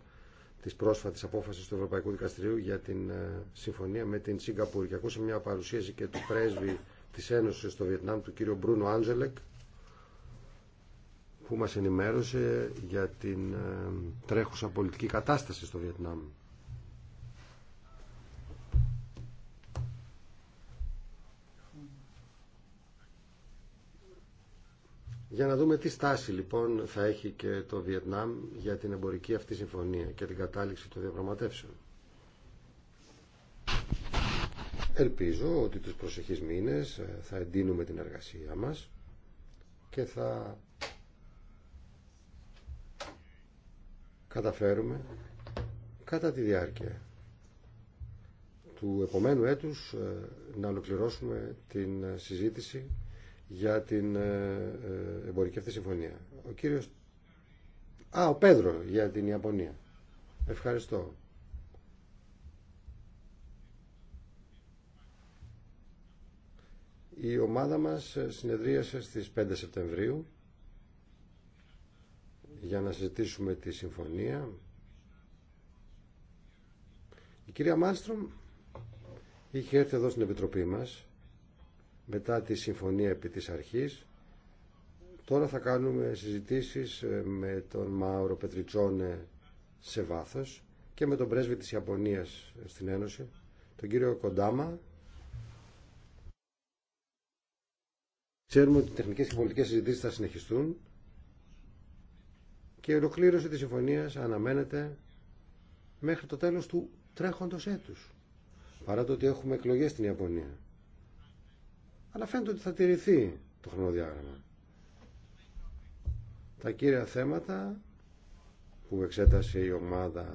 της πρόσφατης απόφασης του Ευρωπαϊκού Δικαστηρίου για την ε, συμφωνία με την Σιγκαπούρη. Και ακούσαμε μια παρουσίαση και του πρέσβη της Ένωσης στο Βιετνάμ, του κύριο Μπρούνο Άντζελεκ, που μας ενημέρωσε για την ε, τρέχουσα πολιτική κατάσταση στο Βιετνάμ. Για να δούμε τι στάση λοιπόν θα έχει και το Βιετνάμ για την εμπορική αυτή συμφωνία και την κατάληξη των διαπραγματεύσεων. Ελπίζω ότι τους προσεχείς μήνες ε, θα εντείνουμε την εργασία μας και θα καταφέρουμε κατά τη διάρκεια του επομένου έτους ε, να ολοκληρώσουμε την ε, συζήτηση για την ε, ε, εμπορική αυτή συμφωνία. Ο κύριος... Α, ο Πέδρο για την Ιαπωνία. Ευχαριστώ. Η ομάδα μας συνεδρίασε στις 5 Σεπτεμβρίου για να συζητήσουμε τη συμφωνία. Η κυρία Μάστρομ είχε έρθει εδώ στην Επιτροπή μας μετά τη συμφωνία επί της αρχής. Τώρα θα κάνουμε συζητήσεις ε, με τον Μάουρο Πετριτσόνε σε βάθος και με τον πρέσβη της Ιαπωνίας στην Ένωση, τον κύριο Κοντάμα. Ξέρουμε ότι οι τεχνικές και πολιτικές συζητήσεις θα συνεχιστούν και η ολοκλήρωση της συμφωνίας αναμένεται μέχρι το τέλος του τρέχοντος έτους. Παρά το ότι έχουμε εκλογές στην Ιαπωνία αλλά φαίνεται ότι θα τηρηθεί το χρονοδιάγραμμα. Τα κύρια θέματα που εξέτασε η ομάδα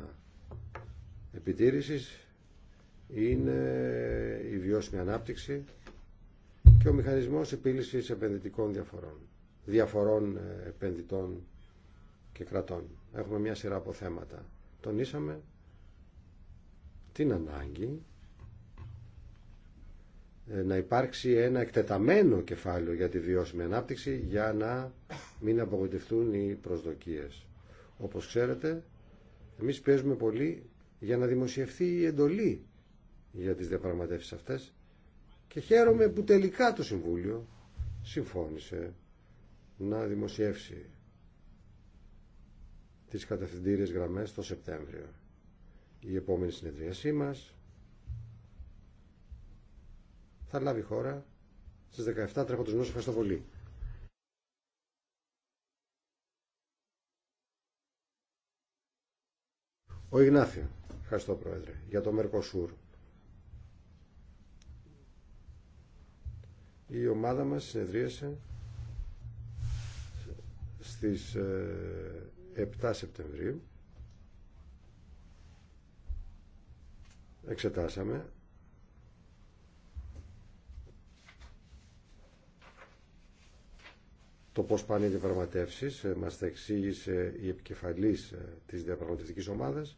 επιτήρησης είναι η βιώσιμη ανάπτυξη και ο μηχανισμός επίλυσης επενδυτικών διαφορών, διαφορών ε, επενδυτών και κρατών. Έχουμε μια σειρά από θέματα. Τονίσαμε την ανάγκη ε, να υπάρξει ένα εκτεταμένο κεφάλαιο για τη βιώσιμη ανάπτυξη για να μην απογοητευτούν οι προσδοκίες. Όπως ξέρετε, εμείς πιέζουμε πολύ για να δημοσιευθεί η εντολή για τις διαπραγματεύσεις αυτές και χαίρομαι που τελικά το Συμβούλιο συμφώνησε να δημοσιεύσει τις κατευθυντήριες γραμμές το Σεπτέμβριο. Η επόμενη συνεδρίασή μας θα λάβει χώρα στις 17 τρέχοντος μήνες. Ευχαριστώ πολύ. Ο Ιγνάθιο, ευχαριστώ Πρόεδρε, για το Μερκοσούρ. Η ομάδα μας συνεδρίασε στις 7 ε, Σεπτεμβρίου. Εξετάσαμε το πώς πάνε οι διαπραγματεύσεις, ε, μας τα εξήγησε η επικεφαλής ε, της διαπραγματευτικής ομάδας.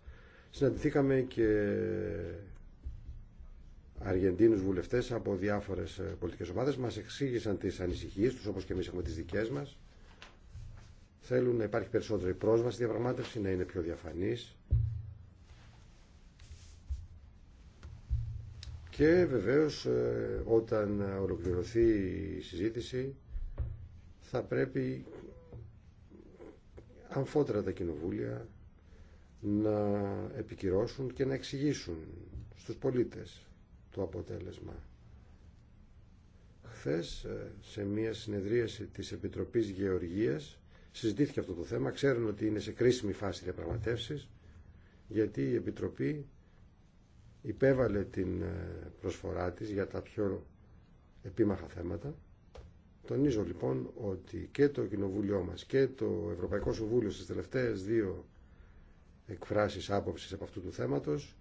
Συναντηθήκαμε και Αργεντίνους βουλευτές από διάφορες ε, πολιτικές ομάδες. Μας εξήγησαν τις ανησυχίες τους, όπως και εμείς έχουμε τις δικές μας. Θέλουν να υπάρχει περισσότερη πρόσβαση στη διαπραγμάτευση, να είναι πιο διαφανής. Και βεβαίως όταν ολοκληρωθεί η συζήτηση θα πρέπει αμφότερα τα κοινοβούλια να επικυρώσουν και να εξηγήσουν στους πολίτες το αποτέλεσμα. Χθες ε, σε μια συνεδρίαση της Επιτροπής Γεωργίας συζητήθηκε αυτό το θέμα. Ξέρουν ότι είναι σε κρίσιμη φάση διαπραγματεύσεις γιατί η Επιτροπή υπέβαλε την ε, προσφορά της για τα πιο επίμαχα θέματα Τονίζω λοιπόν ότι και το Κοινοβούλιο μας και το Ευρωπαϊκό Συμβούλιο στις τελευταίες δύο εκφράσεις άποψης από αυτού του θέματος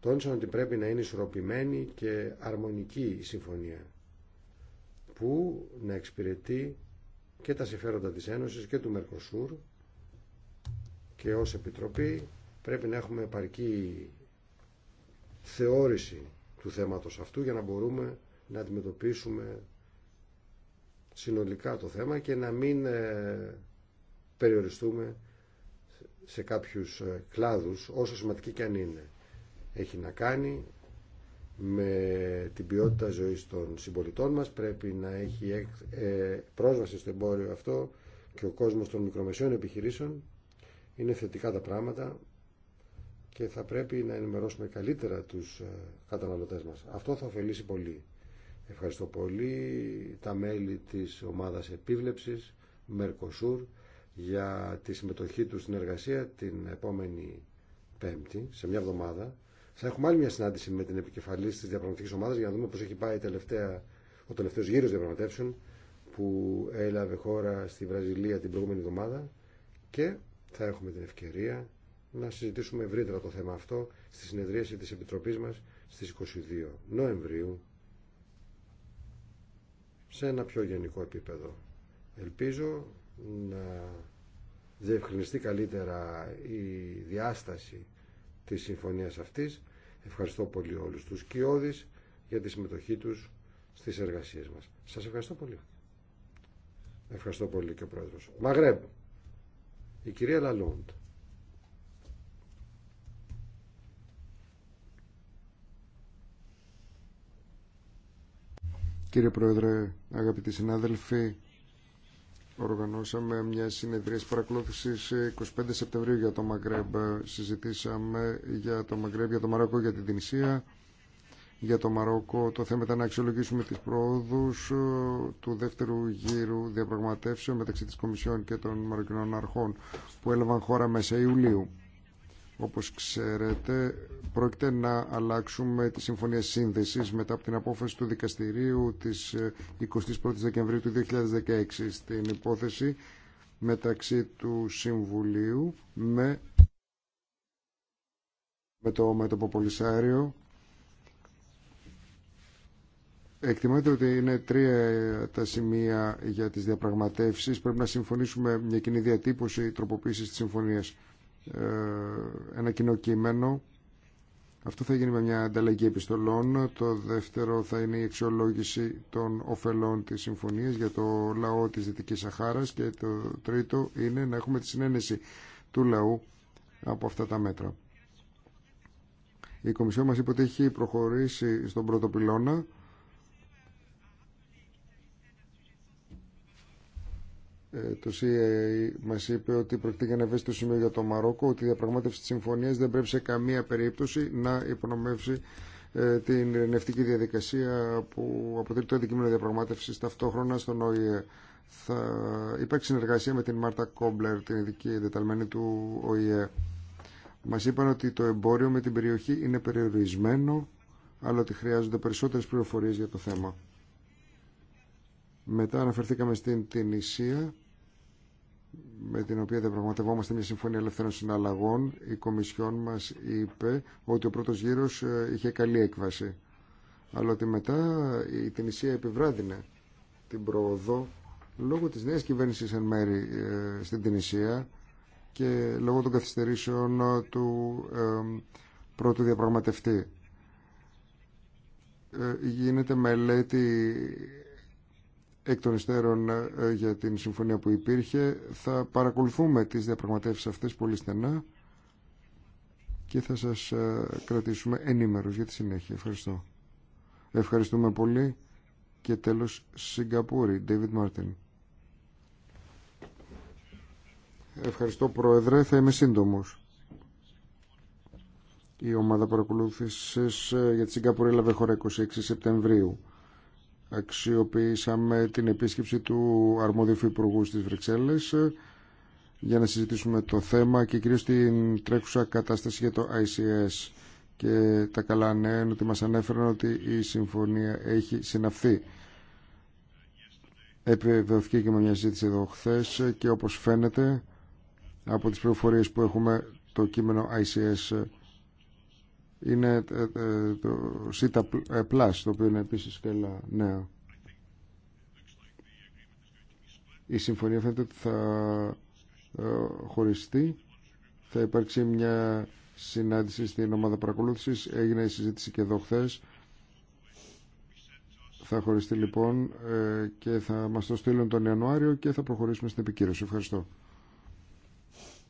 τόνισαν ότι πρέπει να είναι ισορροπημένη και αρμονική η συμφωνία που να εξυπηρετεί και τα συμφέροντα της Ένωσης και του Μερκοσούρ και ως Επιτροπή πρέπει να έχουμε επαρκή θεώρηση του θέματος αυτού για να μπορούμε να αντιμετωπίσουμε συνολικά το θέμα και να μην ε, περιοριστούμε σε κάποιους ε, κλάδους, όσο σημαντική και αν είναι. Έχει να κάνει με την ποιότητα ζωής των συμπολιτών μας, πρέπει να έχει ε, πρόσβαση στο εμπόριο αυτό και ο κόσμος των μικρομεσαίων επιχειρήσεων. Είναι θετικά τα πράγματα και θα πρέπει να ενημερώσουμε καλύτερα τους καταναλωτές μας. Αυτό θα ωφελήσει πολύ. Ευχαριστώ πολύ τα μέλη της ομάδας επίβλεψης Mercosur για τη συμμετοχή του στην εργασία την επόμενη Πέμπτη, σε μια εβδομάδα. Θα έχουμε άλλη μια συνάντηση με την επικεφαλής της διαπραγματικής ομάδας για να δούμε πώς έχει πάει τελευταία, ο τελευταίος γύρος διαπραγματεύσεων που έλαβε χώρα στη Βραζιλία την προηγούμενη εβδομάδα και θα έχουμε την ευκαιρία να συζητήσουμε ευρύτερα το θέμα αυτό στη συνεδρίαση της Επιτροπής μας στις 22 Νοεμβρίου σε ένα πιο γενικό επίπεδο. Ελπίζω να διευκρινιστεί καλύτερα η διάσταση της συμφωνίας αυτής. Ευχαριστώ πολύ όλους τους κοιόδης για τη συμμετοχή τους στις εργασίες μας. Σας ευχαριστώ πολύ. Ευχαριστώ πολύ και ο Πρόεδρος. Μαγρέμ. η κυρία Λαλόντ. Κύριε Πρόεδρε, αγαπητοί συνάδελφοι, οργανώσαμε μια συνεδρία παρακολούθηση 25 ε, Σεπτεμβρίου για το Μαγκρέμπ. Συζητήσαμε για το Μαγκρέμπ, για το Μαρόκο, για την Τινησία, για το Μαρόκο. Το θέμα ήταν να αξιολογήσουμε τις προόδους ε, του δεύτερου γύρου διαπραγματεύσεων μεταξύ της Κομισιόν και των Μαροκινών Αρχών που έλαβαν χώρα μέσα Ιουλίου. Όπως ξέρετε, πρόκειται να αλλάξουμε τη Συμφωνία Σύνδεσης μετά από την απόφαση του Δικαστηρίου της 21ης ε, Δεκεμβρίου του 2016 στην υπόθεση μεταξύ του Συμβουλίου με, με το μέτωπο Πολυσάριο. Εκτιμάται ότι είναι τρία ε, τα σημεία για τις διαπραγματεύσεις. Πρέπει να συμφωνήσουμε μια κοινή διατύπωση τροποποίησης της συμφωνίας. Ε, ένα κοινό κείμενο. Αυτό θα γίνει με μια ανταλλαγή επιστολών. Το δεύτερο θα είναι η αξιολόγηση των ωφελών της συμφωνίας για το λαό της Δυτικής Σαχάρας και το τρίτο είναι να έχουμε τη συνένεση του λαού από αυτά τα μέτρα. Η Κομισιόν μας είπε ότι έχει προχωρήσει στον πρώτο πυλώνα Ε, το CIA μα είπε ότι πρόκειται για ένα ευαίσθητο σημείο για το Μαρόκο, ότι η διαπραγμάτευση τη Συμφωνία δεν πρέπει σε καμία περίπτωση να υπονομεύσει ε, την ειρηνευτική διαδικασία που αποτελεί το αντικείμενο διαπραγμάτευση. ταυτόχρονα στον ΟΗΕ. Θα υπάρξει συνεργασία με την Μάρτα Κόμπλερ, την ειδική δεταλμένη του ΟΗΕ. Μα είπαν ότι το εμπόριο με την περιοχή είναι περιορισμένο, αλλά ότι χρειάζονται περισσότερε πληροφορίε για το θέμα. Μετά αναφερθήκαμε στην Τινησία με την οποία διαπραγματευόμαστε μια συμφωνία ελεύθερων συναλλαγών, η Κομισιόν μας είπε ότι ο πρώτος γύρος ε, είχε καλή έκβαση. Αλλά ότι μετά η Τινησία επιβράδυνε την πρόοδο λόγω της νέας κυβέρνηση εν μέρη ε, στην Τινησία και λόγω των καθυστερήσεων ε, του πρώτου διαπραγματευτή. γίνεται μελέτη εκ των υστέρων ε, για την συμφωνία που υπήρχε. Θα παρακολουθούμε τις διαπραγματεύσεις αυτές πολύ στενά και θα σας ε, κρατήσουμε ενήμερους για τη συνέχεια. Ευχαριστώ. Ευχαριστούμε πολύ και τέλος Σιγκαπούρη, David Martin. Ευχαριστώ Πρόεδρε, θα είμαι σύντομος. Η ομάδα παρακολούθησης ε, για τη Σιγκαπούρη έλαβε χώρα 26 Σεπτεμβρίου αξιοποιήσαμε την επίσκεψη του αρμόδιου υπουργού στις Βρυξέλλες ε, για να συζητήσουμε το θέμα και κυρίως την τρέχουσα κατάσταση για το ICS και τα καλά νέα είναι ότι μας ανέφεραν ότι η συμφωνία έχει συναυθεί. Επιβεβαιωθήκε και με μια συζήτηση εδώ χθε και όπως φαίνεται από τις πληροφορίες που έχουμε το κείμενο ICS είναι ε, ε, το ΣΥΤΑ ε, το οποίο είναι επίσης καλά νέο. Η συμφωνία φαίνεται ότι θα χωριστεί. Θα υπάρξει μια συνάντηση στην ομάδα παρακολούθησης. Έγινε η συζήτηση και εδώ χθε. Θα χωριστεί λοιπόν και θα μας το στείλουν τον Ιανουάριο και θα προχωρήσουμε στην επικύρωση. Ευχαριστώ.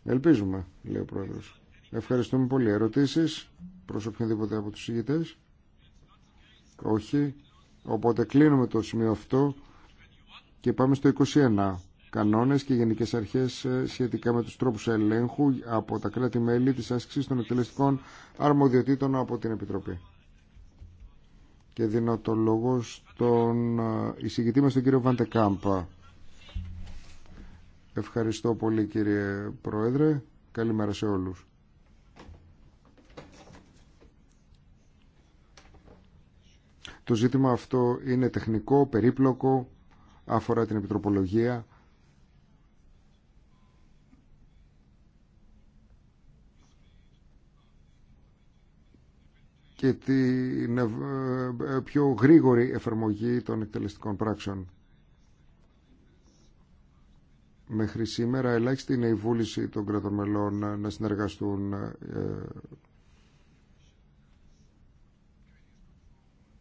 Ελπίζουμε, λέει ο Πρόεδρος. Ευχαριστούμε πολύ. Ερωτήσεις προς οποιονδήποτε από τους ηγητέ. Όχι. Οπότε κλείνουμε το σημείο αυτό και πάμε στο 21. Κανόνες και γενικές αρχές ε, σχετικά με τους τρόπους ελέγχου από τα κράτη-μέλη της άσκηση των εκτελεστικών αρμοδιοτήτων από την Επιτροπή. Και δίνω το λόγο στον ε, εισηγητή μας, τον κύριο Βαντεκάμπα. Ευχαριστώ πολύ κύριε Πρόεδρε. Καλημέρα σε όλους. Το ζήτημα αυτό είναι τεχνικό, περίπλοκο, αφορά την επιτροπολογία. και την ε, ε, πιο γρήγορη εφαρμογή των εκτελεστικών πράξεων. Μέχρι σήμερα ελάχιστη είναι η βούληση των κρατών μελών να συνεργαστούν ε,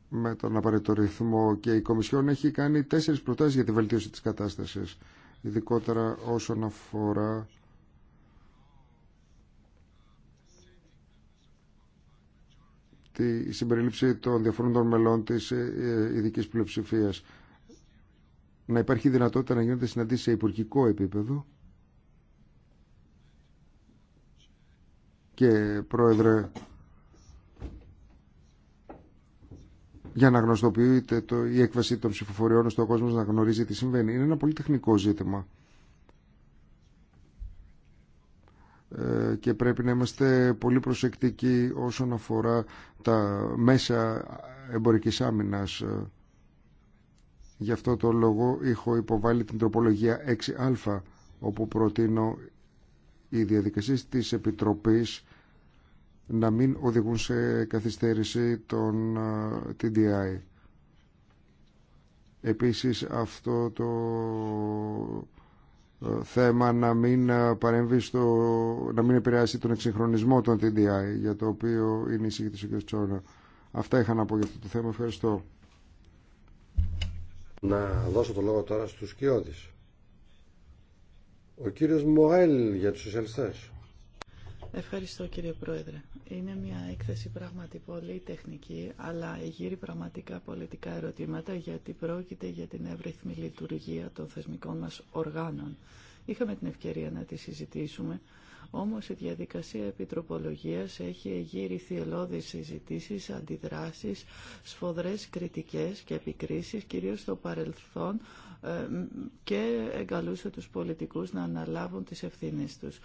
με τον απαραίτητο ρυθμό και η Κομισιόν έχει κάνει τέσσερις προτάσεις για τη βελτίωση της κατάστασης ειδικότερα όσον αφορά τη συμπερίληψη των διαφορών μελών της ε, ε, ειδικής πλειοψηφία. να υπάρχει δυνατότητα να γίνονται συναντήσεις σε υπουργικό επίπεδο και πρόεδρε για να γνωστοποιείται το, η έκβαση των ψηφοφοριών στον κόσμο να γνωρίζει τι συμβαίνει. Είναι ένα πολύ τεχνικό ζήτημα. Ε, και πρέπει να είμαστε πολύ προσεκτικοί όσον αφορά τα μέσα εμπορικής άμυνας. Ε, γι' αυτό το λόγο έχω υποβάλει την τροπολογία 6α, όπου προτείνω η διαδικασία της Επιτροπής να μην οδηγούν σε καθυστέρηση των TDI. Επίσης αυτό το ε, θέμα να μην ε, παρέμβει στο, να μην επηρεάσει τον εξυγχρονισμό των TDI για το οποίο είναι η ο κ. Τσόνα. Αυτά είχα να πω για αυτό το θέμα. Ευχαριστώ. Να δώσω το λόγο τώρα στους κοιότης. Ο κύριος Μοέλ για τους σοσιαλιστές. Ευχαριστώ κύριε Πρόεδρε. Είναι μια έκθεση πράγματι πολύ τεχνική, αλλά γύρει πραγματικά πολιτικά ερωτήματα γιατί πρόκειται για την εύρυθμη λειτουργία των θεσμικών μας οργάνων. Είχαμε την ευκαιρία να τη συζητήσουμε, όμως η διαδικασία επιτροπολογίας έχει γύρει θυελώδεις συζητήσεις, αντιδράσεις, σφοδρές κριτικές και επικρίσεις, κυρίως στο παρελθόν, ε, και εγκαλούσε τους πολιτικούς να αναλάβουν τις ευθύνες τους.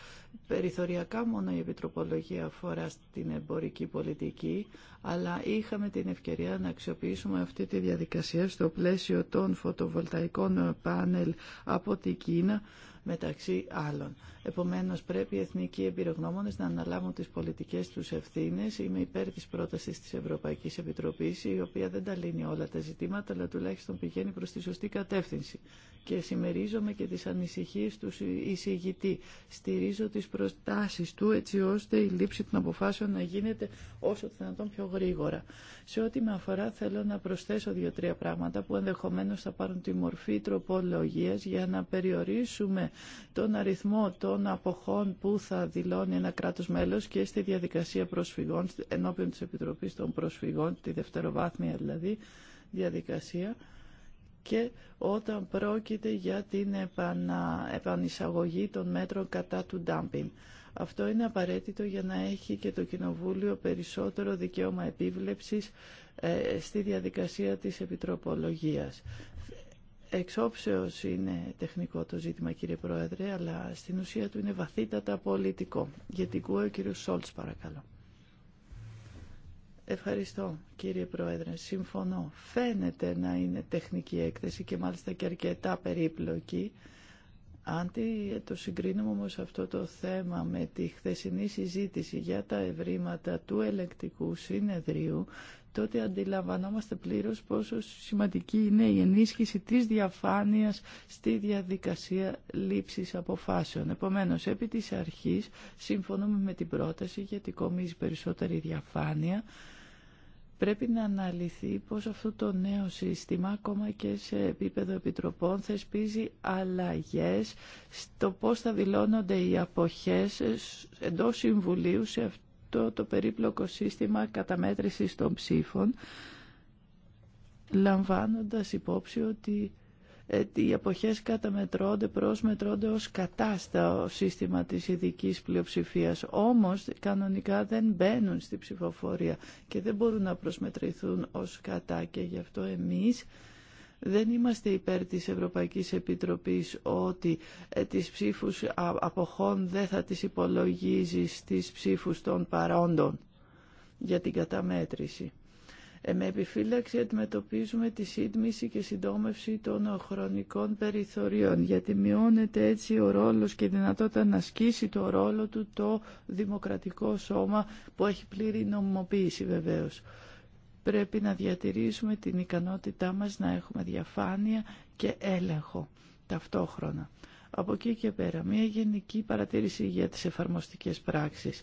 Περιθωριακά μόνο η Επιτροπολογία αφορά στην εμπορική πολιτική, αλλά είχαμε την ευκαιρία να αξιοποιήσουμε αυτή τη διαδικασία στο πλαίσιο των φωτοβολταϊκών πάνελ από την Κίνα, μεταξύ άλλων. Επομένως πρέπει οι εθνικοί εμπειρογνώμονες να αναλάβουν τις πολιτικές τους ευθύνες. Είμαι υπέρ της πρότασης της Ευρωπαϊκής Επιτροπής, η οποία δεν τα λύνει όλα τα ζητήματα, αλλά τουλάχιστον πηγαίνει προς τη σωστή κατεύθυνση. Και συμμερίζομαι και τις ανησυχίες του εισηγητή. Στηρίζω τις προτάσεις του έτσι ώστε η λήψη των αποφάσεων να γίνεται όσο το δυνατόν πιο γρήγορα. Σε ό,τι με αφορά θέλω να προσθέσω δύο-τρία πράγματα που ενδεχομένως θα πάρουν τη μορφή τροπολογίας για να περιορίσουμε τον αριθμό των των αποχών που θα δηλώνει ένα κράτος μέλος και στη διαδικασία προσφυγών, ενώπιον της Επιτροπής των Προσφυγών, τη δευτεροβάθμια δηλαδή διαδικασία, και όταν πρόκειται για την επανα, επανεισαγωγή των μέτρων κατά του ντάμπινγκ. Αυτό είναι απαραίτητο για να έχει και το Κοινοβούλιο περισσότερο δικαίωμα επίβλεψης ε, στη διαδικασία της επιτροπολογίας. Εξόψεως είναι τεχνικό το ζήτημα κύριε Πρόεδρε, αλλά στην ουσία του είναι βαθύτατα πολιτικό. γιατί την ο κύριος Σόλτς παρακαλώ. Ευχαριστώ κύριε Πρόεδρε. Συμφωνώ. Φαίνεται να είναι τεχνική έκθεση και μάλιστα και αρκετά περίπλοκη. Αν το συγκρίνουμε όμως αυτό το θέμα με τη χθεσινή συζήτηση για τα ευρήματα του ελεκτικού συνεδρίου, τότε αντιλαμβανόμαστε πλήρως πόσο σημαντική είναι η ενίσχυση της διαφάνειας στη διαδικασία λήψης αποφάσεων. Επομένως, επί της αρχής συμφωνούμε με την πρόταση γιατί κομίζει περισσότερη διαφάνεια. Πρέπει να αναλυθεί πως αυτό το νέο σύστημα ακόμα και σε επίπεδο επιτροπών θεσπίζει αλλαγές στο πώς θα δηλώνονται οι αποχές εντός Συμβουλίου σε αυτή το περίπλοκο σύστημα καταμέτρησης των ψήφων, λαμβάνοντας υπόψη ότι ε, οι εποχές καταμετρώνται, προσμετρώνται ως κατάστα σύστημα της ειδική πλειοψηφίας. Όμως κανονικά δεν μπαίνουν στη ψηφοφορία και δεν μπορούν να προσμετρηθούν ως κατά και γι' αυτό εμείς δεν είμαστε υπέρ της Ευρωπαϊκής Επιτροπής ότι ε, τις ψήφους αποχών δεν θα τις υπολογίζει στις ψήφους των παρόντων για την καταμέτρηση. Ε, με επιφύλαξη αντιμετωπίζουμε τη σύντμηση και συντόμευση των χρονικών περιθωρίων, γιατί μειώνεται έτσι ο ρόλος και η δυνατότητα να ασκήσει το ρόλο του το δημοκρατικό σώμα που έχει πλήρη νομιμοποίηση βεβαίως πρέπει να διατηρήσουμε την ικανότητά μας να έχουμε διαφάνεια και έλεγχο ταυτόχρονα. Από εκεί και πέρα, μια γενική παρατήρηση για τις εφαρμοστικές πράξεις.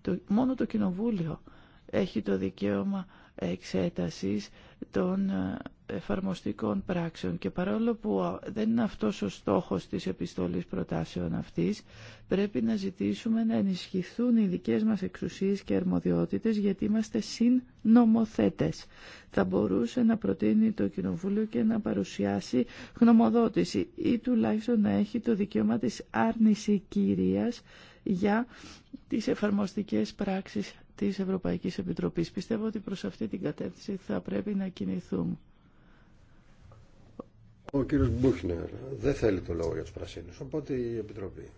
Το, μόνο το Κοινοβούλιο έχει το δικαίωμα εξέτασης των ε, εφαρμοστικών πράξεων και παρόλο που δεν είναι αυτός ο στόχος της επιστολής προτάσεων αυτής, πρέπει να ζητήσουμε να ενισχυθούν οι δικές μας εξουσίες και αρμοδιότητες γιατί είμαστε νομοθέτες. Θα μπορούσε να προτείνει το Κοινοβούλιο και να παρουσιάσει γνωμοδότηση ή τουλάχιστον να έχει το δικαίωμα της άρνηση κυρίας για τις εφαρμοστικές πράξεις της Ευρωπαϊκής Επιτροπής. Πιστεύω ότι προς αυτή την κατεύθυνση θα πρέπει να κινηθούμε. Ο κύριος Μπούχνερ δεν θέλει το λόγο για τους πρασίνους, οπότε η Επιτροπή.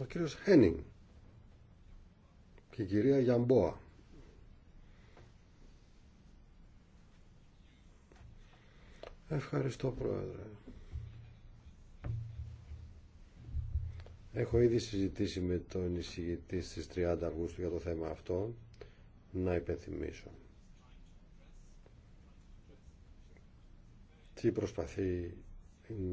Ο κύριος Χένινγκ και η κυρία Γιαμπόα. Ευχαριστώ Πρόεδρε. Έχω ήδη συζητήσει με τον εισηγητή στις 30 Αυγούστου για το θέμα αυτό. Να υπενθυμίσω. τι προσπαθεί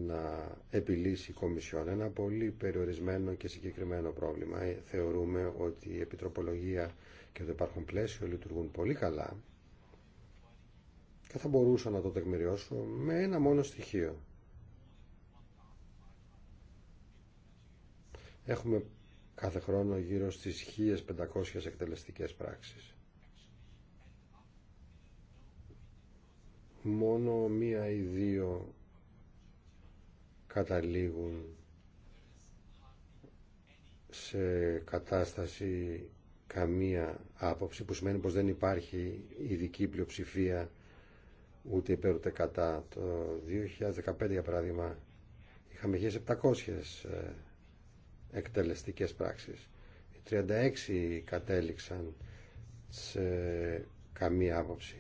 να επιλύσει η Κομισιόν. Ένα πολύ περιορισμένο και συγκεκριμένο πρόβλημα. Ε, θεωρούμε ότι η επιτροπολογία και το υπάρχον πλαίσιο λειτουργούν πολύ καλά και θα μπορούσα να το τεκμηριώσω με ένα μόνο στοιχείο. Έχουμε κάθε χρόνο γύρω στις 1500 εκτελεστικές πράξεις. μόνο μία ή δύο καταλήγουν σε κατάσταση καμία άποψη που σημαίνει πως δεν υπάρχει ειδική πλειοψηφία ούτε υπέρ ούτε κατά. Το 2015 για παράδειγμα είχαμε 1700 ε, εκτελεστικές πράξεις. Οι 36 κατέληξαν σε καμία άποψη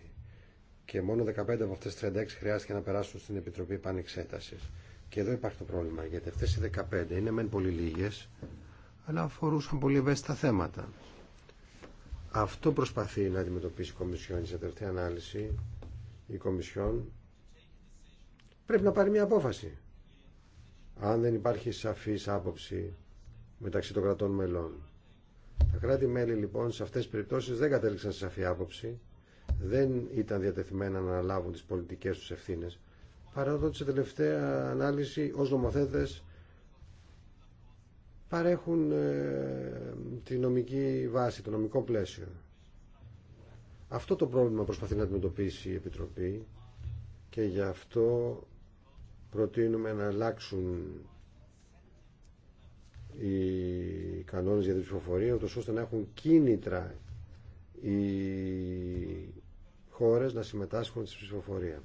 και μόνο 15 από αυτέ τι 36 χρειάστηκε να περάσουν στην Επιτροπή Πανεξέτασης. Και εδώ υπάρχει το πρόβλημα, γιατί αυτές οι 15 είναι μεν πολύ λίγε, αλλά αφορούσαν πολύ ευαίσθητα θέματα. Αυτό προσπαθεί να αντιμετωπίσει η Κομισιόν σε τελευταία ανάλυση. Η Κομισιόν πρέπει να πάρει μια απόφαση. Αν δεν υπάρχει σαφής άποψη μεταξύ των κρατών μελών. Τα κράτη-μέλη λοιπόν σε αυτές τις περιπτώσεις δεν κατέληξαν σε σαφή άποψη δεν ήταν διατεθειμένα να αναλάβουν τις πολιτικές τους ευθύνες παρά ότι σε τελευταία ανάλυση ως νομοθέτες παρέχουν ε, τη νομική βάση, το νομικό πλαίσιο. Αυτό το πρόβλημα προσπαθεί να αντιμετωπίσει η Επιτροπή και γι' αυτό προτείνουμε να αλλάξουν οι κανόνες για την ψηφοφορία, ώστε να έχουν κίνητρα οι χώρες να συμμετάσχουν στη ψηφοφορία.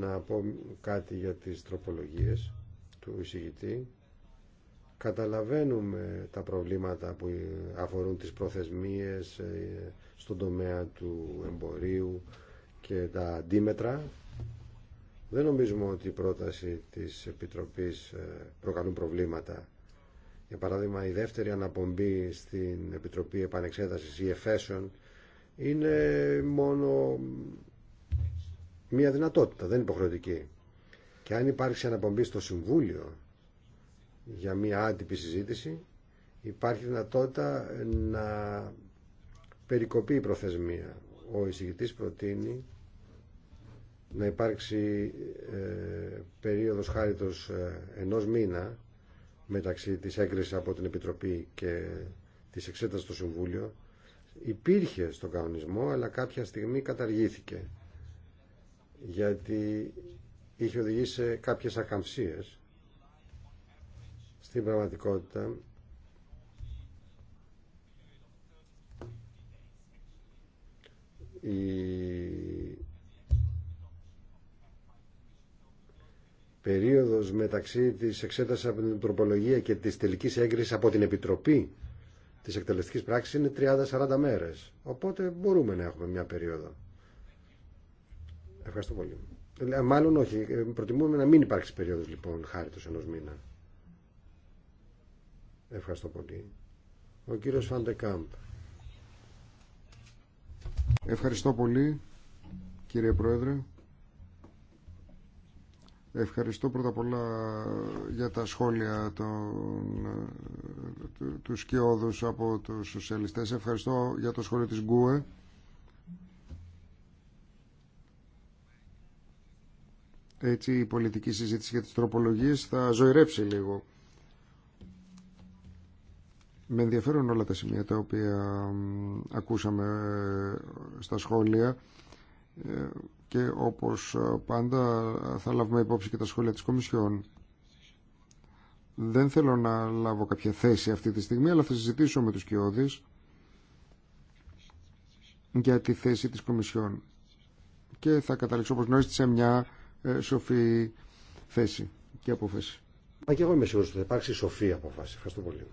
Να πω κάτι για τις τροπολογίες του εισηγητή. Καταλαβαίνουμε τα προβλήματα που αφορούν τις προθεσμίες ε, στον τομέα του εμπορίου και τα αντίμετρα. Δεν νομίζουμε ότι η πρόταση της Επιτροπής ε, προκαλούν προβλήματα. Για παράδειγμα, η δεύτερη αναπομπή στην Επιτροπή Επανεξέτασης ή Εφέσεων είναι μόνο μια δυνατότητα, δεν υποχρεωτική. Και αν υπάρξει αναπομπή στο Συμβούλιο για μια άτυπη συζήτηση, υπάρχει δυνατότητα να περικοπεί η προθεσμία. Ο εισηγητής προτείνει να υπάρξει ε, περίοδος χάριτος ε, ενός μήνα μεταξύ της έγκρισης από την Επιτροπή και της εξέτασης στο Συμβούλιο υπήρχε στον κανονισμό αλλά κάποια στιγμή καταργήθηκε γιατί είχε οδηγήσει σε κάποιες ακαμψίες στην πραγματικότητα η περίοδος μεταξύ της εξέτασης από την προπολογία και της τελικής έγκρισης από την Επιτροπή της εκτελεστικη πραξης πράξης είναι 30-40 μέρε. Οπότε μπορούμε να έχουμε μια περίοδο. Ευχαριστώ πολύ. Ε, μάλλον όχι. Ε, προτιμούμε να μην υπάρξει περίοδο λοιπόν του ενό μήνα. Ευχαριστώ πολύ. Ο κύριος Φαντεκάμπ. Ευχαριστώ πολύ κύριε Πρόεδρε. Ευχαριστώ πρώτα απ' όλα για τα σχόλια του, σκιώδου από τους σοσιαλιστές. Ευχαριστώ για το σχόλιο της Γκουε. Έτσι η πολιτική συζήτηση για τι τροπολογίε θα ζωηρέψει λίγο. Με ενδιαφέρουν όλα τα σημεία τα οποία ακούσαμε ε, στα σχόλια ε, και όπως ε, πάντα θα λάβουμε υπόψη και τα σχόλια της Κομισιόν. Δεν θέλω να λάβω κάποια θέση αυτή τη στιγμή, αλλά θα συζητήσω με τους Κιώδης για τη θέση της Κομισιόν και θα καταλήξω όπως γνωρίζετε σε μια ε, σοφή θέση και απόφαση. Μα και εγώ είμαι σίγουρος ότι θα υπάρξει σοφή απόφαση. Ευχαριστώ πολύ.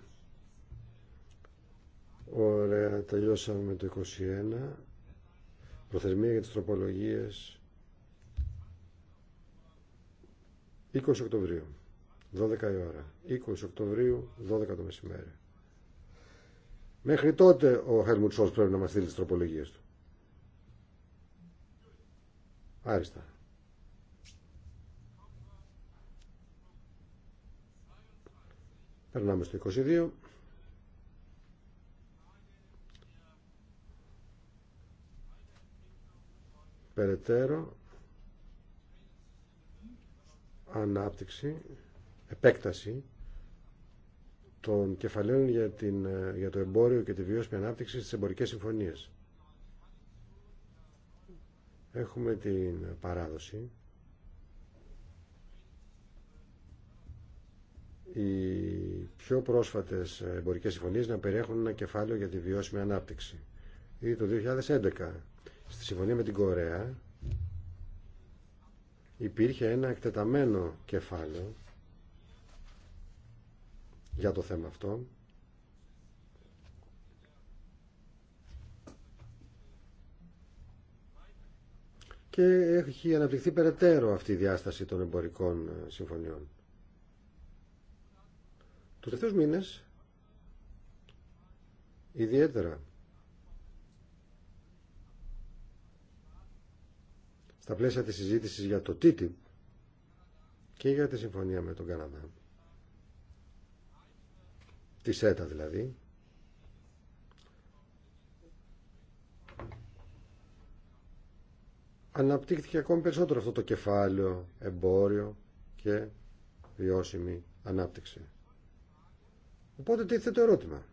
Ωραία, τελειώσαμε με το 21. Προθεσμία για τις τροπολογίες 20 Οκτωβρίου, 12 η ώρα. 20 Οκτωβρίου, 12 το μεσημέρι. Μέχρι τότε ο Χέρμουντ Σόλτ πρέπει να μας στείλει τις τροπολογίες του. Άριστα. Περνάμε στο 22. περαιτέρω ανάπτυξη, επέκταση των κεφαλαίων για, την, για το εμπόριο και τη βιώσιμη ανάπτυξη στις εμπορικές συμφωνίες. Έχουμε την παράδοση. Οι πιο πρόσφατες εμπορικές συμφωνίες να περιέχουν ένα κεφάλαιο για τη βιώσιμη ανάπτυξη. Ήδη το 2011 στη συμφωνία με την Κορέα υπήρχε ένα εκτεταμένο κεφάλαιο για το θέμα αυτό και έχει αναπτυχθεί περαιτέρω αυτή η διάσταση των εμπορικών ε, συμφωνιών. Τους τελευταίους μήνες ιδιαίτερα στα πλαίσια της συζήτησης για το TTIP και για τη συμφωνία με τον Καναδά. Τη ΣΕΤΑ δηλαδή. Αναπτύχθηκε ακόμη περισσότερο αυτό το κεφάλαιο εμπόριο και βιώσιμη ανάπτυξη. Οπότε τίθεται το ερώτημα.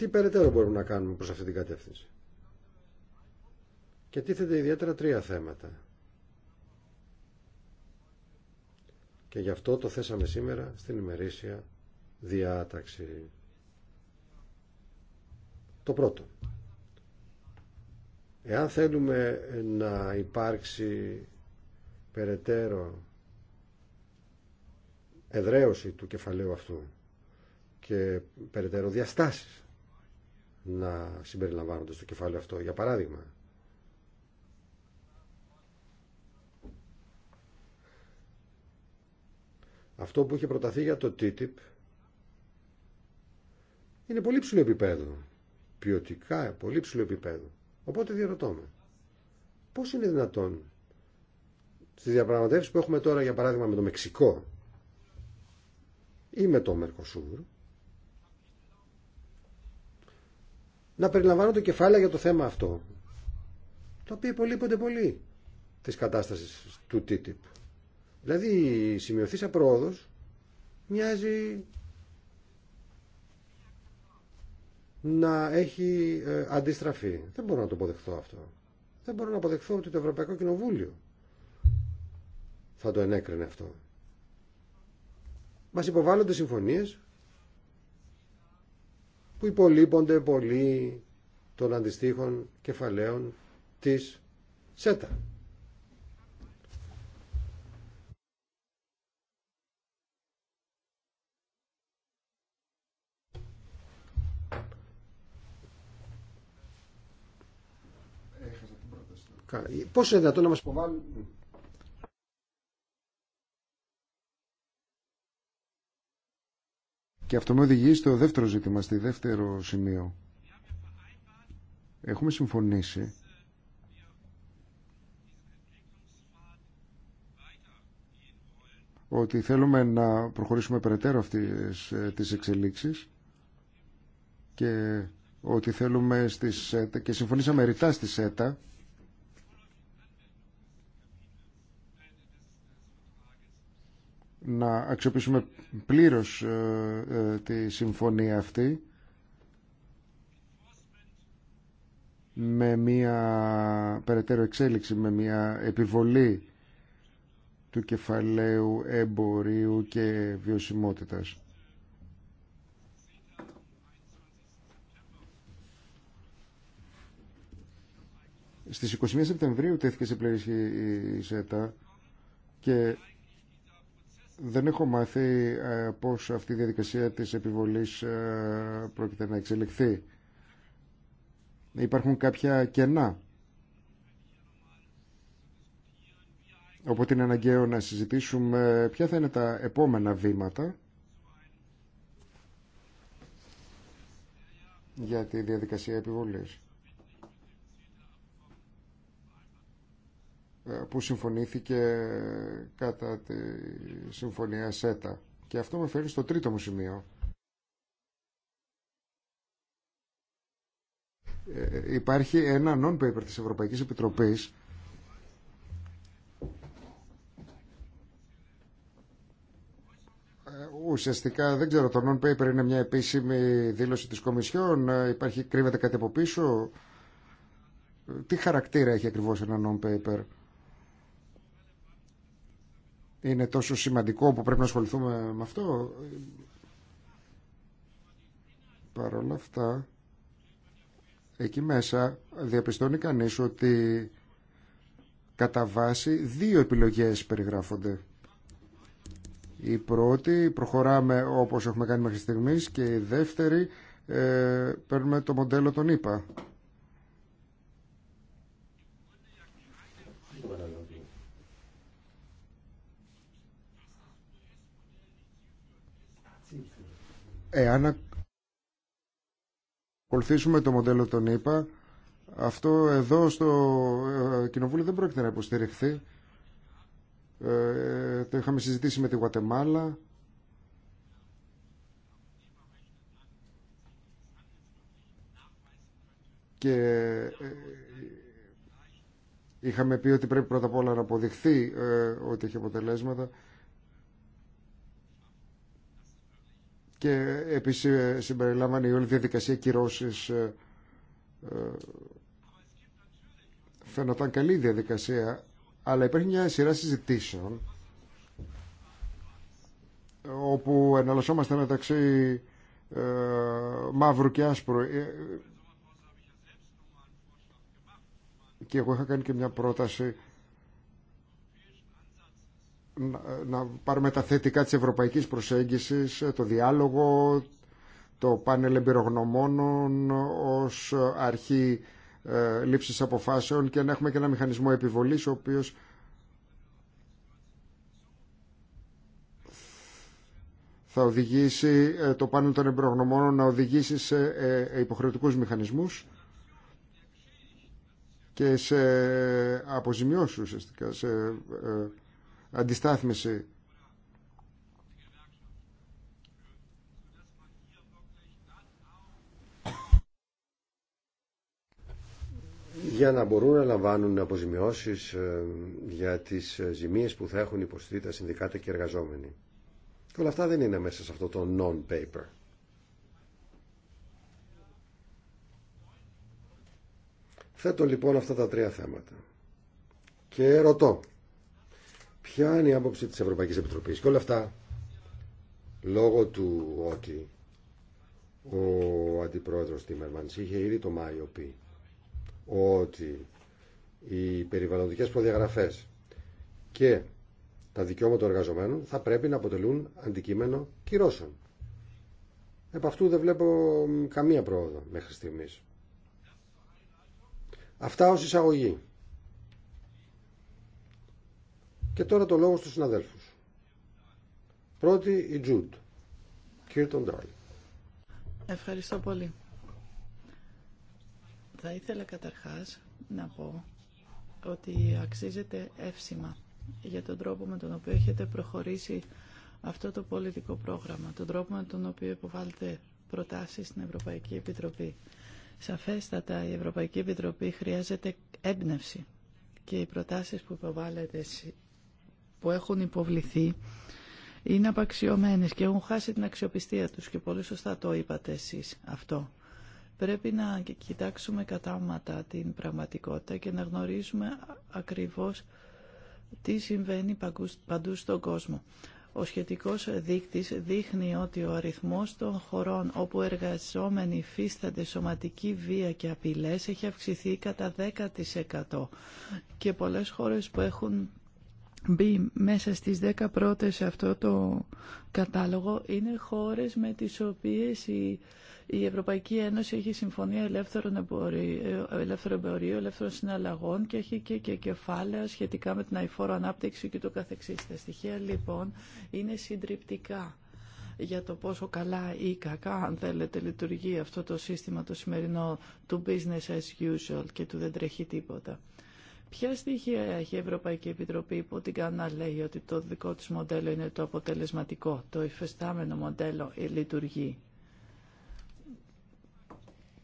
Τι περαιτέρω μπορούμε να κάνουμε προς αυτή την κατεύθυνση. Και τίθεται ιδιαίτερα τρία θέματα. Και γι' αυτό το θέσαμε σήμερα στην ημερήσια διάταξη. Το πρώτο. Εάν θέλουμε να υπάρξει περαιτέρω εδραίωση του κεφαλαίου αυτού και περαιτέρω διαστάσεις να συμπεριλαμβάνονται στο κεφάλαιο αυτό. Για παράδειγμα, αυτό που είχε προταθεί για το TTIP είναι πολύ ψηλό επίπεδο. Ποιοτικά, πολύ ψηλό επίπεδο. Οπότε διαρωτώ με. Πώς είναι δυνατόν στις διαπραγματεύσεις που έχουμε τώρα για παράδειγμα με το Μεξικό ή με το Μερκοσούρ να το κεφάλαιο για το θέμα αυτό, Το οποίο υπολείπονται πολύ τη κατάσταση του TTIP. Δηλαδή η σημειωθήσα πρόοδο μοιάζει να έχει ε, αντιστραφεί. Δεν μπορώ να το αποδεχθώ αυτό. Δεν μπορώ να αποδεχθώ ότι το Ευρωπαϊκό Κοινοβούλιο θα το ενέκρινε αυτό. Μας υποβάλλονται συμφωνίες που υπολείπονται πολύ των αντιστοίχων κεφαλαίων της ΣΕΤΑ. Πώς είναι δυνατόν να μας υποβάλουν... Και αυτό με οδηγεί στο δεύτερο ζήτημα, στη δεύτερο σημείο. Έχουμε συμφωνήσει ότι θέλουμε να προχωρήσουμε περαιτέρω αυτές ε, τις εξελίξεις και ότι θέλουμε στις, και συμφωνήσαμε ρητά στη ΣΕΤΑ να αξιοποιήσουμε πλήρως ε, ε, τη συμφωνία αυτή με μια περαιτέρω εξέλιξη, με μια επιβολή του κεφαλαίου εμπορίου και βιωσιμότητας. Στις 21 Σεπτεμβρίου τέθηκε σε πλήρη η ΣΕΤΑ και δεν έχω μάθει ε, πώς αυτή η διαδικασία της επιβολής ε, πρόκειται να εξελιχθεί. Υπάρχουν κάποια κενά. Οπότε είναι αναγκαίο να συζητήσουμε ποια θα είναι τα επόμενα βήματα για τη διαδικασία επιβολής. Ε, που συμφωνήθηκε κατά τη συμφωνία ΣΕΤΑ. Και αυτό με φέρει στο τρίτο μου σημείο. Ε, υπάρχει ένα non-paper της Ευρωπαϊκής Επιτροπής ε, ουσιαστικά δεν ξέρω το non-paper είναι μια επίσημη δήλωση της Κομισιόν υπάρχει, κρύβεται κάτι από πίσω τι χαρακτήρα έχει ακριβώς ένα non-paper είναι τόσο σημαντικό που πρέπει να ασχοληθούμε με αυτό. Παρ' όλα αυτά, εκεί μέσα διαπιστώνει κανείς ότι κατά βάση δύο επιλογές περιγράφονται. Η πρώτη, προχωράμε όπως έχουμε κάνει μέχρι στιγμής και η δεύτερη, ε, παίρνουμε το μοντέλο των ΙΠΑ. Εάν ακολουθήσουμε το μοντέλο των ΗΠΑ, αυτό εδώ στο ε, Κοινοβούλιο δεν πρόκειται να υποστηριχθεί. Ε, το είχαμε συζητήσει με τη Γουατεμάλα. Και ε, είχαμε πει ότι πρέπει πρώτα απ' όλα να αποδειχθεί ε, ότι έχει αποτελέσματα. και επίση ε, συμπεριλάμβανε η όλη διαδικασία κυρώσεις ε, φαίνονταν καλή διαδικασία αλλά υπάρχει μια σειρά συζητήσεων όπου εναλλασσόμαστε μεταξύ ε, μαύρου και άσπρου ε, και εγώ είχα κάνει και μια πρόταση να πάρουμε τα θετικά της ευρωπαϊκής προσέγγισης, το διάλογο, το πάνελ εμπειρογνωμόνων ως αρχή ε, λήψης αποφάσεων και να έχουμε και ένα μηχανισμό επιβολής ο οποίος θα οδηγήσει ε, το πάνελ των εμπειρογνωμόνων να οδηγήσει σε ε, υποχρεωτικούς μηχανισμούς και σε αποζημιώσεις ουσιαστικά, σε αντιστάθμιση. για να μπορούν να λαμβάνουν αποζημιώσεις ε, για τις ε, ζημίες που θα έχουν υποστεί τα συνδικάτα και εργαζόμενοι. Και όλα αυτά δεν είναι μέσα σε αυτό το non-paper. Θέτω λοιπόν αυτά τα τρία θέματα. Και ρωτώ ποια είναι η άποψη της Ευρωπαϊκής Επιτροπής. Και όλα αυτά λόγω του ότι ο αντιπρόεδρος Τίμερμανς είχε ήδη το Μάιο πει ότι οι περιβαλλοντικές προδιαγραφές και τα δικαιώματα των εργαζομένων θα πρέπει να αποτελούν αντικείμενο κυρώσεων. Επ' αυτού δεν βλέπω καμία πρόοδο μέχρι στιγμής. Αυτά ως εισαγωγή. Και τώρα το λόγο στους συναδέλφους. Πρώτη η Τζουντ. Κύριε Ντάρλ. Ευχαριστώ πολύ. Θα ήθελα καταρχάς να πω ότι αξίζεται εύσημα για τον τρόπο με τον οποίο έχετε προχωρήσει αυτό το πολιτικό πρόγραμμα, τον τρόπο με τον οποίο υποβάλλετε προτάσεις στην Ευρωπαϊκή Επιτροπή. Σαφέστατα η Ευρωπαϊκή Επιτροπή χρειάζεται έμπνευση και οι προτάσεις που υποβάλλετε που έχουν υποβληθεί είναι απαξιωμένες και έχουν χάσει την αξιοπιστία τους και πολύ σωστά το είπατε εσείς αυτό. Πρέπει να κοιτάξουμε κατάματα την πραγματικότητα και να γνωρίζουμε ακριβώς τι συμβαίνει παντού στον κόσμο. Ο σχετικός δείκτης δείχνει ότι ο αριθμός των χωρών όπου εργαζόμενοι υφίστανται σωματική βία και απειλές έχει αυξηθεί κατά 10% και πολλές χώρες που έχουν μπει μέσα στις 10 πρώτες σε αυτό το κατάλογο είναι χώρες με τις οποίες η, Ευρωπαϊκή Ένωση έχει συμφωνία ελεύθερων εμπορίου, ε, ελεύθερο ελεύθερων συναλλαγών και έχει και, και κεφάλαια σχετικά με την αηφόρο ανάπτυξη και το καθεξής. Τα στοιχεία λοιπόν είναι συντριπτικά για το πόσο καλά ή κακά, αν θέλετε, λειτουργεί αυτό το σύστημα το σημερινό του business as usual και του δεν τρέχει τίποτα. Ποια στοιχεία έχει η Ευρωπαϊκή Επιτροπή που την Κανά λέει ότι το δικό της μοντέλο είναι το αποτελεσματικό, το υφεστάμενο μοντέλο λειτουργεί.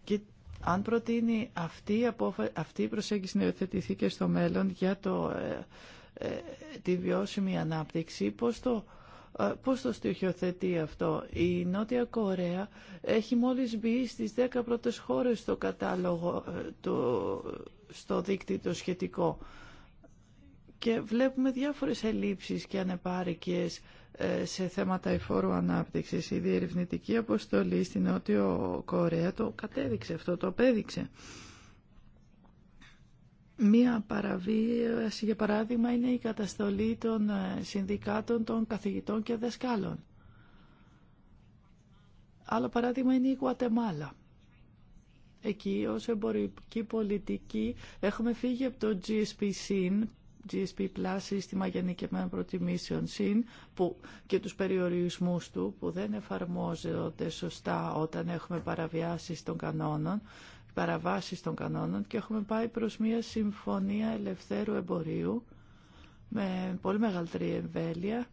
Και αν προτείνει αυτή η, αυτή προσέγγιση να υιοθετηθεί και στο μέλλον για το, ε, ε, τη βιώσιμη ανάπτυξη, πώς το, ε, Πώς το στοιχειοθετεί αυτό. Η Νότια Κορέα έχει μόλις μπει στις 10 πρώτες χώρες στο κατάλογο του στο δίκτυο το σχετικό. Και βλέπουμε διάφορες ελλείψεις και ανεπάρκειες ε, σε θέματα εφόρου ανάπτυξης. Η διερευνητική αποστολή στην Νότιο Κορέα το κατέδειξε αυτό, το απέδειξε. Μία παραβίαση, για παράδειγμα, είναι η καταστολή των ε, συνδικάτων των καθηγητών και δασκάλων. Άλλο παράδειγμα είναι η Γουατεμάλα εκεί ως εμπορική πολιτική έχουμε φύγει από το GSP Sin, GSP Plus, σύστημα γενικευμένων προτιμήσεων συν που, και τους περιορισμούς του που δεν εφαρμόζονται σωστά όταν έχουμε παραβιάσεις των κανόνων παραβάσεις των κανόνων και έχουμε πάει προς μια συμφωνία ελευθέρου εμπορίου με πολύ μεγαλύτερη εμβέλεια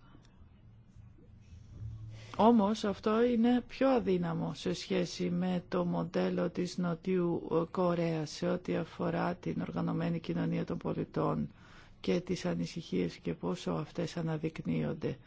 όμως αυτό είναι πιο αδύναμο σε σχέση με το μοντέλο της Νοτιού Κορέας σε ό,τι αφορά την οργανωμένη κοινωνία των πολιτών και τις ανησυχίες και πόσο αυτές αναδεικνύονται.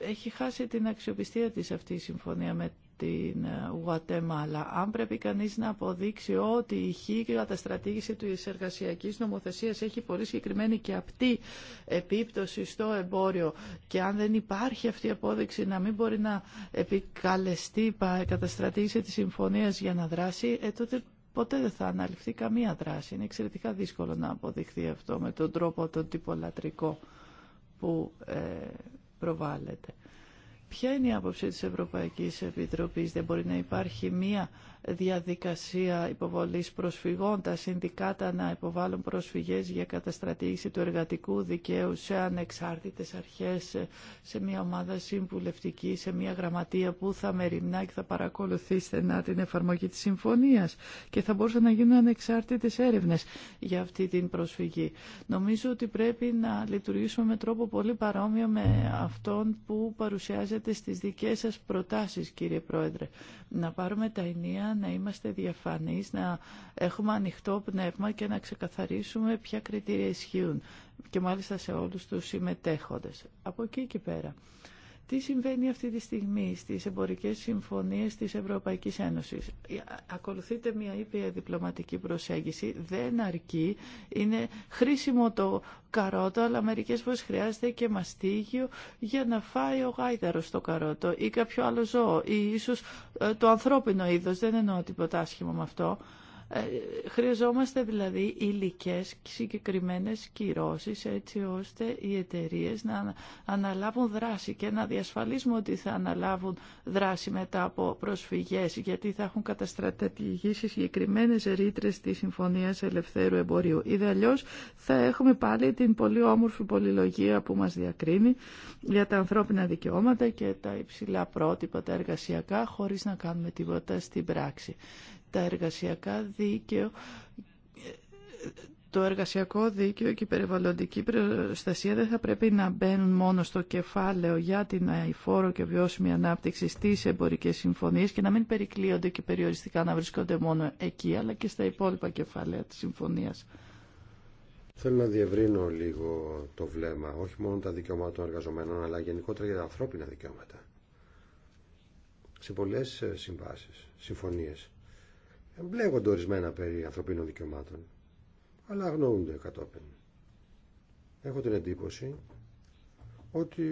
Ε, έχει χάσει την αξιοπιστία της αυτή η συμφωνία με την ε, Γουατεμάλα. Αν πρέπει κανείς να αποδείξει ότι η χή καταστρατήγηση του εργασιακής νομοθεσίας έχει πολύ συγκεκριμένη και απτή επίπτωση στο εμπόριο και αν δεν υπάρχει αυτή η απόδειξη να μην μπορεί να επικαλεστεί η καταστρατήγηση της συμφωνίας για να δράσει, ε, τότε ποτέ δεν θα αναλυφθεί καμία δράση. Είναι εξαιρετικά δύσκολο να αποδειχθεί αυτό με τον τρόπο τον τυπολατρικό που ε, προβάλλεται. Ποια είναι η άποψη της Ευρωπαϊκής Επιτροπής, δεν μπορεί να υπάρχει μία διαδικασία υποβολής προσφυγών, τα συνδικάτα να υποβάλουν προσφυγές για καταστρατήγηση του εργατικού δικαίου σε ανεξάρτητες αρχές, σε μια ομάδα συμβουλευτική, σε μια γραμματεία που θα μεριμνά και θα παρακολουθεί στενά την εφαρμογή της συμφωνίας και θα μπορούσαν να γίνουν ανεξάρτητες έρευνες για αυτή την προσφυγή. Νομίζω ότι πρέπει να λειτουργήσουμε με τρόπο πολύ παρόμοιο με αυτόν που παρουσιάζεται στις δικές σας προτάσεις, κύριε Πρόεδρε. Να πάρουμε τα ενία να είμαστε διαφανείς, να έχουμε ανοιχτό πνεύμα και να ξεκαθαρίσουμε ποια κριτήρια ισχύουν και μάλιστα σε όλους τους συμμετέχοντες. Από εκεί και πέρα. Τι συμβαίνει αυτή τη στιγμή στις εμπορικές συμφωνίες της Ευρωπαϊκής Ένωσης. Ακολουθείται μια ήπια διπλωματική προσέγγιση, δεν αρκεί, είναι χρήσιμο το καρότο, αλλά μερικές φορές χρειάζεται και μαστίγιο για να φάει ο γάιδαρος το καρότο ή κάποιο άλλο ζώο ή ίσως ε, το ανθρώπινο είδος, δεν εννοώ τίποτα άσχημο με αυτό. Ε, χρειαζόμαστε δηλαδή υλικέ και συγκεκριμένες κυρώσεις έτσι ώστε οι εταιρείε να αναλάβουν δράση και να διασφαλίσουμε ότι θα αναλάβουν δράση μετά από προσφυγέ γιατί θα έχουν καταστρατηγήσει συγκεκριμένε ρήτρε τη συμφωνία Ελευθέρου Εμπορίου. Ήδη αλλιώ θα έχουμε πάλι την πολύ όμορφη πολυλογία που μα διακρίνει για τα ανθρώπινα δικαιώματα και τα υψηλά πρότυπα τα εργασιακά χωρίς να κάνουμε τίποτα στην πράξη τα εργασιακά δίκαιο το εργασιακό δίκαιο και η περιβαλλοντική προστασία δεν θα πρέπει να μπαίνουν μόνο στο κεφάλαιο για την αηφόρο και βιώσιμη ανάπτυξη στις εμπορικές συμφωνίες και να μην περικλείονται και περιοριστικά να βρίσκονται μόνο εκεί αλλά και στα υπόλοιπα κεφάλαια της συμφωνίας. Θέλω να διευρύνω λίγο το βλέμμα, όχι μόνο τα δικαιώματα των εργαζομένων αλλά γενικότερα για τα ανθρώπινα δικαιώματα. Σε πολλές συμβάσεις, συμφωνίες, εμπλέγονται ορισμένα περί ανθρωπίνων δικαιωμάτων, αλλά αγνοούνται κατόπιν. Έχω την εντύπωση ότι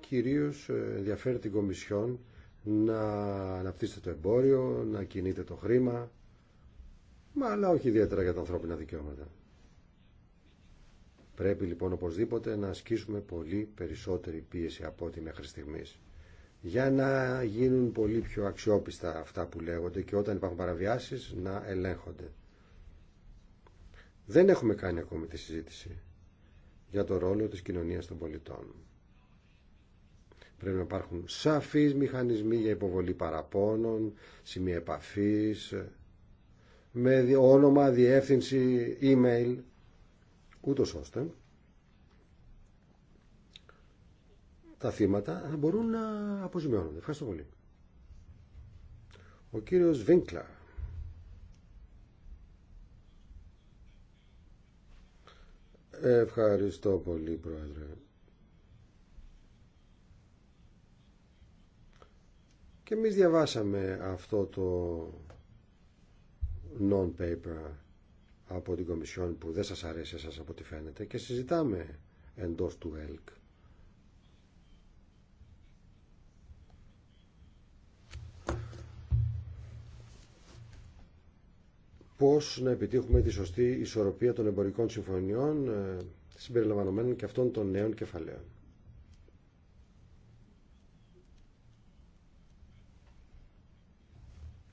κυρίως ε, ενδιαφέρει την Κομισιόν να αναπτύσσεται το εμπόριο, να κινείται το χρήμα, αλλά όχι ιδιαίτερα για τα ανθρώπινα δικαιώματα. Πρέπει λοιπόν οπωσδήποτε να ασκήσουμε πολύ περισσότερη πίεση από ό,τι μέχρι στιγμής για να γίνουν πολύ πιο αξιόπιστα αυτά που λέγονται και όταν υπάρχουν παραβιάσεις να ελέγχονται. Δεν έχουμε κάνει ακόμη τη συζήτηση για το ρόλο της κοινωνίας των πολιτών. Πρέπει να υπάρχουν σαφείς μηχανισμοί για υποβολή παραπώνων, σημεία επαφής, με όνομα, διεύθυνση, email, ούτως ώστε τα θύματα να μπορούν να αποζημιώνονται. Ευχαριστώ πολύ. Ο κύριος Βίνκλα. Ευχαριστώ πολύ, Πρόεδρε. Και εμείς διαβάσαμε αυτό το non-paper από την Κομισιόν που δεν σας αρέσει σας από ό,τι φαίνεται και συζητάμε εντός του ΕΛΚ πώς να επιτύχουμε τη σωστή ισορροπία των εμπορικών συμφωνιών ε, συμπεριλαμβανομένων και αυτών των νέων κεφαλαίων.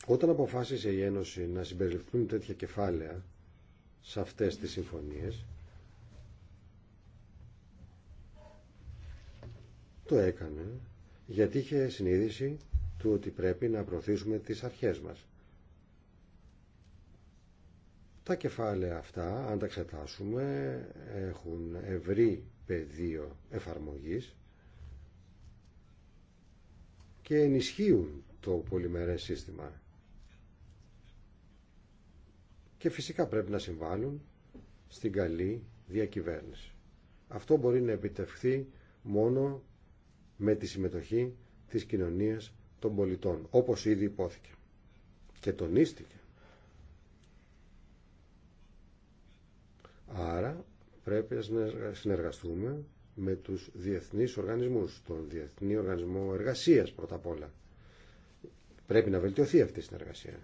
Όταν αποφάσισε η Ένωση να συμπεριληφθούν τέτοια κεφάλαια σε αυτές τις συμφωνίες, το έκανε γιατί είχε συνείδηση του ότι πρέπει να προωθήσουμε τις αρχές μας. Τα κεφάλαια αυτά, αν τα εξετάσουμε, έχουν ευρύ πεδίο εφαρμογής και ενισχύουν το πολυμερές σύστημα. Και φυσικά πρέπει να συμβάλλουν στην καλή διακυβέρνηση. Αυτό μπορεί να επιτευχθεί μόνο με τη συμμετοχή της κοινωνίας των πολιτών, όπως ήδη υπόθηκε και τονίστηκε Άρα πρέπει να συνεργαστούμε με τους διεθνείς οργανισμούς, τον Διεθνή Οργανισμό Εργασίας πρώτα απ' όλα. Πρέπει να βελτιωθεί αυτή η συνεργασία.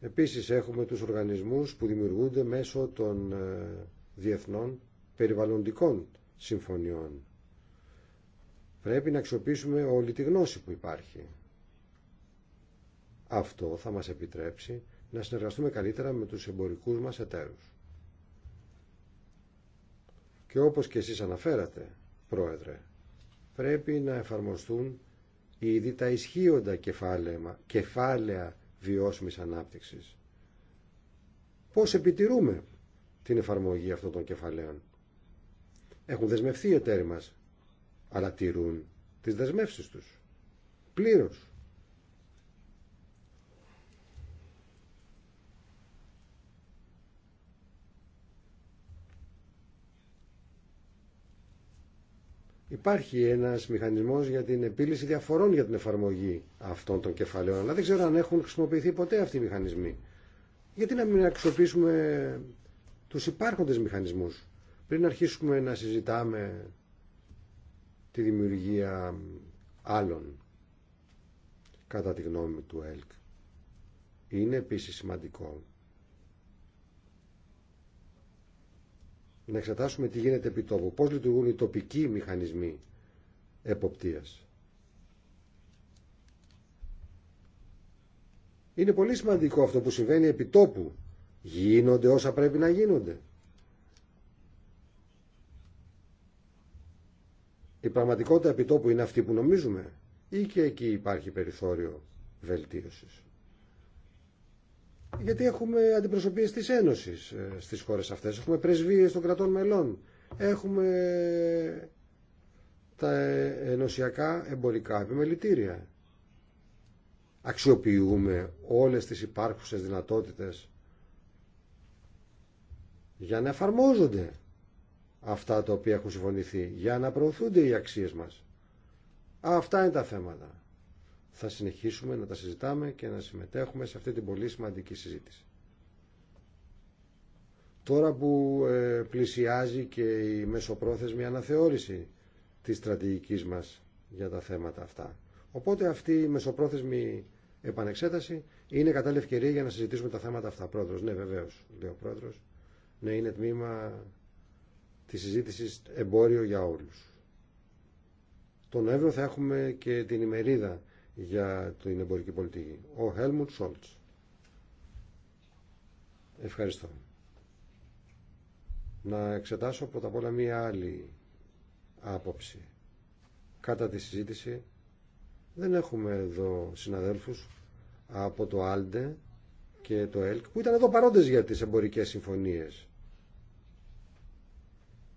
Επίσης έχουμε τους οργανισμούς που δημιουργούνται μέσω των ε, διεθνών περιβαλλοντικών συμφωνιών. Πρέπει να αξιοποιήσουμε όλη τη γνώση που υπάρχει. Αυτό θα μας επιτρέψει να συνεργαστούμε καλύτερα με τους εμπορικούς μας εταίρους. Και όπως και εσείς αναφέρατε, Πρόεδρε, πρέπει να εφαρμοστούν ήδη τα ισχύοντα κεφάλαια, κεφάλαια βιώσιμης ανάπτυξης. Πώς επιτηρούμε την εφαρμογή αυτών των κεφαλαίων. Έχουν δεσμευθεί οι εταίροι μας, αλλά τηρούν τις δεσμεύσεις τους. Πλήρως. Υπάρχει ένας μηχανισμός για την επίλυση διαφορών για την εφαρμογή αυτών των κεφαλαίων, αλλά δεν ξέρω αν έχουν χρησιμοποιηθεί ποτέ αυτοί οι μηχανισμοί. Γιατί να μην αξιοποιήσουμε τους υπάρχοντες μηχανισμούς πριν αρχίσουμε να συζητάμε τη δημιουργία άλλων κατά τη γνώμη του ΕΛΚ. Είναι επίσης σημαντικό να εξετάσουμε τι γίνεται επί τόπου, πώς λειτουργούν οι τοπικοί μηχανισμοί εποπτείας. Είναι πολύ σημαντικό αυτό που συμβαίνει επί τόπου. Γίνονται όσα πρέπει να γίνονται. Η πραγματικότητα επί τόπου είναι αυτή που νομίζουμε ή και εκεί υπάρχει περιθώριο βελτίωσης γιατί έχουμε αντιπροσωπείες της Ένωσης ε, στις χώρες αυτές. Έχουμε πρεσβείες των κρατών μελών. Έχουμε τα ενωσιακά εμπορικά επιμελητήρια. Αξιοποιούμε όλες τις υπάρχουσες δυνατότητες για να εφαρμόζονται αυτά τα οποία έχουν συμφωνηθεί, για να προωθούνται οι αξίες μας. Αυτά είναι τα θέματα θα συνεχίσουμε να τα συζητάμε και να συμμετέχουμε σε αυτή την πολύ σημαντική συζήτηση. Τώρα που ε, πλησιάζει και η μεσοπρόθεσμη αναθεώρηση της στρατηγικής μας για τα θέματα αυτά. Οπότε αυτή η μεσοπρόθεσμη επανεξέταση είναι κατάλληλη ευκαιρία για να συζητήσουμε τα θέματα αυτά. Πρόεδρος, ναι βεβαίως, λέει ο πρόεδρος, ναι είναι τμήμα της συζήτησης εμπόριο για όλους. Τον Νοέμβριο θα έχουμε και την ημερίδα για την εμπορική πολιτική. Ο Χέλμουντ Σόλτ. Ευχαριστώ. Να εξετάσω πρώτα απ' όλα μία άλλη άποψη. Κατά τη συζήτηση δεν έχουμε εδώ συναδέλφους από το Άλντε και το ΕΛΚ που ήταν εδώ παρόντες για τις εμπορικές συμφωνίες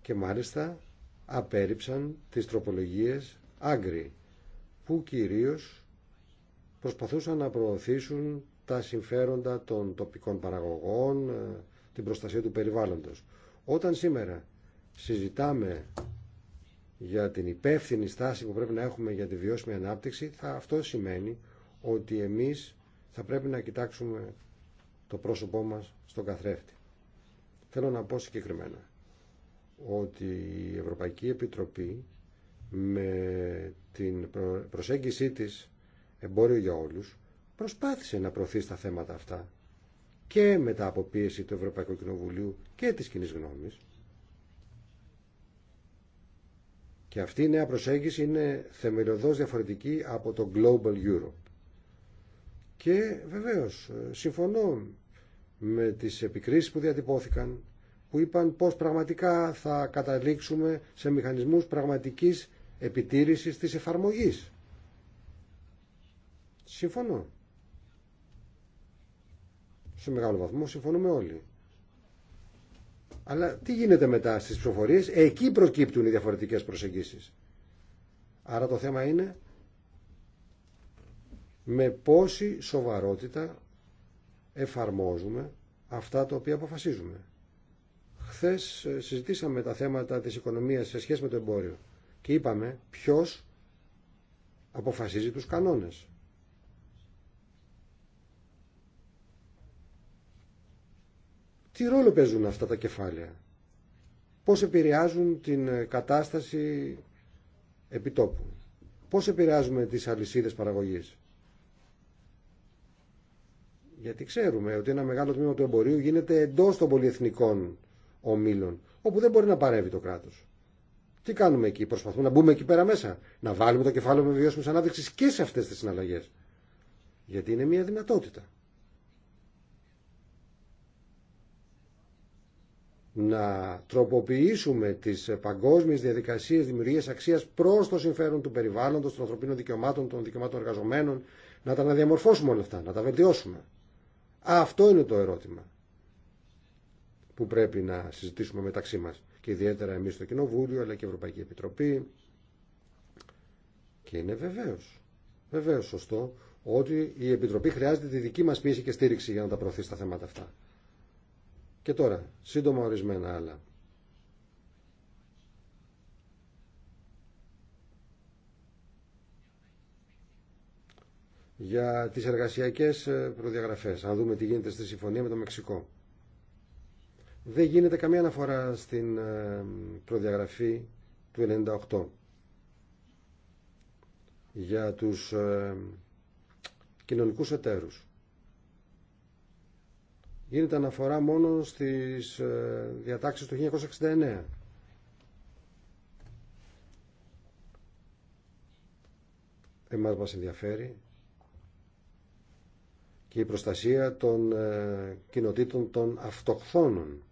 και μάλιστα απέρριψαν τις τροπολογίες άγκρι που κυρίως προσπαθούσαν να προωθήσουν τα συμφέροντα των τοπικών παραγωγών, ε, την προστασία του περιβάλλοντος. Όταν σήμερα συζητάμε για την υπεύθυνη στάση που πρέπει να έχουμε για τη βιώσιμη ανάπτυξη, θα αυτό σημαίνει ότι εμείς θα πρέπει να κοιτάξουμε το πρόσωπό μας στον καθρέφτη. Θέλω να πω συγκεκριμένα ότι η Ευρωπαϊκή Επιτροπή με την προσέγγιση της εμπόριο για όλους, προσπάθησε να προωθεί στα θέματα αυτά και μετά από πίεση του Ευρωπαϊκού Κοινοβουλίου και της κοινή γνώμης. Και αυτή η νέα προσέγγιση είναι θεμελιωδώς διαφορετική από το Global Europe. Και βεβαίως ε, συμφωνώ με τις επικρίσεις που διατυπώθηκαν, που είπαν πώς πραγματικά θα καταλήξουμε σε μηχανισμούς πραγματικής επιτήρησης της εφαρμογής Συμφωνώ. Σε μεγάλο βαθμό συμφωνούμε όλοι. Αλλά τι γίνεται μετά στις ψηφοφορίες, εκεί προκύπτουν οι διαφορετικές προσεγγίσεις. Άρα το θέμα είναι με πόση σοβαρότητα εφαρμόζουμε αυτά τα οποία αποφασίζουμε. Χθες ε, συζητήσαμε τα θέματα της οικονομίας σε σχέση με το εμπόριο και είπαμε ποιος αποφασίζει τους κανόνες. Τι ρόλο παίζουν αυτά τα κεφάλαια. Πώς επηρεάζουν την ε, κατάσταση επιτόπου. Πώς επηρεάζουμε τις αλυσίδες παραγωγής. Γιατί ξέρουμε ότι ένα μεγάλο τμήμα του εμπορίου γίνεται εντός των πολυεθνικών ομίλων, όπου δεν μπορεί να παρεύει το κράτος. Τι κάνουμε εκεί, προσπαθούμε να μπούμε εκεί πέρα μέσα, να βάλουμε το κεφάλαιο με βιώσιμες ανάδειξεις και σε αυτές τις συναλλαγές. Γιατί είναι μια δυνατότητα. να τροποποιήσουμε τις παγκόσμιες διαδικασίες δημιουργίας αξίας προς το συμφέρον του περιβάλλοντος, των ανθρωπίνων δικαιωμάτων, των δικαιωμάτων εργαζομένων, να τα αναδιαμορφώσουμε όλα αυτά, να τα βελτιώσουμε. Αυτό είναι το ερώτημα που πρέπει να συζητήσουμε μεταξύ μας και ιδιαίτερα εμείς στο Κοινοβούλιο αλλά και η Ευρωπαϊκή Επιτροπή και είναι βεβαίως, βεβαίω, σωστό ότι η Επιτροπή χρειάζεται τη δική μας πίεση και στήριξη για να τα προωθεί στα θέματα αυτά. Και τώρα, σύντομα ορισμένα άλλα. Για τις εργασιακές ε, προδιαγραφές, αν δούμε τι γίνεται στη συμφωνία με το Μεξικό. Δεν γίνεται καμία αναφορά στην ε, προδιαγραφή του 98 για τους ε, κοινωνικούς εταίρους γίνεται αναφορά μόνο στις ε, διατάξεις του 1969. Εμάς μας ενδιαφέρει και η προστασία των ε, κοινοτήτων των αυτοχθόνων,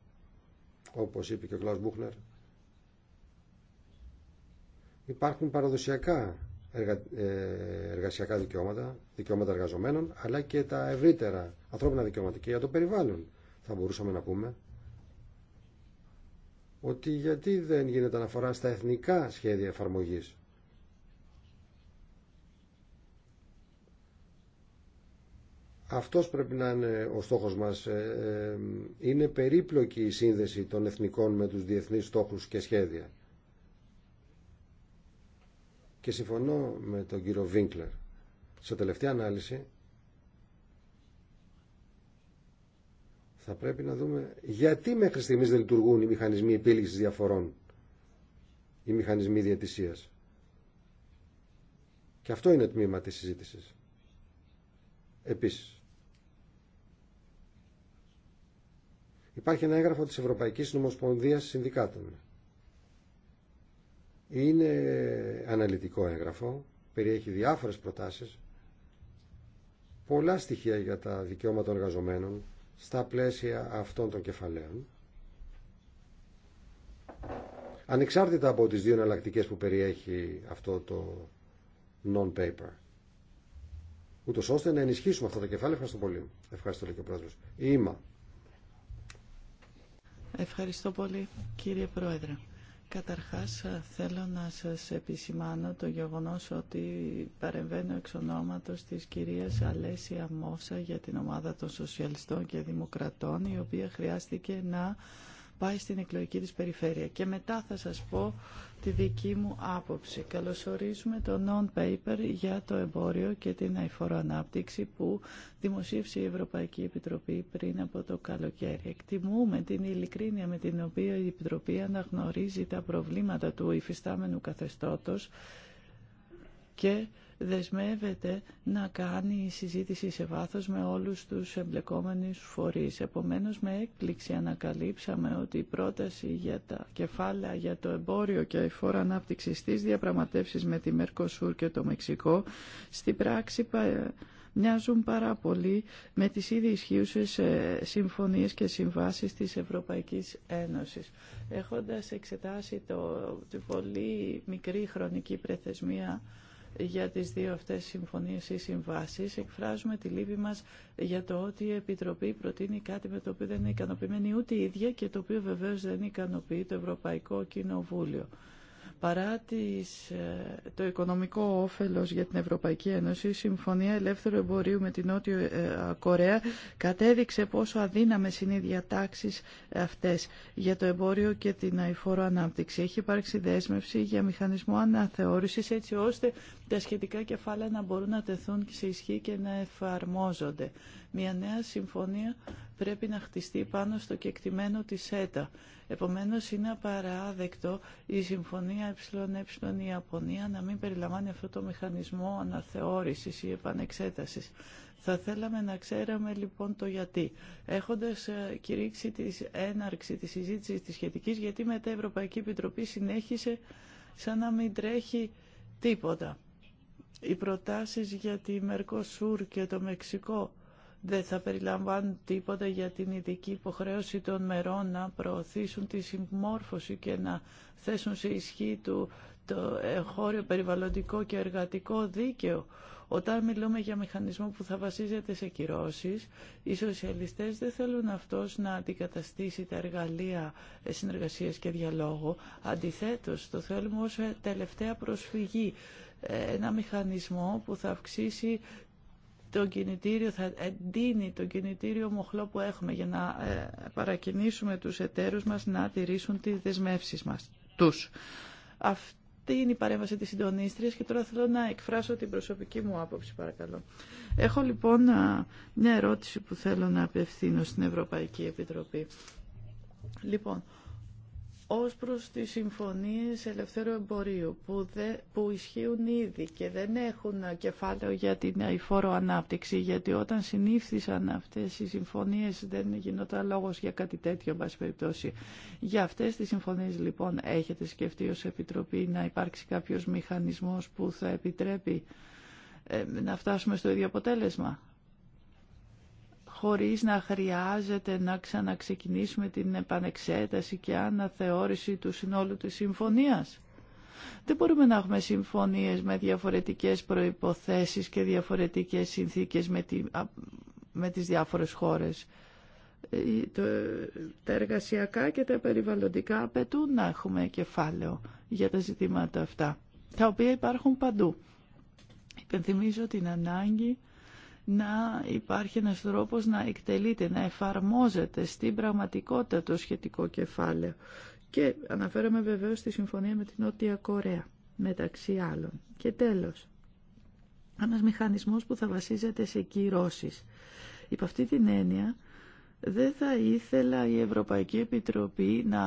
όπως είπε και ο Κλάους Μπούχνερ. Υπάρχουν παραδοσιακά ε, εργασιακά δικαιώματα, δικαιώματα εργαζομένων, αλλά και τα ευρύτερα ανθρώπινα δικαιώματα για το περιβάλλον. Θα μπορούσαμε να πούμε ότι γιατί δεν γίνεται αναφορά στα εθνικά σχέδια εφαρμογής. Αυτός πρέπει να είναι ο στόχος μας. Ε, ε, είναι περίπλοκη η σύνδεση των εθνικών με τους διεθνείς στόχους και σχέδια. Και συμφωνώ με τον κύριο Βίνκλερ. Σε τελευταία ανάλυση θα πρέπει να δούμε γιατί μέχρι στιγμής δεν λειτουργούν οι μηχανισμοί επίλυσης διαφορών, οι μηχανισμοί διατησίας. Και αυτό είναι το τμήμα της συζήτησης. Επίσης, υπάρχει ένα έγγραφο της Ευρωπαϊκής Νομοσπονδίας Συνδικάτων. Είναι αναλυτικό έγγραφο, περιέχει διάφορες προτάσεις, πολλά στοιχεία για τα δικαιώματα των εργαζομένων, στα πλαίσια αυτών των κεφαλαίων ανεξάρτητα από τις δύο εναλλακτικέ που περιέχει αυτό το non-paper Ούτω ώστε να ενισχύσουμε αυτά τα κεφάλαια. Ευχαριστώ πολύ. Ευχαριστώ λέει και ο Πρόεδρος. Είμα. Ευχαριστώ πολύ κύριε Πρόεδρε. Καταρχάς ε, θέλω να σας επισημάνω το γεγονός ότι παρεμβαίνω εξ ονόματος της κυρίας Αλέσια Μόσα για την ομάδα των Σοσιαλιστών και Δημοκρατών η οποία χρειάστηκε να πάει στην εκλογική της περιφέρεια. Και μετά θα σας πω τη δική μου άποψη. Καλωσορίζουμε το non-paper για το εμπόριο και την αηφοροανάπτυξη που δημοσίευσε η Ευρωπαϊκή Επιτροπή πριν από το καλοκαίρι. Εκτιμούμε την ειλικρίνεια με την οποία η Επιτροπή αναγνωρίζει τα προβλήματα του υφιστάμενου καθεστώτος και δεσμεύεται να κάνει συζήτηση σε βάθος με όλους τους εμπλεκόμενους φορείς. Επομένως, με έκπληξη ανακαλύψαμε ότι η πρόταση για τα κεφάλαια για το εμπόριο και η φόρα ανάπτυξη στις διαπραγματεύσεις με τη Μερκοσούρ και το Μεξικό στη πράξη μοιάζουν πάρα πολύ με τις ήδη ισχύουσε ε, συμφωνίες και συμβάσεις της Ευρωπαϊκής Ένωσης. Έχοντας εξετάσει το, τη πολύ μικρή χρονική πρεθεσμία για τις δύο αυτές συμφωνίες ή συμβάσεις. Εκφράζουμε τη λύπη μας για το ότι η Επιτροπή προτείνει κάτι με το οποίο δεν είναι ικανοποιημένη ούτε η ίδια και το οποίο βεβαίως δεν ικανοποιεί το Ευρωπαϊκό Κοινοβούλιο. Παρά τις, ε, το οικονομικό όφελος για την Ευρωπαϊκή Ένωση, η Συμφωνία Ελεύθερου Εμπορίου με την Νότιο ε, Κορέα κατέδειξε πόσο αδύναμες είναι οι διατάξεις αυτές για το εμπόριο και την αηφόρο ανάπτυξη. Έχει υπάρξει δέσμευση για μηχανισμό αναθεώρησης έτσι ώστε τα σχετικά κεφάλαια να μπορούν να τεθούν σε ισχύ και να εφαρμόζονται. Μια νέα συμφωνία πρέπει να χτιστεί πάνω στο κεκτημένο της ΣΕΤΑ. Επομένως είναι απαράδεκτο η Συμφωνία ΕΕ Ιαπωνία να μην περιλαμβάνει αυτό το μηχανισμό αναθεώρησης ή επανεξέτασης. Θα θέλαμε να ξέραμε λοιπόν το γιατί. Έχοντας ε, κηρύξει την έναρξη της συζήτησης της σχετικής, γιατί μετά η Ευρωπαϊκή Επιτροπή συνέχισε σαν να μην τρέχει τίποτα. Οι προτάσεις για τη Μερκοσούρ και το Μεξικό δεν θα περιλαμβάνουν τίποτα για την ειδική υποχρέωση των μερών να προωθήσουν τη συμμόρφωση και να θέσουν σε ισχύ του το χώριο περιβαλλοντικό και εργατικό δίκαιο. Όταν μιλούμε για μηχανισμό που θα βασίζεται σε κυρώσεις, οι σοσιαλιστές δεν θέλουν αυτός να αντικαταστήσει τα εργαλεία συνεργασίας και διαλόγου. Αντιθέτως, το θέλουμε ως τελευταία προσφυγή. Ε, ένα μηχανισμό που θα αυξήσει το κινητήριο, θα εντείνει το κινητήριο μοχλό που έχουμε για να ε, παρακινήσουμε τους εταίρους μας να τηρήσουν τις δεσμεύσεις μας, τους. Αυτή είναι η παρέμβαση της συντονίστριας και τώρα θέλω να εκφράσω την προσωπική μου άποψη παρακαλώ. Έχω λοιπόν μια ερώτηση που θέλω να απευθύνω στην Ευρωπαϊκή Επιτροπή. Λοιπόν, ως προς τις συμφωνίες ελευθέρου εμπορίου που, δε, που ισχύουν ήδη και δεν έχουν κεφάλαιο για την αηφόρο ανάπτυξη γιατί όταν συνήφθησαν αυτές οι συμφωνίες δεν γινόταν λόγος για κάτι τέτοιο περιπτώσει. Για αυτές τις συμφωνίες λοιπόν έχετε σκεφτεί ως Επιτροπή να υπάρξει κάποιος μηχανισμός που θα επιτρέπει ε, να φτάσουμε στο ίδιο αποτέλεσμα χωρίς να χρειάζεται να ξαναξεκινήσουμε την επανεξέταση και αναθεώρηση του συνόλου της συμφωνίας. Δεν μπορούμε να έχουμε συμφωνίες με διαφορετικές προϋποθέσεις και διαφορετικές συνθήκες με, τη, με τις διάφορες χώρες. Ε, τα εργασιακά και τα περιβαλλοντικά απαιτούν να έχουμε κεφάλαιο για τα ζητήματα αυτά, τα οποία υπάρχουν παντού. Υπενθυμίζω την ανάγκη να υπάρχει ένας τρόπος να εκτελείται, να εφαρμόζεται στην πραγματικότητα το σχετικό κεφάλαιο. Και αναφέρομαι βεβαίως στη συμφωνία με την Νότια Κορέα, μεταξύ άλλων. Και τέλος, ένας μηχανισμός που θα βασίζεται σε κυρώσεις. Υπ' αυτή την έννοια, δεν θα ήθελα η Ευρωπαϊκή Επιτροπή να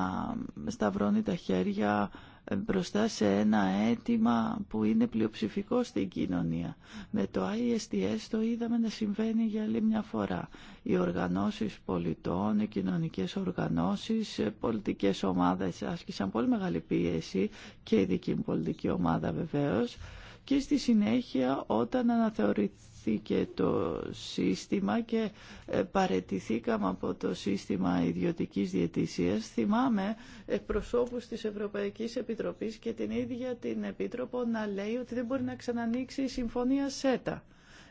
σταυρώνει τα χέρια μπροστά σε ένα αίτημα που είναι πλειοψηφικό στην κοινωνία. Με το ISTS το είδαμε να συμβαίνει για άλλη μια φορά. Οι οργανώσεις πολιτών, οι κοινωνικές οργανώσεις, πολιτικές ομάδες άσκησαν πολύ μεγάλη πίεση και η δική μου πολιτική ομάδα βεβαίως και στη συνέχεια όταν αναθεωρηθεί και το σύστημα και ε, παρετηθήκαμε από το σύστημα ιδιωτικής διαιτησίας. Θυμάμαι ε, προσώπους της Ευρωπαϊκής Επιτροπής και την ίδια την Επίτροπο να λέει ότι δεν μπορεί να ξανανοίξει η Συμφωνία ΣΕΤΑ.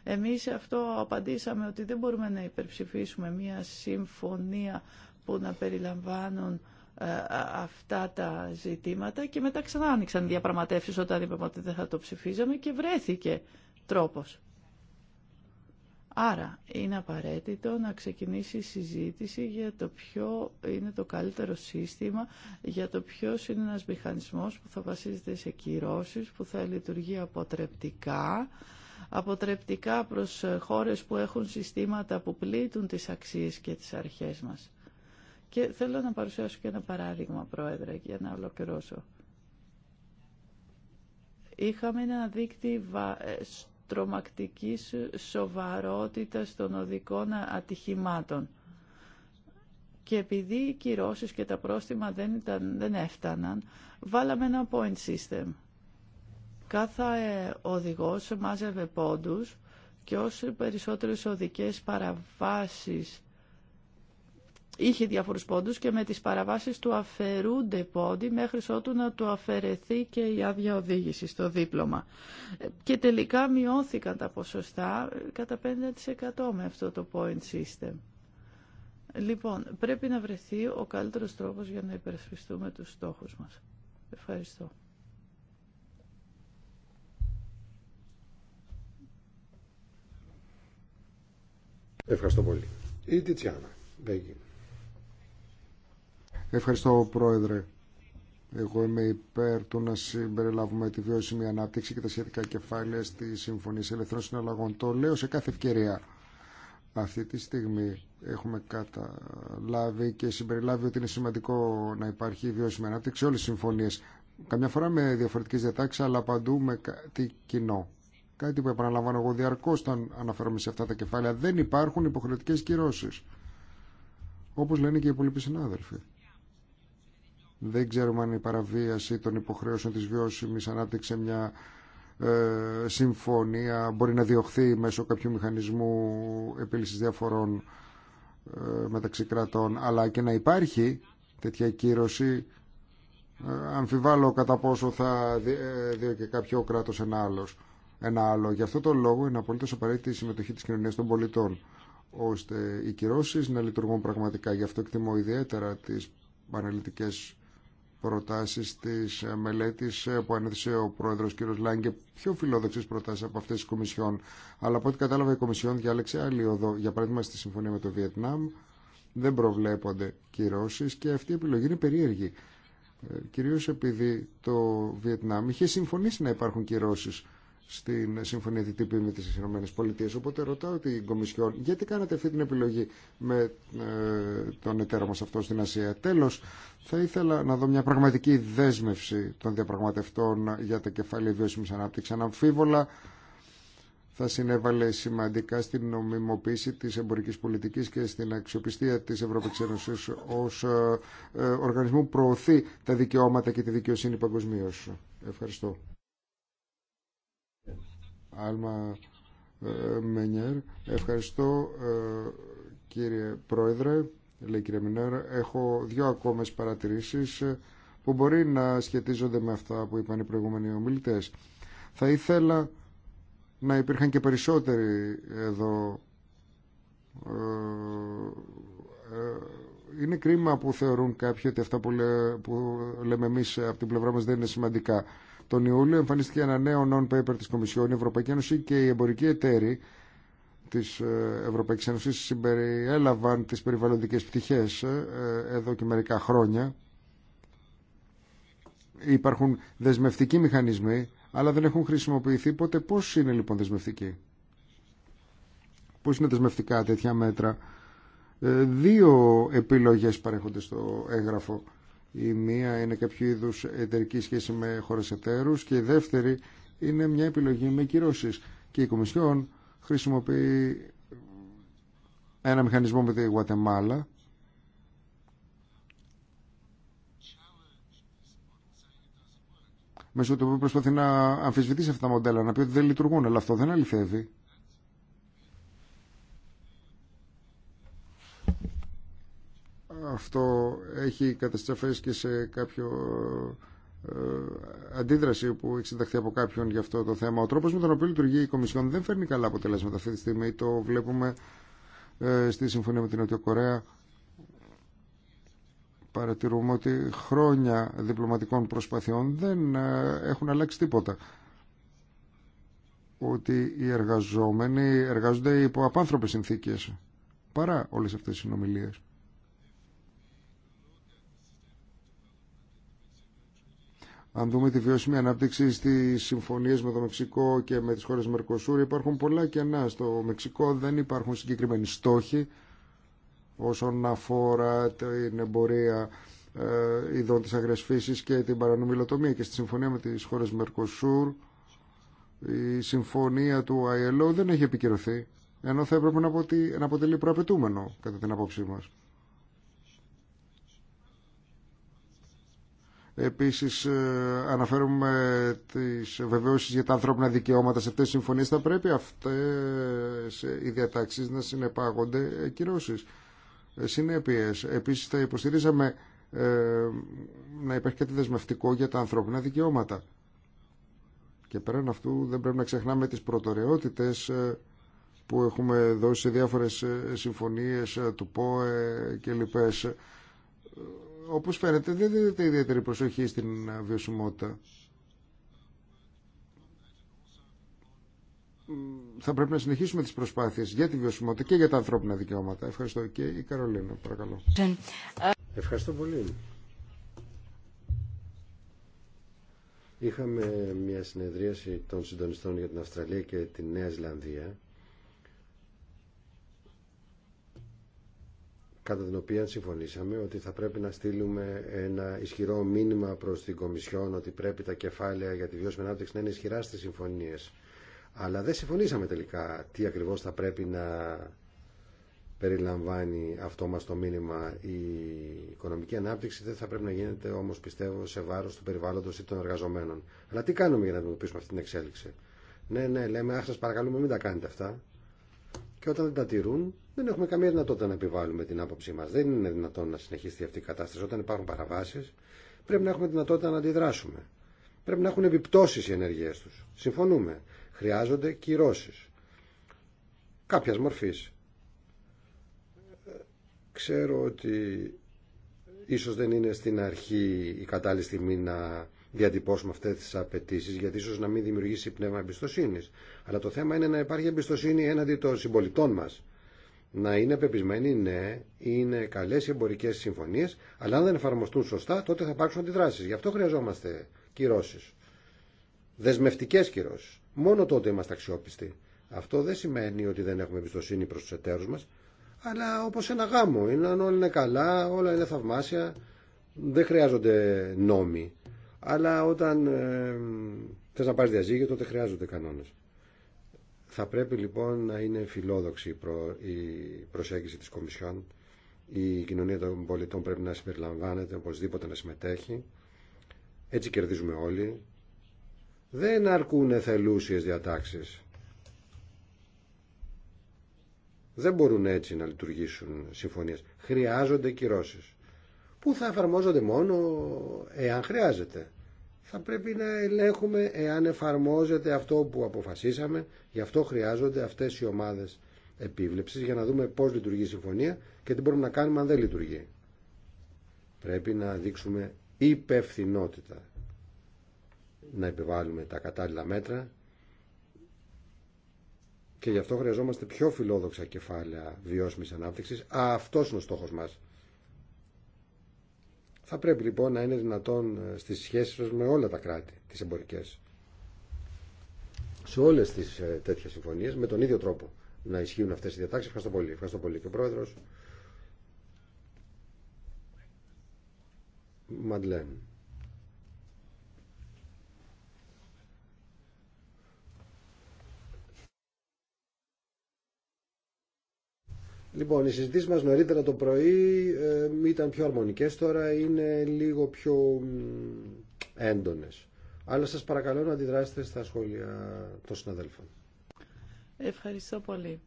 Εμείς αυτό απαντήσαμε ότι δεν μπορούμε να υπερψηφίσουμε μια συμφωνία που να περιλαμβάνουν ε, αυτά τα ζητήματα και μετά ξανά άνοιξαν διαπραγματεύσεις όταν είπαμε ότι δεν θα το ψηφίζαμε και βρέθηκε τρόπος. Άρα είναι απαραίτητο να ξεκινήσει η συζήτηση για το ποιο είναι το καλύτερο σύστημα, για το ποιο είναι ένας μηχανισμός που θα βασίζεται σε κυρώσεις, που θα λειτουργεί αποτρεπτικά, αποτρεπτικά προς ε, χώρες που έχουν συστήματα που πλήττουν τις αξίες και τις αρχές μας. Και θέλω να παρουσιάσω και ένα παράδειγμα, Πρόεδρε, για να ολοκληρώσω. Είχαμε ένα δίκτυο ε, τρομακτικής σοβαρότητας των οδικών ατυχημάτων. Και επειδή οι κυρώσεις και τα πρόστιμα δεν, ήταν, δεν έφταναν, βάλαμε ένα point system. Κάθε οδηγός μάζευε πόντους και όσο περισσότερες οδικές παραβάσεις είχε διάφορους πόντους και με τις παραβάσεις του αφαιρούνται πόντι μέχρι ότου να του αφαιρεθεί και η άδεια οδήγηση στο δίπλωμα. Και τελικά μειώθηκαν τα ποσοστά ε, κατά 50% με αυτό το point system. Λοιπόν, πρέπει να βρεθεί ο καλύτερος τρόπος για να υπερασπιστούμε τους στόχους μας. Ευχαριστώ. Ευχαριστώ πολύ. Η Τιτσιάνα Μπέγγιν. Ευχαριστώ, Πρόεδρε. Εγώ είμαι υπέρ του να συμπεριλάβουμε τη βιώσιμη ανάπτυξη και τα σχετικά κεφάλαια στη Συμφωνία Ελευθερών Συναλλαγών. Το λέω σε κάθε ευκαιρία. Αυτή τη στιγμή έχουμε καταλάβει και συμπεριλάβει ότι είναι σημαντικό να υπάρχει βιώσιμη ανάπτυξη όλες τις συμφωνίες. Καμιά φορά με διαφορετικές διατάξεις, αλλά παντού με κάτι κοινό. Κάτι που επαναλαμβάνω εγώ διαρκώ όταν αναφέρομαι σε αυτά τα κεφάλαια. Δεν υπάρχουν υποχρεωτικέ κυρώσει. Όπω λένε και οι υπόλοιποι συνάδελφοι. Δεν ξέρουμε αν η παραβίαση των υποχρέωσεων της βιώσιμης ανάπτυξε μια ε, συμφωνία μπορεί να διωχθεί μέσω κάποιου μηχανισμού επίλυσης διαφορών ε, μεταξύ κρατών. Αλλά και να υπάρχει τέτοια κύρωση ε, αμφιβάλλω κατά πόσο θα ε, δει κάποιο κράτος ένα Ένα άλλο. Γι' αυτό το λόγο είναι απολύτω απαραίτητη η συμμετοχή τη κοινωνία των πολιτών, ώστε οι κυρώσει να λειτουργούν πραγματικά. Γι' αυτό εκτιμώ ιδιαίτερα τι αναλυτικέ Προτάσει της ε, μελέτης ε, που ανέθεσε ο πρόεδρος κ. Λάγκε πιο φιλόδοξες προτάσει από αυτές τις Κομισιόν. Αλλά από ό,τι κατάλαβα η Κομισιόν διάλεξε άλλη οδό. Για παράδειγμα στη συμφωνία με το Βιετνάμ δεν προβλέπονται κυρώσεις και αυτή η επιλογή είναι περίεργη. Ε, κυρίως επειδή το Βιετνάμ είχε συμφωνήσει να υπάρχουν κυρώσεις στην Συμφωνία TTIP με τις ΗΠΑ. Οπότε ρωτάω την Κομισιόν γιατί κάνατε αυτή την επιλογή με ε, τον εταίρο μας αυτό στην Ασία. Τέλος, θα ήθελα να δω μια πραγματική δέσμευση των διαπραγματευτών για τα κεφάλαια βιώσιμης ανάπτυξης. Αναμφίβολα θα συνέβαλε σημαντικά στην νομιμοποίηση της εμπορικής πολιτικής και στην αξιοπιστία της Ευρωπαϊκής Ένωσης ως ε, ε, οργανισμού που προωθεί τα δικαιώματα και τη δικαιοσύνη παγκοσμίω. Ευχαριστώ. Άλμα ε, Μένιερ. Ευχαριστώ ε, κύριε Πρόεδρε, λέει κύριε Μινέρ. Έχω δύο ακόμες παρατηρήσεις ε, που μπορεί να σχετίζονται με αυτά που είπαν οι προηγούμενοι ομιλητέ. Θα ήθελα να υπήρχαν και περισσότεροι εδώ. Είναι κρίμα που θεωρούν κάποιοι ότι αυτά που, που λέμε εμείς από την πλευρά μας δεν είναι σημαντικά. Τον Ιούλιο εμφανίστηκε ένα νέο non-paper της Κομισιόν, η Ευρωπαϊκή Ένωση και οι εμπορικοί εταίροι της ε, Ευρωπαϊκής Ένωσης συμπεριέλαβαν τις περιβαλλοντικές πτυχές ε, ε, εδώ και μερικά χρόνια. Υπάρχουν δεσμευτικοί μηχανισμοί, αλλά δεν έχουν χρησιμοποιηθεί ποτέ. Πώς είναι λοιπόν δεσμευτικοί. Πώς είναι δεσμευτικά τέτοια μέτρα. Δύο επιλογές παρέχονται στο έγγραφο. Η μία είναι κάποιο είδου εταιρική σχέση με χώρε εταίρου και η δεύτερη είναι μια επιλογή με κυρώσει. Και η Κομισιόν χρησιμοποιεί ένα μηχανισμό με τη Γουατεμάλα μέσω του οποίου προσπαθεί να αμφισβητήσει αυτά τα μοντέλα, να πει ότι δεν λειτουργούν, αλλά αυτό δεν αληθεύει. αυτό έχει καταστρέφει και σε κάποιο ε, αντίδραση που έχει συνταχθεί από κάποιον για αυτό το θέμα. Ο τρόπος με τον οποίο λειτουργεί η Κομισιόν δεν φέρνει καλά αποτελέσματα αυτή τη στιγμή. Το βλέπουμε ε, στη συμφωνία με την Νότια Κορέα. Παρατηρούμε ότι χρόνια διπλωματικών προσπαθειών δεν ε, έχουν αλλάξει τίποτα. Ότι οι εργαζόμενοι εργάζονται υπό απάνθρωπες συνθήκες παρά όλες αυτές τις συνομιλίες. Αν δούμε τη βιώσιμη ανάπτυξη στι συμφωνίε με το Μεξικό και με τι χώρε Μερκοσούρ, υπάρχουν πολλά κενά. Στο Μεξικό δεν υπάρχουν συγκεκριμένοι στόχοι όσον αφορά την εμπορία ε, ειδών τη και την παρανομιλοτομία και στη συμφωνία με τι χώρε Μερκοσούρ η συμφωνία του ILO δεν έχει επικυρωθεί ενώ θα έπρεπε να αποτελεί προαπαιτούμενο κατά την απόψή μας. Επίσης ε, αναφέρουμε τις βεβαιώσεις για τα ανθρώπινα δικαιώματα σε αυτές τις συμφωνίες. Θα πρέπει αυτές οι διατάξεις να συνεπάγονται κυρώσεις, ε, συνέπειες. Επίσης θα υποστηρίζαμε ε, να υπάρχει κάτι δεσμευτικό για τα ανθρώπινα δικαιώματα. Και πέραν αυτού δεν πρέπει να ξεχνάμε τις προτεραιότητες που έχουμε δώσει σε διάφορες συμφωνίες του ΠΟΕ και λοιπές όπως φαίνεται δεν δίνεται ιδιαίτερη προσοχή στην βιωσιμότητα. Θα πρέπει να συνεχίσουμε τις προσπάθειες για τη βιωσιμότητα και για τα ανθρώπινα δικαιώματα. Ευχαριστώ και η Καρολίνα, παρακαλώ. Ευχαριστώ πολύ. Είχαμε μια συνεδρίαση των συντονιστών για την Αυστραλία και την Νέα Ζηλανδία κατά την οποία συμφωνήσαμε ότι θα πρέπει να στείλουμε ένα ισχυρό μήνυμα προς την Κομισιόν ότι πρέπει τα κεφάλαια για τη βιώσιμη ανάπτυξη να είναι ισχυρά στις συμφωνίες. Αλλά δεν συμφωνήσαμε τελικά τι ακριβώς θα πρέπει να περιλαμβάνει αυτό μας το μήνυμα η οικονομική ανάπτυξη δεν θα πρέπει να γίνεται όμως πιστεύω σε βάρος του περιβάλλοντος ή των εργαζομένων. Αλλά τι κάνουμε για να αντιμετωπίσουμε αυτή την εξέλιξη. Ναι, ναι, λέμε, α παρακαλούμε μην τα κάνετε αυτά και όταν δεν τα τηρούν δεν έχουμε καμία δυνατότητα να επιβάλλουμε την άποψή μας. Δεν είναι δυνατόν να συνεχίσει αυτή η κατάσταση. Όταν υπάρχουν παραβάσεις πρέπει να έχουμε δυνατότητα να αντιδράσουμε. Πρέπει να έχουν επιπτώσει οι ενεργειές τους. Συμφωνούμε. Χρειάζονται κυρώσει. Κάποιας μορφής. Ξέρω ότι ίσως δεν είναι στην αρχή η κατάλληλη στιγμή να διατυπώσουμε αυτέ τι απαιτήσει, γιατί ίσω να μην δημιουργήσει πνεύμα εμπιστοσύνη. Αλλά το θέμα είναι να υπάρχει εμπιστοσύνη έναντι των συμπολιτών μα. Να είναι πεπισμένοι, ναι, είναι καλέ οι εμπορικέ συμφωνίε, αλλά αν δεν εφαρμοστούν σωστά, τότε θα υπάρξουν αντιδράσει. Γι' αυτό χρειαζόμαστε κυρώσει. Δεσμευτικέ κυρώσει. Μόνο τότε είμαστε αξιόπιστοι. Αυτό δεν σημαίνει ότι δεν έχουμε εμπιστοσύνη προ του εταίρου μα, αλλά όπω ένα γάμο. Είναι αν όλα είναι καλά, όλα είναι θαυμάσια, δεν χρειάζονται νόμοι αλλά όταν ε, θες να πάρεις διαζύγιο τότε χρειάζονται κανόνες. Θα πρέπει λοιπόν να είναι φιλόδοξη η προσέγγιση της Κομισιόν. Η κοινωνία των πολιτών πρέπει να συμπεριλαμβάνεται, οπωσδήποτε να συμμετέχει. Έτσι κερδίζουμε όλοι. Δεν αρκούν εθελούσιες διατάξεις. Δεν μπορούν έτσι να λειτουργήσουν συμφωνίες. Χρειάζονται κυρώσεις που θα εφαρμόζονται μόνο εάν χρειάζεται. Θα πρέπει να ελέγχουμε εάν εφαρμόζεται αυτό που αποφασίσαμε, γι' αυτό χρειάζονται αυτές οι ομάδες επίβλεψης για να δούμε πώς λειτουργεί η συμφωνία και τι μπορούμε να κάνουμε αν δεν λειτουργεί. Πρέπει να δείξουμε υπευθυνότητα, να επιβάλλουμε τα κατάλληλα μέτρα και γι' αυτό χρειαζόμαστε πιο φιλόδοξα κεφάλαια βιώσιμης ανάπτυξης. Αυτός είναι ο στόχος μας θα πρέπει λοιπόν να είναι δυνατόν ε, στις σχέσεις με όλα τα κράτη, τις εμπορικές. Σε όλες τις ε, τέτοιες συμφωνίες με τον ίδιο τρόπο να ισχύουν αυτές οι διατάξεις. Ευχαριστώ πολύ. Ευχαριστώ πολύ και ο Πρόεδρος. Μαντλέν. Λοιπόν, οι συζητήσεις μας νωρίτερα το πρωί ε, ήταν πιο αρμονικές, τώρα είναι λίγο πιο έντονες. Αλλά σας παρακαλώ να αντιδράσετε στα σχόλια των συναδέλφων. Ευχαριστώ πολύ.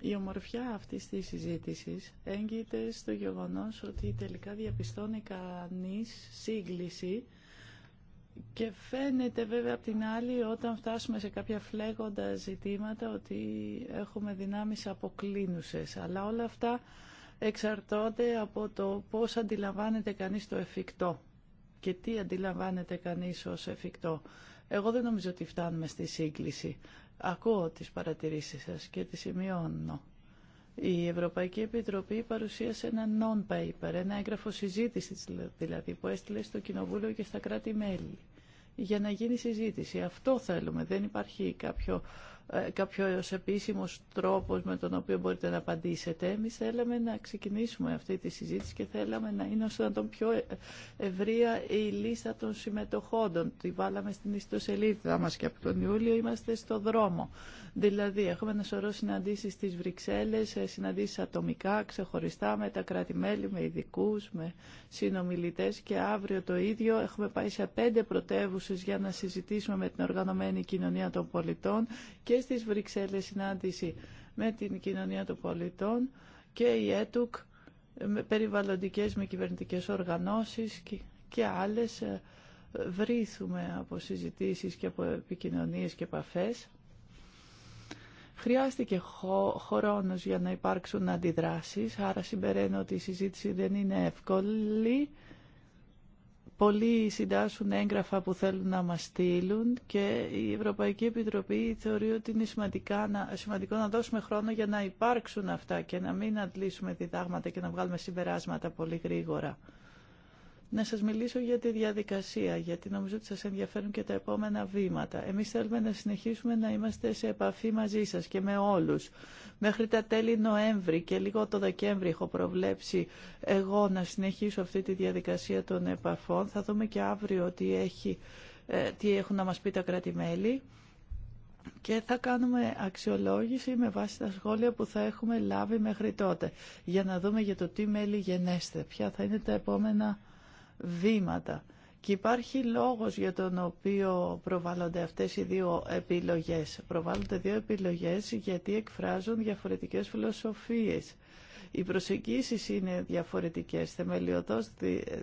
Η ομορφιά αυτής της συζήτησης έγκυται στο γεγονός ότι τελικά διαπιστώνει κανείς σύγκληση και φαίνεται βέβαια από την άλλη όταν φτάσουμε σε κάποια φλέγοντα ζητήματα ότι έχουμε δυνάμεις αποκλίνουσες. Αλλά όλα αυτά εξαρτώνται από το πώς αντιλαμβάνεται κανείς το εφικτό και τι αντιλαμβάνεται κανείς ως εφικτό. Εγώ δεν νομίζω ότι φτάνουμε στη σύγκληση. Ακούω τις παρατηρήσεις σας και τις σημειώνω. Η Ευρωπαϊκή Επιτροπή παρουσίασε ένα non-paper, ένα έγγραφο συζήτησης δηλαδή που έστειλε στο Κοινοβούλιο και στα κράτη-μέλη για να γίνει συζήτηση. Αυτό θέλουμε. Δεν υπάρχει κάποιο ε, κάποιος επίσημος τρόπος με τον οποίο μπορείτε να απαντήσετε. Εμείς θέλαμε να ξεκινήσουμε αυτή τη συζήτηση και θέλαμε να είναι όσο να τον πιο ε, ευρεία η λίστα των συμμετοχόντων. Τη βάλαμε στην ιστοσελίδα μας και από τον Ιούλιο είμαστε στο δρόμο. Δηλαδή έχουμε ένα σωρό συναντήσεις στις Βρυξέλλες, ε, συναντήσεις ατομικά, ξεχωριστά με τα κράτη-μέλη, με ειδικού, με συνομιλητές και αύριο το ίδιο έχουμε πάει σε πέντε πρωτεύουσε για να συζητήσουμε με την οργανωμένη κοινωνία των πολιτών και και στις Βρυξέλλες συνάντηση με την κοινωνία των πολιτών και η ΕΤΟΚ με περιβαλλοντικές με κυβερνητικές οργανώσεις και άλλες ε, βρίθουμε από συζητήσεις και από επικοινωνίες και επαφές. Χρειάστηκε χρόνος για να υπάρξουν αντιδράσεις, άρα συμπεραίνω ότι η συζήτηση δεν είναι εύκολη. Πολλοί συντάσσουν έγγραφα που θέλουν να μας στείλουν και η Ευρωπαϊκή Επιτροπή θεωρεί ότι είναι σημαντικό να δώσουμε χρόνο για να υπάρξουν αυτά και να μην αντλήσουμε διδάγματα και να βγάλουμε συμπεράσματα πολύ γρήγορα να σας μιλήσω για τη διαδικασία, γιατί νομίζω ότι σας ενδιαφέρουν και τα επόμενα βήματα. Εμείς θέλουμε να συνεχίσουμε να είμαστε σε επαφή μαζί σας και με όλους. Μέχρι τα τέλη Νοέμβρη και λίγο το Δεκέμβρη έχω προβλέψει εγώ να συνεχίσω αυτή τη διαδικασία των επαφών. Θα δούμε και αύριο τι, έχει, ε, τι έχουν να μας πει τα κράτη-μέλη και θα κάνουμε αξιολόγηση με βάση τα σχόλια που θα έχουμε λάβει μέχρι τότε για να δούμε για το τι μέλη γενέστε, ποια θα είναι τα επόμενα βήματα. Και υπάρχει λόγος για τον οποίο προβάλλονται αυτές οι δύο επιλογές. Προβάλλονται δύο επιλογές γιατί εκφράζουν διαφορετικές φιλοσοφίες. Οι προσεγγίσεις είναι διαφορετικές, θεμελιωτώς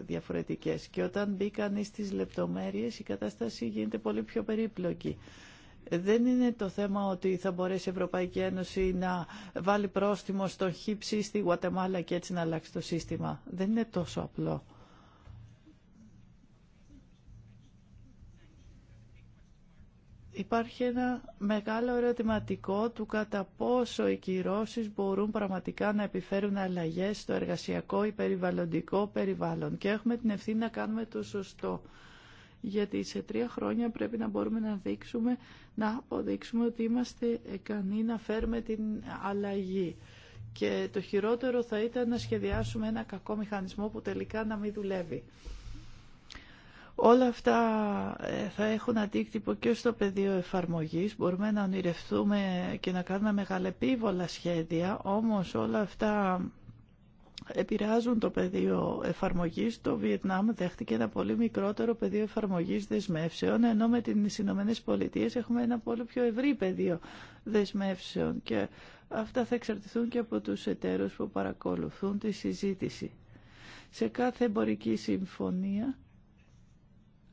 διαφορετικές και όταν μπει κανεί στις λεπτομέρειες η κατάσταση γίνεται πολύ πιο περίπλοκη. Δεν είναι το θέμα ότι θα μπορέσει η Ευρωπαϊκή Ένωση να βάλει πρόστιμο στο χύψη στη Γουατεμάλα και έτσι να αλλάξει το σύστημα. Δεν είναι τόσο απλό. Υπάρχει ένα μεγάλο ερωτηματικό του κατά πόσο οι κυρώσει μπορούν πραγματικά να επιφέρουν αλλαγές στο εργασιακό ή περιβαλλοντικό περιβάλλον. Και έχουμε την ευθύνη να κάνουμε το σωστό. Γιατί σε τρία χρόνια πρέπει να μπορούμε να δείξουμε, να αποδείξουμε ότι είμαστε ικανοί να φέρουμε την αλλαγή. Και το χειρότερο θα ήταν να σχεδιάσουμε ένα κακό μηχανισμό που τελικά να μην δουλεύει. Όλα αυτά ε, θα έχουν αντίκτυπο και στο πεδίο εφαρμογής. Μπορούμε να ονειρευτούμε και να κάνουμε μεγαλεπίβολα σχέδια, όμως όλα αυτά επηρεάζουν το πεδίο εφαρμογής. Το Βιετνάμ δέχτηκε ένα πολύ μικρότερο πεδίο εφαρμογής δεσμεύσεων, ενώ με τις Ηνωμένε Πολιτείες έχουμε ένα πολύ πιο ευρύ πεδίο δεσμεύσεων και αυτά θα εξαρτηθούν και από τους εταίρους που παρακολουθούν τη συζήτηση. Σε κάθε εμπορική συμφωνία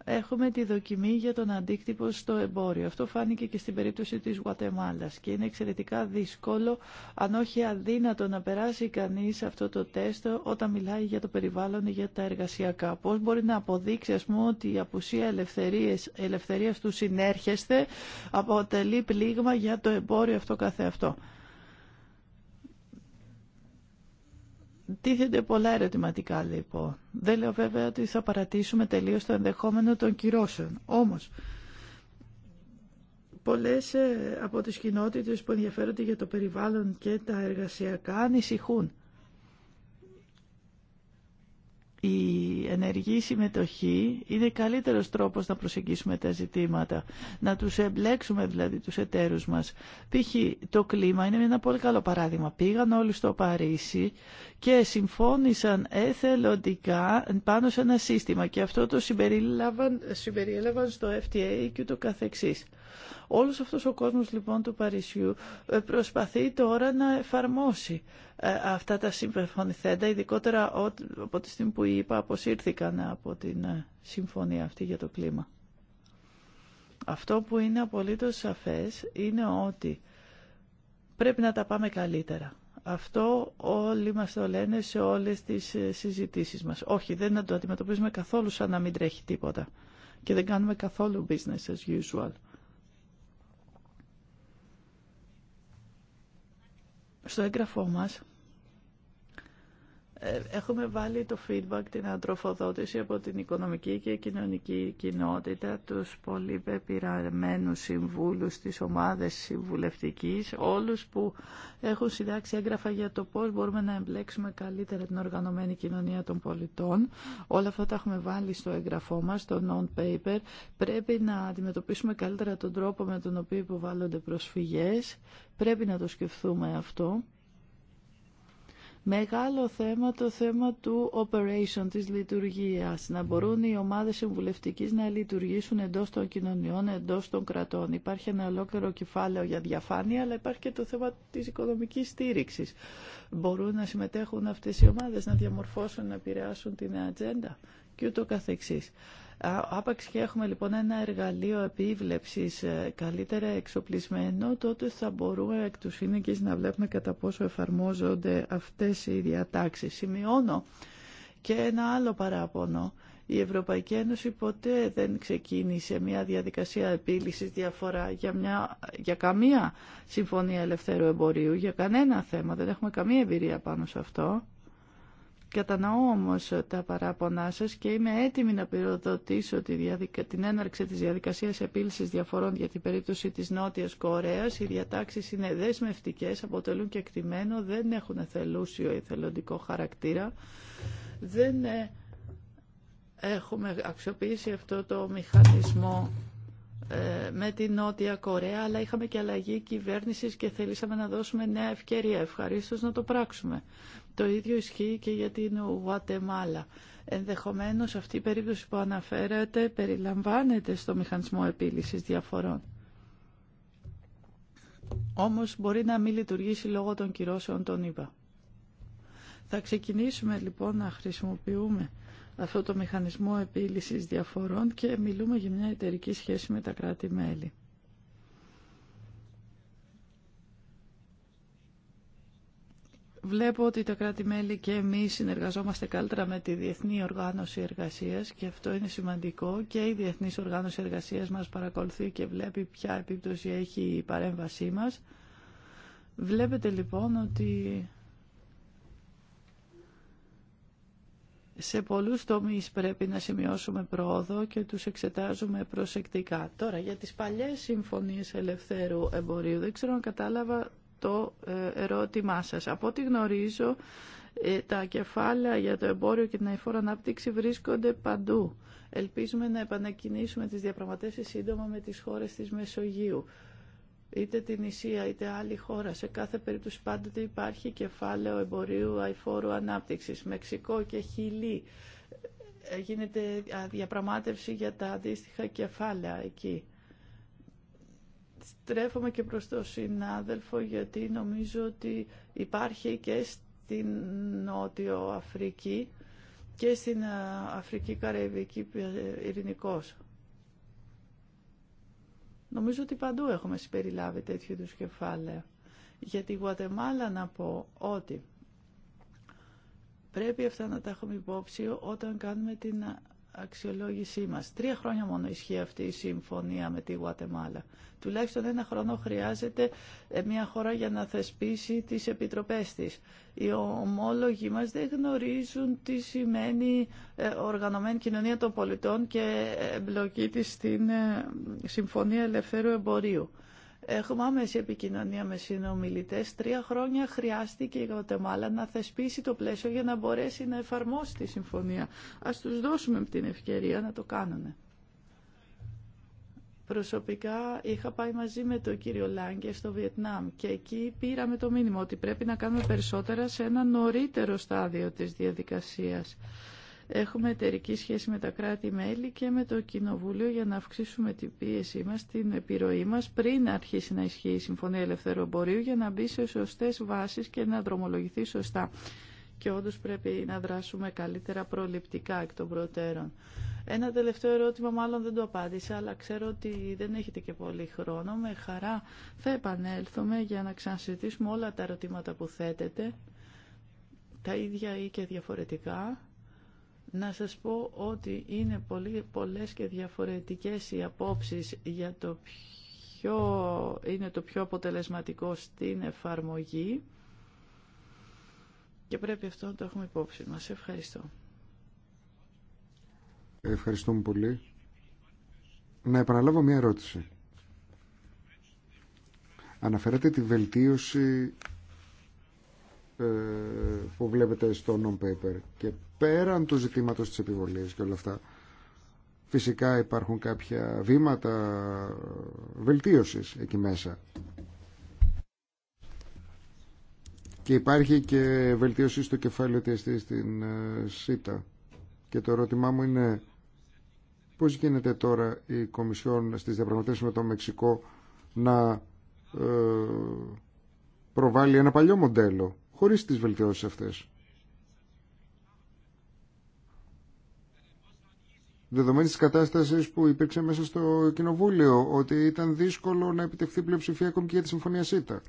έχουμε τη δοκιμή για τον αντίκτυπο στο εμπόριο. Αυτό φάνηκε και στην περίπτωση της Γουατεμάλας και είναι εξαιρετικά δύσκολο, αν όχι αδύνατο, να περάσει κανείς αυτό το τεστ όταν μιλάει για το περιβάλλον ή για τα εργασιακά. Πώς μπορεί να αποδείξει, ας πούμε, ότι η απουσία ελευθερίας, ελευθερίας του συνέρχεστε αποτελεί πλήγμα για το εμπόριο αυτό καθεαυτό. Τίθενται πολλά ερωτηματικά λοιπόν. Δεν λέω βέβαια ότι θα παρατήσουμε τελείως το ενδεχόμενο των κυρώσεων. Όμως, πολλές ε, από τις κοινότητες που ενδιαφέρονται για το περιβάλλον και τα εργασιακά ανησυχούν η ενεργή συμμετοχή είναι καλύτερος τρόπος να προσεγγίσουμε τα ζητήματα, να τους εμπλέξουμε δηλαδή τους εταίρους μας. Π.χ. το κλίμα είναι ένα πολύ καλό παράδειγμα. Πήγαν όλοι στο Παρίσι και συμφώνησαν εθελοντικά πάνω σε ένα σύστημα και αυτό το συμπεριέλαβαν, συμπεριέλαβαν στο FTA και το καθεξής. Όλος αυτός ο κόσμος λοιπόν του Παρισιού ε, προσπαθεί τώρα να εφαρμόσει ε, αυτά τα συμφωνηθέντα, ειδικότερα από τη στιγμή που είπα αποσύρθηκαν από την ε, συμφωνία αυτή για το κλίμα. Αυτό που είναι απολύτως σαφές είναι ότι πρέπει να τα πάμε καλύτερα. Αυτό όλοι μας το λένε σε όλες τις ε, συζητήσεις μας. Όχι, δεν το αντιμετωπίζουμε καθόλου σαν να μην τρέχει τίποτα και δεν κάνουμε καθόλου business as usual. στο έγγραφό μας ε, έχουμε βάλει το feedback, την αντροφοδότηση από την οικονομική και κοινωνική κοινότητα, τους πολύ πεπειραμένους συμβούλους της ομάδες συμβουλευτικής, όλους που έχουν συντάξει έγγραφα για το πώς μπορούμε να εμπλέξουμε καλύτερα την οργανωμένη κοινωνία των πολιτών. Όλα αυτά τα έχουμε βάλει στο έγγραφό μας, στο non-paper. Πρέπει να αντιμετωπίσουμε καλύτερα τον τρόπο με τον οποίο υποβάλλονται προσφυγές. Πρέπει να το σκεφτούμε αυτό. Μεγάλο θέμα το θέμα του operation, της λειτουργίας, να μπορούν οι ομάδες συμβουλευτικής να λειτουργήσουν εντός των κοινωνιών, εντός των κρατών. Υπάρχει ένα ολόκληρο κεφάλαιο για διαφάνεια, αλλά υπάρχει και το θέμα της οικονομικής στήριξης. Μπορούν να συμμετέχουν αυτές οι ομάδες, να διαμορφώσουν, να επηρεάσουν την ατζέντα και ούτω καθεξής. Άπαξ και έχουμε λοιπόν ένα εργαλείο επίβλεψης ε, καλύτερα εξοπλισμένο, τότε θα μπορούμε εκ του σύνεκης να βλέπουμε κατά πόσο εφαρμόζονται αυτές οι διατάξεις. Σημειώνω και ένα άλλο παράπονο. Η Ευρωπαϊκή Ένωση ποτέ δεν ξεκίνησε μια διαδικασία επίλυσης διαφορά για, μια, για καμία συμφωνία ελευθέρου εμπορίου, για κανένα θέμα. Δεν έχουμε καμία εμπειρία πάνω σε αυτό. Κατανοώ όμως τα παράπονά σας και είμαι έτοιμη να πυροδοτήσω την έναρξη της διαδικασίας επίλυσης διαφορών για την περίπτωση της Νότιας Κορέας. Οι διατάξεις είναι δεσμευτικές, αποτελούν και εκτιμένο, δεν έχουν ή εθελοντικό χαρακτήρα. Δεν ε, έχουμε αξιοποιήσει αυτό το μηχανισμό ε, με την Νότια Κορέα, αλλά είχαμε και αλλαγή κυβέρνηση και θέλησαμε να δώσουμε νέα ευκαιρία. Ευχαρίστως να το πράξουμε. Το ίδιο ισχύει και για την Ουατεμάλα Ενδεχομένω αυτή η περίπτωση που αναφέρατε περιλαμβάνεται στο μηχανισμό επίλυσης διαφορών. Όμω μπορεί να μην λειτουργήσει λόγω των κυρώσεων των ΗΠΑ. Θα ξεκινήσουμε λοιπόν να χρησιμοποιούμε αυτό το μηχανισμό επίλυσης διαφορών και μιλούμε για μια εταιρική σχέση με τα κράτη-μέλη. Βλέπω ότι τα κράτη-μέλη και εμείς συνεργαζόμαστε καλύτερα με τη Διεθνή Οργάνωση Εργασίας και αυτό είναι σημαντικό και η Διεθνής Οργάνωση Εργασίας μας παρακολουθεί και βλέπει ποια επίπτωση έχει η παρέμβασή μας. Βλέπετε λοιπόν ότι Σε πολλούς τομείς πρέπει να σημειώσουμε πρόοδο και τους εξετάζουμε προσεκτικά. Τώρα, για τις παλιές συμφωνίες ελευθέρου εμπορίου, δεν ξέρω αν κατάλαβα το ε, ερώτημά σας. Από ό,τι γνωρίζω, ε, τα κεφάλαια για το εμπόριο και την αηφόρο ανάπτυξη βρίσκονται παντού. Ελπίζουμε να επανακινήσουμε τις διαπραγματεύσεις σύντομα με τις χώρες της Μεσογείου είτε την Ισία είτε άλλη χώρα. Σε κάθε περίπτωση πάντοτε υπάρχει κεφάλαιο εμπορίου αηφόρου ανάπτυξης. Μεξικό και Χιλή ε, γίνεται διαπραγμάτευση για τα αντίστοιχα κεφάλαια εκεί. Στρέφομαι και προς τον συνάδελφο γιατί νομίζω ότι υπάρχει και στην Νότιο Αφρική και στην Αφρική Καραϊβική ε, Ειρηνικός Νομίζω ότι παντού έχουμε συμπεριλάβει τέτοιου είδου κεφάλαια. Για τη Γουατεμάλα να πω ότι πρέπει αυτά να τα έχουμε υπόψη όταν κάνουμε την αξιολόγησή μας. Τρία χρόνια μόνο ισχύει αυτή η συμφωνία με τη Γουατεμάλα. Τουλάχιστον ένα χρόνο χρειάζεται ε, μια χώρα για να θεσπίσει τις επιτροπές της. Οι ομόλογοι μας δεν γνωρίζουν τι σημαίνει ε, οργανωμένη κοινωνία των πολιτών και εμπλοκή της στην ε, Συμφωνία Ελευθέρου Εμπορίου. Έχουμε άμεση επικοινωνία με συνομιλητέ. Τρία χρόνια χρειάστηκε η Γοτεμάλα να θεσπίσει το πλαίσιο για να μπορέσει να εφαρμόσει τη συμφωνία. Α του δώσουμε την ευκαιρία να το κάνουν. Προσωπικά είχα πάει μαζί με τον κύριο Λάγκε στο Βιετνάμ και εκεί πήραμε το μήνυμα ότι πρέπει να κάνουμε περισσότερα σε ένα νωρίτερο στάδιο της διαδικασίας. Έχουμε εταιρική σχέση με τα κράτη-μέλη και με το Κοινοβούλιο για να αυξήσουμε την πίεσή μας, την επιρροή μας πριν αρχίσει να ισχύει η Συμφωνία Ελευθερομπορίου για να μπει σε σωστές βάσεις και να δρομολογηθεί σωστά. Και όντω πρέπει να δράσουμε καλύτερα προληπτικά εκ των προτέρων. Ένα τελευταίο ερώτημα, μάλλον δεν το απάντησα, αλλά ξέρω ότι δεν έχετε και πολύ χρόνο. Με χαρά θα επανέλθουμε για να ξανασυζητήσουμε όλα τα ερωτήματα που θέτετε, τα ίδια ή και διαφορετικά. Να σας πω ότι είναι πολύ, πολλές και διαφορετικές οι απόψεις για το ποιο είναι το πιο αποτελεσματικό στην εφαρμογή και πρέπει αυτό να το έχουμε υπόψη μας. Ευχαριστώ. Ευχαριστούμε πολύ. Να επαναλάβω μια ερώτηση. Αναφέρατε τη βελτίωση ε, που βλέπετε στο non-paper και πέραν του ζητήματος της επιβολής και όλα αυτά φυσικά υπάρχουν κάποια βήματα βελτίωσης εκεί μέσα και υπάρχει και βελτίωση στο κεφάλαιο της στην ε, ΣΥΤΑ και το ερώτημά μου είναι πώς γίνεται τώρα η Κομισιόν στις διαπραγματεύσεις με το Μεξικό να ε, προβάλλει ένα παλιό μοντέλο χωρίς τις βελτιώσεις αυτές. Δεδομένη τη κατάσταση που υπήρξε μέσα στο Κοινοβούλιο, ότι ήταν δύσκολο να επιτευχθεί πλειοψηφία ακόμη και για τη Συμφωνία ΣΥΤΑ.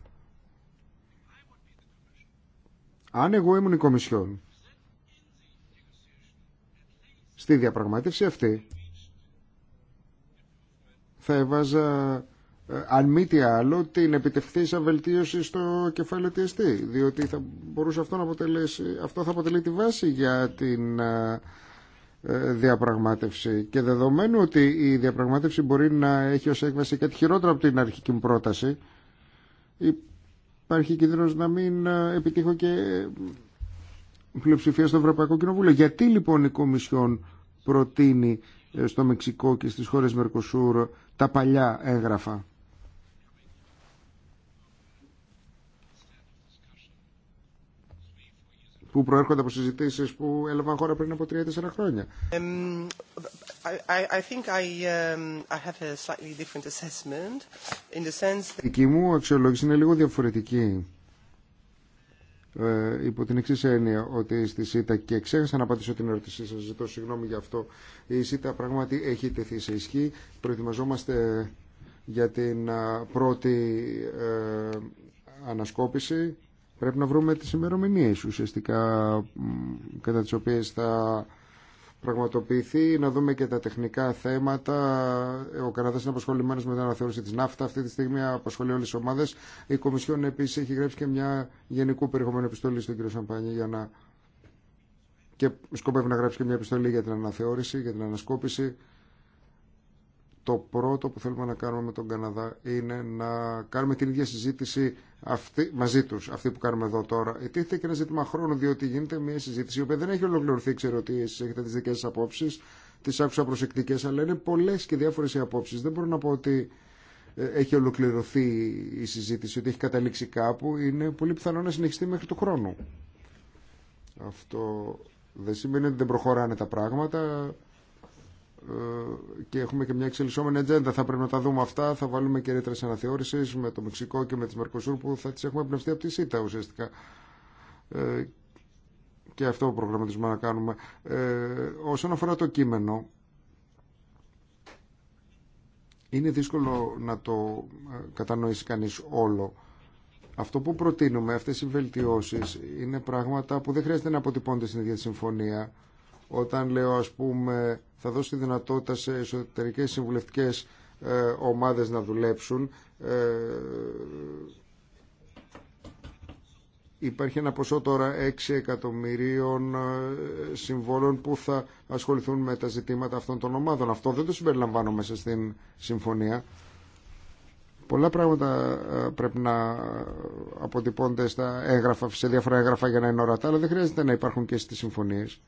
Αν εγώ ήμουν η Κομισιόν, στη διαπραγμάτευση αυτή, θα έβαζα ε, αν μη τι άλλο, την επιτευχθήσα βελτίωση στο κεφάλαιο TST, διότι θα μπορούσε αυτό, να αποτελέσει, αυτό θα αποτελεί τη βάση για την ε, ε, διαπραγμάτευση και δεδομένου ότι η διαπραγμάτευση μπορεί να έχει ως έκβαση κάτι χειρότερο από την αρχική μου πρόταση υπάρχει κίνδυνος να μην επιτύχω και πλειοψηφία στο Ευρωπαϊκό Κοινοβούλιο γιατί λοιπόν η Κομισιόν προτείνει στο Μεξικό και στις χώρες Μερκοσούρ τα παλιά έγγραφα που προέρχονται από συζητήσεις που έλαβαν χώρα πριν απο 3 3-4 χρόνια. Η δική μου αξιολόγηση είναι λίγο διαφορετική. Ε, υπό την εξή έννοια ότι στη ΣΥΤΑ και ξέχασα να απαντήσω την ερώτησή σας, ζητώ συγγνώμη για αυτό. Η ΣΥΤΑ πράγματι έχει τεθεί σε ισχύ. Προετοιμαζόμαστε για την ε, πρώτη ε, ανασκόπηση Πρέπει να βρούμε τις ημερομηνίε ουσιαστικά κατά τις οποίες θα πραγματοποιηθεί, να δούμε και τα τεχνικά θέματα. Ο Καναδά είναι απασχολημένο με την αναθεώρηση τη ναύτα. Αυτή τη στιγμή απασχολεί όλε τι ομάδε. Η Κομισιόν επίση έχει γράψει και μια γενικού περιεχομένου επιστολή στον κύριο Σαμπάνη για να. και σκοπεύει να γράψει και μια επιστολή για την αναθεώρηση, για την ανασκόπηση το πρώτο που θέλουμε να κάνουμε με τον Καναδά είναι να κάνουμε την ίδια συζήτηση αυτή, μαζί του, αυτή που κάνουμε εδώ τώρα. Ετίθεται και ένα ζήτημα χρόνου, διότι γίνεται μια συζήτηση η οποία δεν έχει ολοκληρωθεί. Ξέρω ότι εσεί έχετε τι δικέ σα απόψει, τι άκουσα προσεκτικέ, αλλά είναι πολλέ και διάφορε οι απόψει. Δεν μπορώ να πω ότι ε, έχει ολοκληρωθεί η συζήτηση, ότι έχει καταλήξει κάπου. Είναι πολύ πιθανό να συνεχιστεί μέχρι του χρόνου. Αυτό δεν σημαίνει ότι δεν προχωράνε τα πράγματα. Ε, και έχουμε και μια εξελισσόμενη ατζέντα. Θα πρέπει να τα δούμε αυτά. Θα βάλουμε και ρήτρε αναθεώρηση με το Μεξικό και με τι Μερκοσούρ που θα τι έχουμε εμπνευστεί από τη ΣΥΤΑ ουσιαστικά. Ε, και αυτό προγραμματισμό να κάνουμε. Ε, όσον αφορά το κείμενο, είναι δύσκολο να το κατανοήσει κανείς όλο. Αυτό που προτείνουμε, αυτές οι βελτιώσεις, είναι πράγματα που δεν χρειάζεται να αποτυπώνται στην ίδια συμφωνία. Όταν λέω ας πούμε θα δώσει τη δυνατότητα σε εσωτερικές συμβουλευτικές ε, ομάδες να δουλέψουν ε, Υπάρχει ένα ποσό τώρα 6 εκατομμυρίων ε, συμβόλων που θα ασχοληθούν με τα ζητήματα αυτών των ομάδων. Αυτό δεν το συμπεριλαμβάνω μέσα στην συμφωνία. Πολλά πράγματα πρέπει να αποτυπώνται στα έγγραφα, σε διάφορα έγγραφα για να είναι ορατά, αλλά δεν χρειάζεται να υπάρχουν και στις συμφωνίες.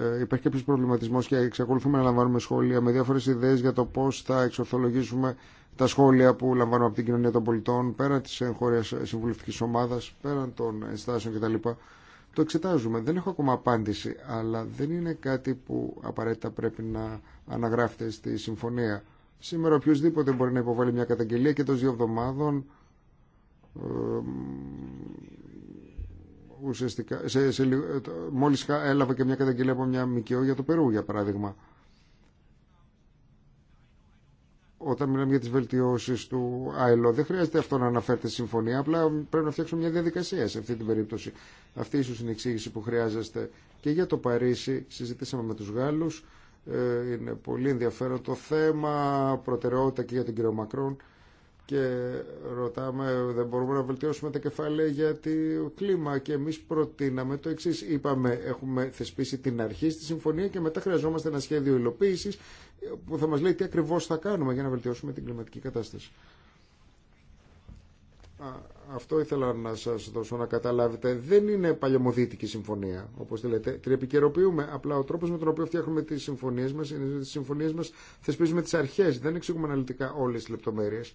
Ε, υπάρχει κάποιο προβληματισμό και εξακολουθούμε να λαμβάνουμε σχόλια με διάφορε ιδέε για το πώ θα εξορθολογήσουμε τα σχόλια που λαμβάνουμε από την κοινωνία των πολιτών πέραν τη εγχώρια συμβουλευτική ομάδα, πέραν των ενστάσεων κτλ. Το εξετάζουμε. Δεν έχω ακόμα απάντηση, αλλά δεν είναι κάτι που απαραίτητα πρέπει να αναγράφεται στη συμφωνία. Σήμερα οποιοδήποτε μπορεί να υποβάλει μια καταγγελία και των δύο εβδομάδων ε, ουσιαστικά, σε, σε, μόλις έλαβα και μια καταγγελία από μια ΜΚΟ για το Περού, για παράδειγμα. Όταν μιλάμε για τις βελτιώσεις του ΑΕΛΟ, δεν χρειάζεται αυτό να αναφέρεται συμφωνία, απλά πρέπει να φτιάξουμε μια διαδικασία σε αυτή την περίπτωση. Αυτή ίσως είναι η εξήγηση που χρειάζεστε. Και για το Παρίσι συζητήσαμε με τους Γάλλους, ε, είναι πολύ ενδιαφέρον το θέμα, προτεραιότητα και για τον κύριο Μακρόν και ρωτάμε δεν μπορούμε να βελτιώσουμε τα κεφάλαια για το κλίμα και εμείς προτείναμε το εξή. είπαμε έχουμε θεσπίσει την αρχή στη συμφωνία και μετά χρειαζόμαστε ένα σχέδιο υλοποίησης που θα μας λέει τι ακριβώς θα κάνουμε για να βελτιώσουμε την κλιματική κατάσταση αυτό ήθελα να σας δώσω να καταλάβετε δεν είναι παλαιομοδίτικη συμφωνία όπως τη λέτε, την επικαιροποιούμε απλά ο τρόπος με τον οποίο φτιάχνουμε τις συμφωνίες μας είναι ότι τις συμφωνίες μας θεσπίζουμε τις αρχές δεν εξηγούμε αναλυτικά όλες λεπτομέρειες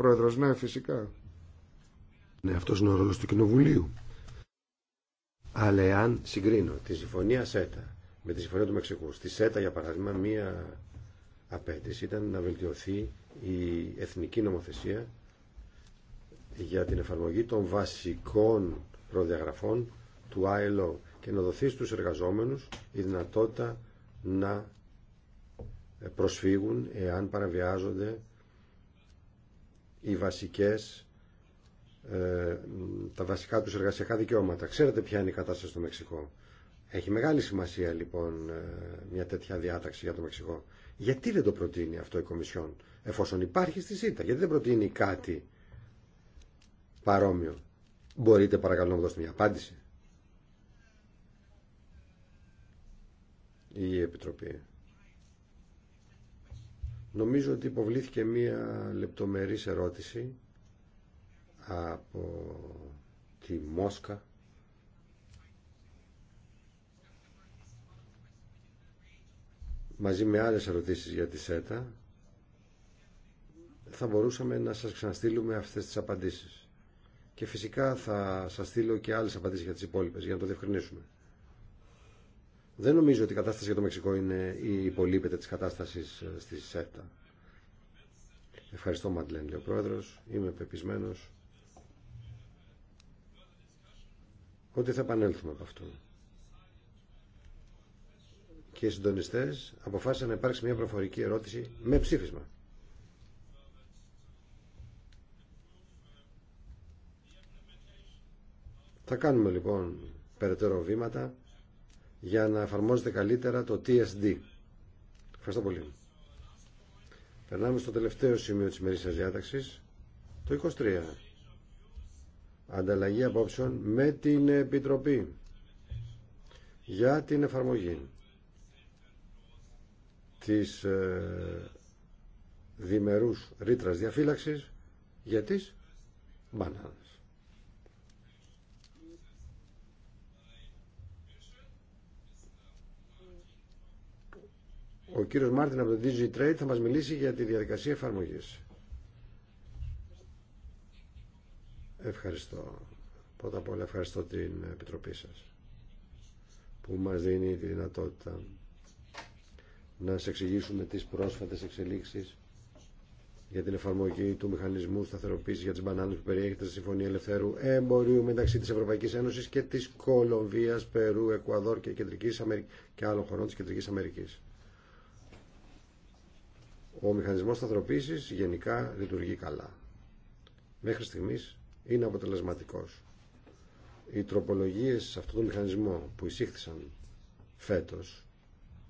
Πρόεδρος, ναι, φυσικά. Ναι, αυτός είναι ο ρόλος του Κοινοβουλίου. Αλλά εάν συγκρίνω τη συμφωνία ΣΕΤΑ με τη συμφωνία του Μεξικού, στη ΣΕΤΑ, για παράδειγμα, μία απέτηση ήταν να βελτιωθεί η εθνική νομοθεσία για την εφαρμογή των βασικών προδιαγραφών του ILO και να δοθεί στους εργαζόμενους η δυνατότητα να προσφύγουν εάν παραβιάζονται οι βασικές, ε, τα βασικά τους εργασιακά δικαιώματα. Ξέρετε ποια είναι η κατάσταση στο Μεξικό. Έχει μεγάλη σημασία λοιπόν ε, μια τέτοια διάταξη για το Μεξικό. Γιατί δεν το προτείνει αυτό η Κομισιόν, εφόσον υπάρχει στη ΣΥΤΑ, γιατί δεν προτείνει κάτι παρόμοιο. Μπορείτε παρακαλώ να μου δώσετε μια απάντηση. Η Επιτροπή. Νομίζω ότι υποβλήθηκε μία λεπτομερής ερώτηση από τη Μόσκα μαζί με άλλες ερωτήσεις για τη ΣΕΤΑ θα μπορούσαμε να σας ξαναστείλουμε αυτές τις απαντήσεις. Και φυσικά θα σας στείλω και άλλες απαντήσεις για τις υπόλοιπες για να το διευκρινίσουμε. Δεν νομίζω ότι η κατάσταση για το Μεξικό είναι η υπολείπεται της κατάστασης ε, στη ΣΕΤΑ. Ευχαριστώ Μαντλέν, λέει ο Πρόεδρος. Είμαι πεπισμένος ότι θα επανέλθουμε από αυτό. Και οι συντονιστέ αποφάσισαν να υπάρξει μια προφορική ερώτηση με ψήφισμα. Θα κάνουμε λοιπόν περαιτέρω βήματα για να εφαρμόζεται καλύτερα το TSD. Ευχαριστώ πολύ. Περνάμε στο τελευταίο σημείο της σας διάταξης, το 23. Ανταλλαγή απόψεων με την Επιτροπή για την εφαρμογή της ε, διμερούς ρήτρας διαφύλαξης για τις μπανάνες. Ο κύριος Μάρτιν από το DigiTrade θα μας μιλήσει για τη διαδικασία εφαρμογής. Ευχαριστώ. Πρώτα απ' όλα ευχαριστώ την Επιτροπή σας που μας δίνει τη δυνατότητα να σας εξηγήσουμε τις πρόσφατες εξελίξεις για την εφαρμογή του μηχανισμού σταθεροποίηση για τι μπανάνε που περιέχεται στη Συμφωνία Ελευθέρου Εμπορίου μεταξύ τη Ευρωπαϊκή Ένωση και τη Κολομβία, Περού, Εκουαδόρ και, και άλλων χωρών τη Κεντρική Αμερική ο μηχανισμός σταθεροποίησης γενικά λειτουργεί καλά. Μέχρι στιγμής είναι αποτελεσματικός. Οι τροπολογίες σε αυτό τον μηχανισμό που εισήχθησαν φέτος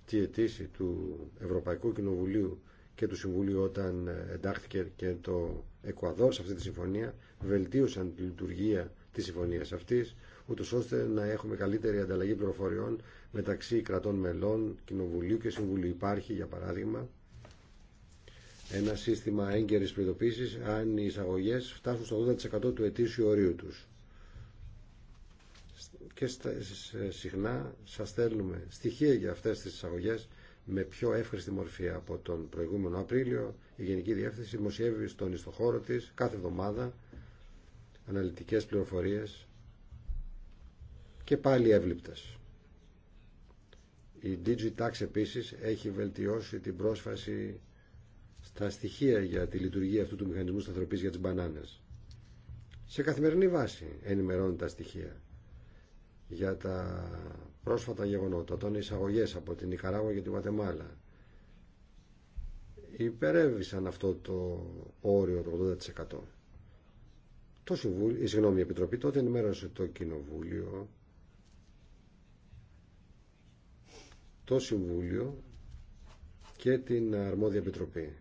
τη αιτήση του Ευρωπαϊκού Κοινοβουλίου και του Συμβουλίου όταν εντάχθηκε και το Εκουαδόρ σε αυτή τη συμφωνία βελτίωσαν τη λειτουργία της συμφωνίας αυτής ούτω ώστε να έχουμε καλύτερη ανταλλαγή πληροφοριών μεταξύ κρατών μελών, Κοινοβουλίου και Συμβουλίου. Υπάρχει, για παράδειγμα, ένα σύστημα έγκαιρης προειδοποίησης αν οι εισαγωγές φτάσουν στο 80% του ετήσιου ορίου τους. Και συχνά σας στέλνουμε στοιχεία για αυτές τις εισαγωγές με πιο εύχρηστη μορφή από τον προηγούμενο Απρίλιο. Η Γενική Διεύθυνση δημοσιεύει στον ιστοχώρο της κάθε εβδομάδα αναλυτικές πληροφορίες και πάλι εύληπτες. Η DigiTax επίσης έχει βελτιώσει την πρόσφαση τα στοιχεία για τη λειτουργία αυτού του μηχανισμού σταθεροποίησης για τι μπανάνες. Σε καθημερινή βάση ενημερώνουν τα στοιχεία για τα πρόσφατα γεγονότα των εισαγωγές από την Ικαράγουα και την Γουατεμάλα. Υπερέβησαν αυτό το όριο το 80%. Το η συγγνώμη, η Επιτροπή τότε ενημέρωσε το Κοινοβούλιο το Συμβούλιο και την Αρμόδια Επιτροπή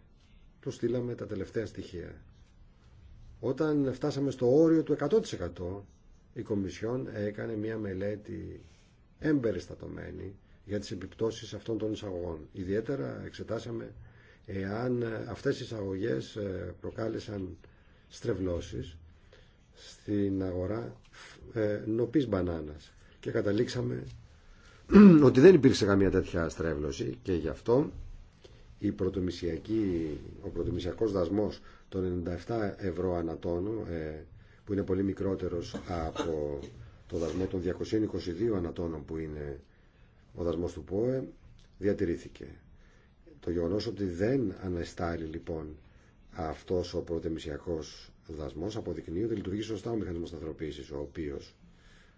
του στείλαμε τα τελευταία στοιχεία. Όταν φτάσαμε στο όριο του 100% η Κομισιόν έκανε μια μελέτη εμπεριστατωμένη για τις επιπτώσεις αυτών των εισαγωγών. Ιδιαίτερα εξετάσαμε εάν αυτές οι εισαγωγές ε, προκάλεσαν στρεβλώσεις στην αγορά ε, νοπής μπανάνας και καταλήξαμε ότι δεν υπήρξε καμία τέτοια στρέβλωση και γι' αυτό η ο πρωτομησιακός δασμός των 97 ευρώ ανατόνου ε, που είναι πολύ μικρότερος από το δασμό των 222 ανατόνων που είναι ο δασμός του ΠΟΕ διατηρήθηκε. Το γεγονός ότι δεν ανεστάλλει λοιπόν αυτός ο πρωτομησιακός δασμός αποδεικνύει ότι λειτουργεί σωστά ο μηχανισμός ο οποίος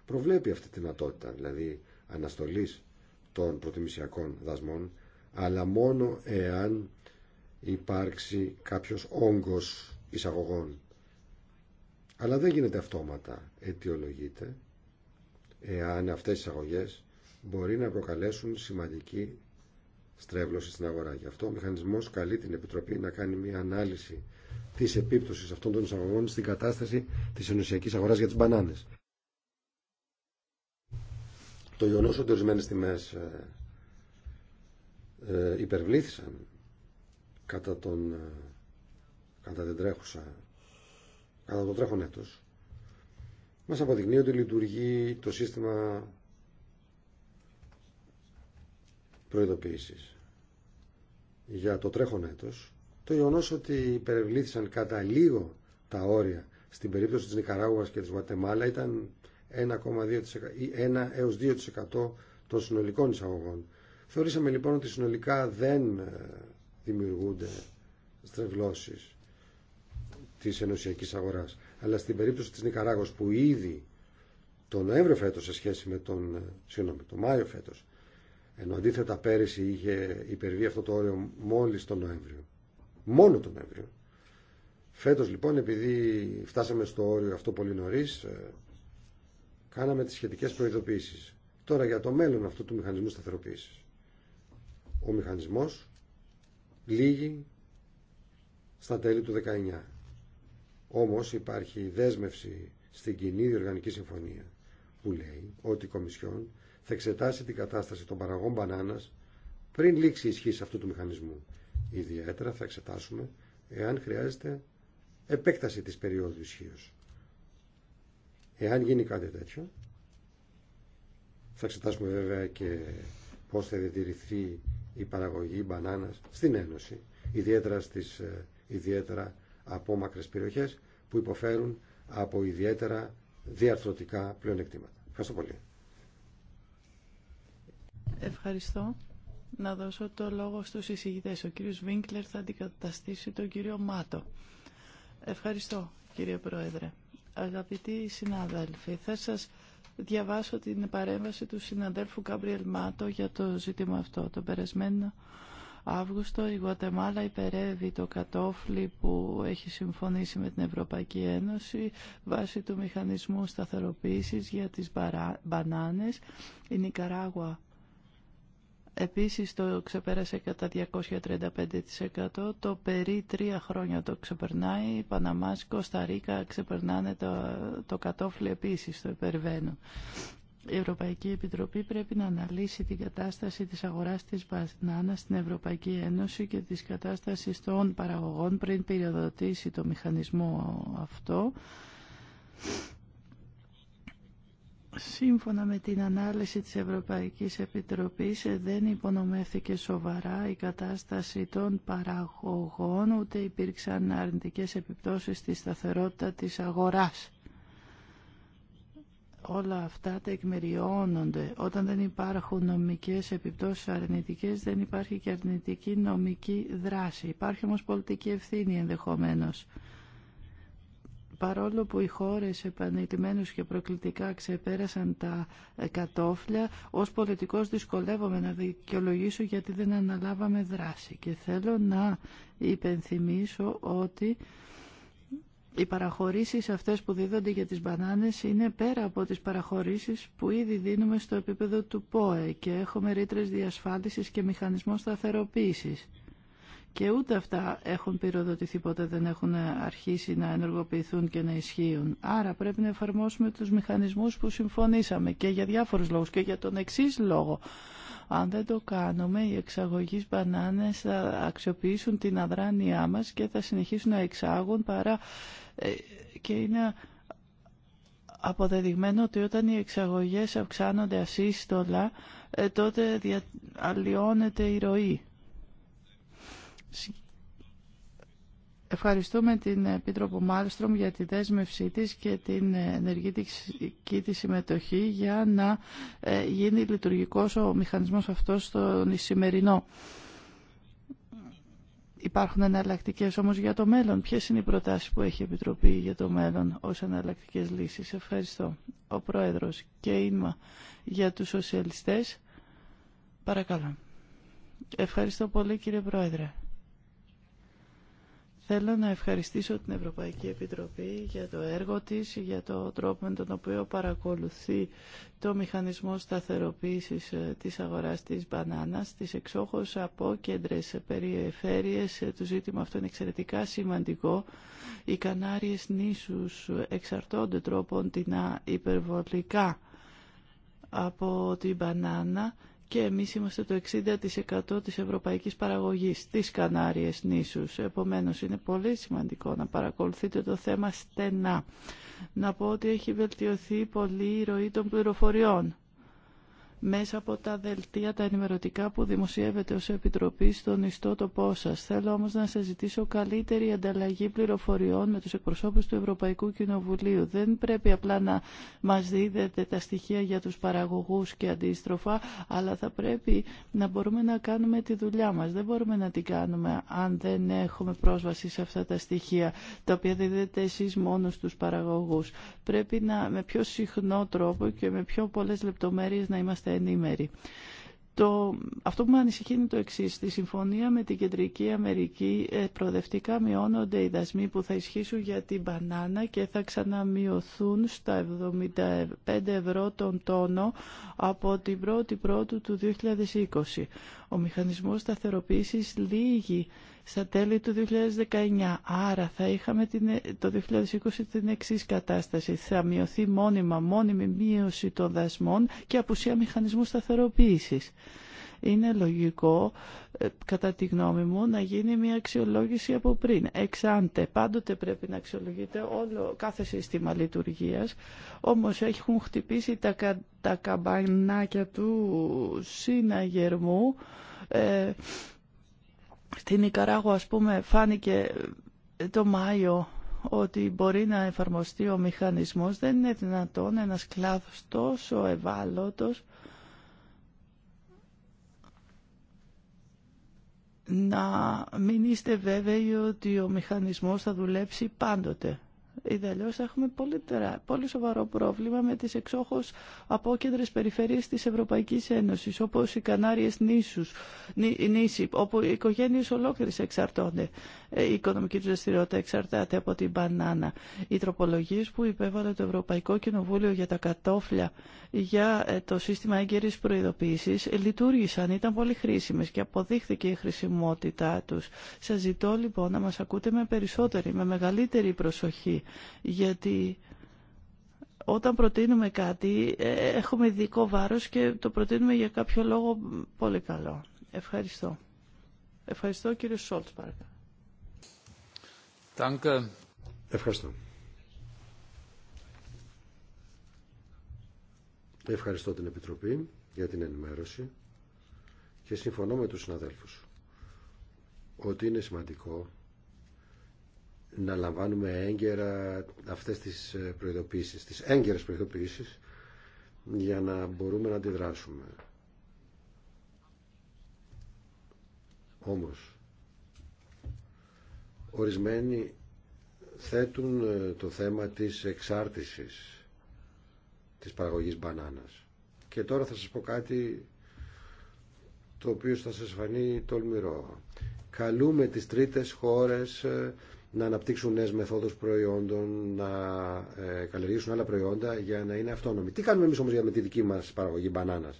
προβλέπει αυτή τη δυνατότητα δηλαδή αναστολής των πρωτομησιακών δασμών αλλά μόνο εάν υπάρξει κάποιος όγκος εισαγωγών. Αλλά δεν γίνεται αυτόματα, αιτιολογείται, εάν αυτές οι εισαγωγές μπορεί να προκαλέσουν σημαντική στρέβλωση στην αγορά. Γι' αυτό ο μηχανισμός καλεί την Επιτροπή να κάνει μια ανάλυση της επίπτωσης αυτών των εισαγωγών στην κατάσταση της ενωσιακής αγοράς για τις μπανάνες. Το γεγονό ότι ορισμένε τιμέ ε, ε, υπερβλήθησαν κατά τον ε, κατά την τρέχουσα κατά το τρέχον έτος μας αποδεικνύει ότι λειτουργεί το σύστημα προειδοποίησης για το τρέχον έτος το γεγονό ότι υπερβλήθησαν κατά λίγο τα όρια στην περίπτωση της Νικαράγουας και της Βατεμάλα ήταν 1,2% 1 έως 2% των συνολικών εισαγωγών Θεωρήσαμε λοιπόν ότι συνολικά δεν ε, δημιουργούνται στρεβλώσεις της ενωσιακής αγοράς. Αλλά στην περίπτωση της Νικαράγος που ήδη το Νοέμβριο φέτος σε σχέση με τον, ε, συγγνώμη, τον Μάιο φέτος, ενώ αντίθετα πέρυσι είχε υπερβεί αυτό το όριο μόλις τον Νοέμβριο, μόνο τον Νοέμβριο, Φέτος λοιπόν επειδή φτάσαμε στο όριο αυτό πολύ νωρίς, ε, κάναμε τις σχετικές προειδοποίησεις. Τώρα για το μέλλον αυτού του μηχανισμού σταθεροποίησης ο μηχανισμός λύγει στα τέλη του 19. Όμως υπάρχει δέσμευση στην κοινή διοργανική συμφωνία που λέει ότι η Κομισιόν θα εξετάσει την κατάσταση των παραγών μπανάνας πριν λήξει η ισχύση αυτού του μηχανισμού. Ιδιαίτερα θα εξετάσουμε εάν χρειάζεται επέκταση της περίοδου ισχύω. Εάν γίνει κάτι τέτοιο, θα εξετάσουμε βέβαια και πώς θα διατηρηθεί η παραγωγή μπανάνας στην Ένωση, ιδιαίτερα στις ε, ιδιαίτερα απόμακρες περιοχές που υποφέρουν από ιδιαίτερα διαρθρωτικά πλεονεκτήματα. Ευχαριστώ πολύ. Ευχαριστώ. Να δώσω το λόγο στους εισηγητές. Ο κύριος Βίνκλερ θα αντικαταστήσει τον κύριο Μάτο. Ευχαριστώ, κύριε Πρόεδρε. Αγαπητοί συνάδελφοι, θα σας διαβάσω την παρέμβαση του συναδέλφου Καμπριελ Μάτο για το ζήτημα αυτό. Το περασμένο Αύγουστο η Γουατεμάλα υπερεύει το κατόφλι που έχει συμφωνήσει με την Ευρωπαϊκή Ένωση βάσει του μηχανισμού σταθεροποίησης για τις μπανάνες. Η Νικαράγουα Επίσης το ξεπέρασε κατά 235%, το περί τρία χρόνια το ξεπερνάει, η Παναμάς, Κωνσταντίνα ξεπερνάνε το, το κατόφλι επίσης, το υπερβαίνουν. Η Ευρωπαϊκή Επιτροπή πρέπει να αναλύσει την κατάσταση της αγοράς της μπανάνας στην Ευρωπαϊκή Ένωση και της κατάστασης των παραγωγών πριν πυροδοτήσει το μηχανισμό αυτό Σύμφωνα με την ανάλυση της Ευρωπαϊκής Επιτροπής ε, δεν υπονομεύθηκε σοβαρά η κατάσταση των παραγωγών ούτε υπήρξαν αρνητικές επιπτώσεις στη σταθερότητα της αγοράς. Όλα αυτά τεκμηριώνονται. Όταν δεν υπάρχουν νομικές επιπτώσεις αρνητικές δεν υπάρχει και αρνητική νομική δράση. Υπάρχει όμως πολιτική ευθύνη ενδεχομένως παρόλο που οι χώρες επανειλημμένως και προκλητικά ξεπέρασαν τα ε, κατόφλια, ως πολιτικός δυσκολεύομαι να δικαιολογήσω γιατί δεν αναλάβαμε δράση. Και θέλω να υπενθυμίσω ότι οι παραχωρήσεις αυτές που δίδονται για τις μπανάνες είναι πέρα από τις παραχωρήσεις που ήδη δίνουμε στο επίπεδο του ΠΟΕ και έχουμε ρήτρες διασφάλισης και μηχανισμό σταθεροποίησης και ούτε αυτά έχουν πυροδοτηθεί ποτέ, δεν έχουν αρχίσει να ενεργοποιηθούν και να ισχύουν. Άρα πρέπει να εφαρμόσουμε τους μηχανισμούς που συμφωνήσαμε και για διάφορους λόγους και για τον εξή λόγο. Αν δεν το κάνουμε, οι εξαγωγείς μπανάνες θα αξιοποιήσουν την αδράνειά μας και θα συνεχίσουν να εξάγουν παρά ε, και είναι αποδεδειγμένο ότι όταν οι εξαγωγές αυξάνονται ασύστολα, ε, τότε αλλοιώνεται η ροή Ευχαριστούμε την Επίτροπο Μάλστρομ για τη δέσμευσή της και την ενεργητική της συμμετοχή για να ε, γίνει λειτουργικός ο μηχανισμός αυτός στο σημερινό. Υπάρχουν εναλλακτικέ όμως για το μέλλον. Ποιες είναι οι προτάσεις που έχει η Επιτροπή για το μέλλον ως εναλλακτικέ λύσεις. Ευχαριστώ. Ο Πρόεδρος και για τους σοσιαλιστές. Παρακαλώ. Ευχαριστώ πολύ κύριε Πρόεδρε. Θέλω να ευχαριστήσω την Ευρωπαϊκή Επιτροπή για το έργο της, για το τρόπο με τον οποίο παρακολουθεί το μηχανισμό σταθεροποίησης ε, της αγοράς της μπανάνας, της εξόχως από κέντρες περιφέρειες. Ε, το ζήτημα αυτό είναι εξαιρετικά σημαντικό. Οι Κανάριες νήσους εξαρτώνται τρόπον την υπερβολικά από την μπανάνα και εμείς είμαστε το 60% της ευρωπαϊκής παραγωγής στις Κανάριες νήσους. Επομένως είναι πολύ σημαντικό να παρακολουθείτε το θέμα στενά. Να πω ότι έχει βελτιωθεί πολύ η ροή των πληροφοριών μέσα από τα δελτία τα ενημερωτικά που δημοσιεύεται ως Επιτροπή στον τοπό σα. Θέλω όμως να σας ζητήσω καλύτερη ανταλλαγή πληροφοριών με τους εκπροσώπους του Ευρωπαϊκού Κοινοβουλίου. Δεν πρέπει απλά να μας δίδετε τα στοιχεία για τους παραγωγούς και αντίστροφα, αλλά θα πρέπει να μπορούμε να κάνουμε τη δουλειά μας. Δεν μπορούμε να την κάνουμε αν δεν έχουμε πρόσβαση σε αυτά τα στοιχεία, τα οποία δίδετε εσείς μόνο στους παραγωγούς. Πρέπει να, με πιο συχνό τρόπο και με πιο πολλές λεπτομέρειες να είμαστε το, αυτό που με ανησυχεί είναι το εξή. Στη συμφωνία με την Κεντρική Αμερική ε, προοδευτικά μειώνονται οι δασμοί που θα ισχύσουν για την μπανάνα και θα ξαναμειωθούν στα 75 ευρώ τον τόνο από την 1η Πρώτου του 2020. Ο μηχανισμός σταθεροποίησης λύγει στα τέλη του 2019. Άρα θα είχαμε την, το 2020 την εξή κατάσταση. Θα μειωθεί μόνιμα, μόνιμη μείωση των δασμών και απουσία μηχανισμού σταθεροποίησης. Είναι λογικό, ε, κατά τη γνώμη μου, να γίνει μια αξιολόγηση από πριν. Εξάντε, πάντοτε πρέπει να αξιολογείται όλο κάθε σύστημα λειτουργίας, όμως έχουν χτυπήσει τα, καμπανάκια του συναγερμού, ε, στην Ικαράγου ας πούμε, φάνηκε ε, το Μάιο ότι μπορεί να εφαρμοστεί ο μηχανισμός. Δεν είναι δυνατόν ένας κλάδος τόσο ευάλωτος να μην είστε βέβαιοι ότι ο μηχανισμός θα δουλέψει πάντοτε. Ιδαλλιώς θα έχουμε πολύ, πολύ σοβαρό πρόβλημα με τις εξόχως απόκεντρες περιφερειές της Ευρωπαϊκής Ένωσης, όπως οι Κανάριες νήσους, νήσι, όπου οι οικογένειες ολόκληρες εξαρτώνται. Ε, η οικονομική του δραστηριότητα εξαρτάται από την μπανάνα. Οι τροπολογίες που υπέβαλε το Ευρωπαϊκό Κοινοβούλιο για τα κατόφλια για ε, το σύστημα έγκαιρης προειδοποίησης λειτουργήσαν, ήταν πολύ χρήσιμες και αποδείχθηκε η χρησιμότητά τους. Σας ζητώ λοιπόν να μας ακούτε με περισσότερη, με μεγαλύτερη προσοχή γιατί όταν προτείνουμε κάτι ε, έχουμε ειδικό βάρος και το προτείνουμε για κάποιο λόγο πολύ καλό. Ευχαριστώ. Ευχαριστώ κύριε Σόλτσπαρκ. Ευχαριστώ. Ευχαριστώ την Επιτροπή για την ενημέρωση και συμφωνώ με τους συναδέλφους ότι είναι σημαντικό να λαμβάνουμε έγκαιρα αυτές τις ε, προειδοποίησεις, τις έγκαιρες προειδοποίησεις για να μπορούμε να αντιδράσουμε. Όμως, ορισμένοι θέτουν ε, το θέμα της εξάρτησης της παραγωγής μπανάνας. Και τώρα θα σας πω κάτι το οποίο θα σας φανεί τολμηρό. Καλούμε τις τρίτες χώρες ε, να αναπτύξουν νέε μεθόδου προϊόντων, να ε, καλλιεργήσουν άλλα προϊόντα για να είναι αυτόνομοι. Τι κάνουμε εμεί όμω για με τη δική μα παραγωγή μπανάνα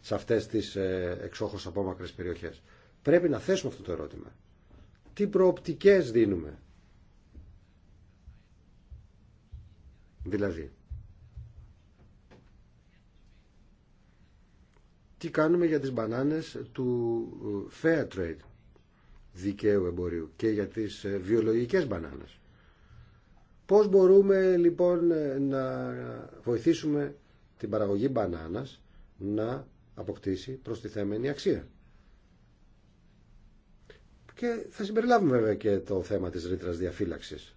σε αυτέ τι ε, εξόχω απόμακρε περιοχέ. Πρέπει να θέσουμε αυτό το ερώτημα. Τι προοπτικές δίνουμε. Δηλαδή, τι κάνουμε για τις μπανάνες του ε, fair trade δικαίου εμπορίου και για τις ε, βιολογικές μπανάνες. Πώς μπορούμε λοιπόν ε, να βοηθήσουμε την παραγωγή μπανάνας να αποκτήσει προστιθέμενη αξία. Και θα συμπεριλάβουμε βέβαια και το θέμα της ρήτρας διαφύλαξης.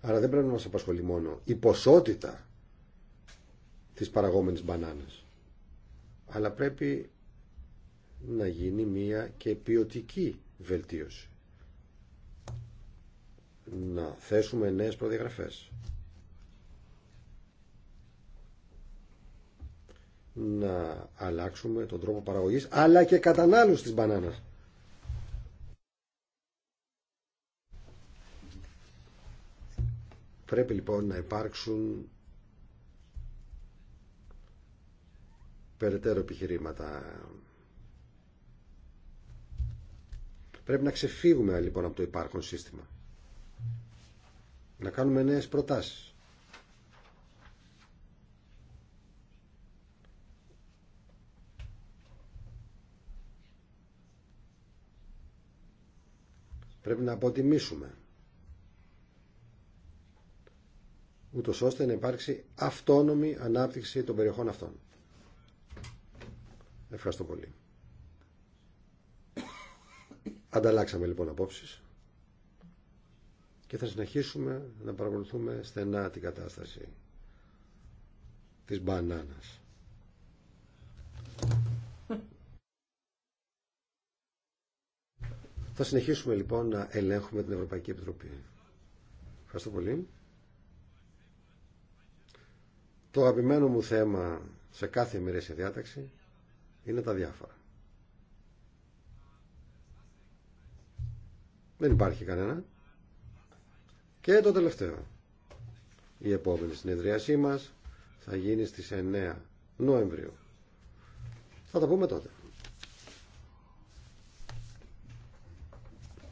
Άρα δεν πρέπει να μας απασχολεί μόνο η ποσότητα της παραγόμενης μπανάνας αλλά πρέπει να γίνει μία και ποιοτική βελτίωση. Να θέσουμε νέες προδιαγραφές. Να αλλάξουμε τον τρόπο παραγωγής, αλλά και κατανάλωση της μπανάνας. Πρέπει λοιπόν να υπάρξουν περαιτέρω επιχειρήματα. Πρέπει να ξεφύγουμε λοιπόν από το υπάρχον σύστημα. Να κάνουμε νέες προτάσεις. Πρέπει να αποτιμήσουμε. ούτως ώστε να υπάρξει αυτόνομη ανάπτυξη των περιοχών αυτών. Ευχαριστώ πολύ. Ανταλλάξαμε λοιπόν απόψεις και θα συνεχίσουμε να παρακολουθούμε στενά την κατάσταση της μπανάνας. Θα συνεχίσουμε λοιπόν να ελέγχουμε την Ευρωπαϊκή Επιτροπή. Ευχαριστώ πολύ. Το αγαπημένο μου θέμα σε κάθε ημερήσια διάταξη είναι τα διάφορα. Δεν υπάρχει κανένα. Και το τελευταίο. Η επόμενη συνεδρίασή μας θα γίνει στις 9 Νοεμβρίου. Θα τα πούμε τότε.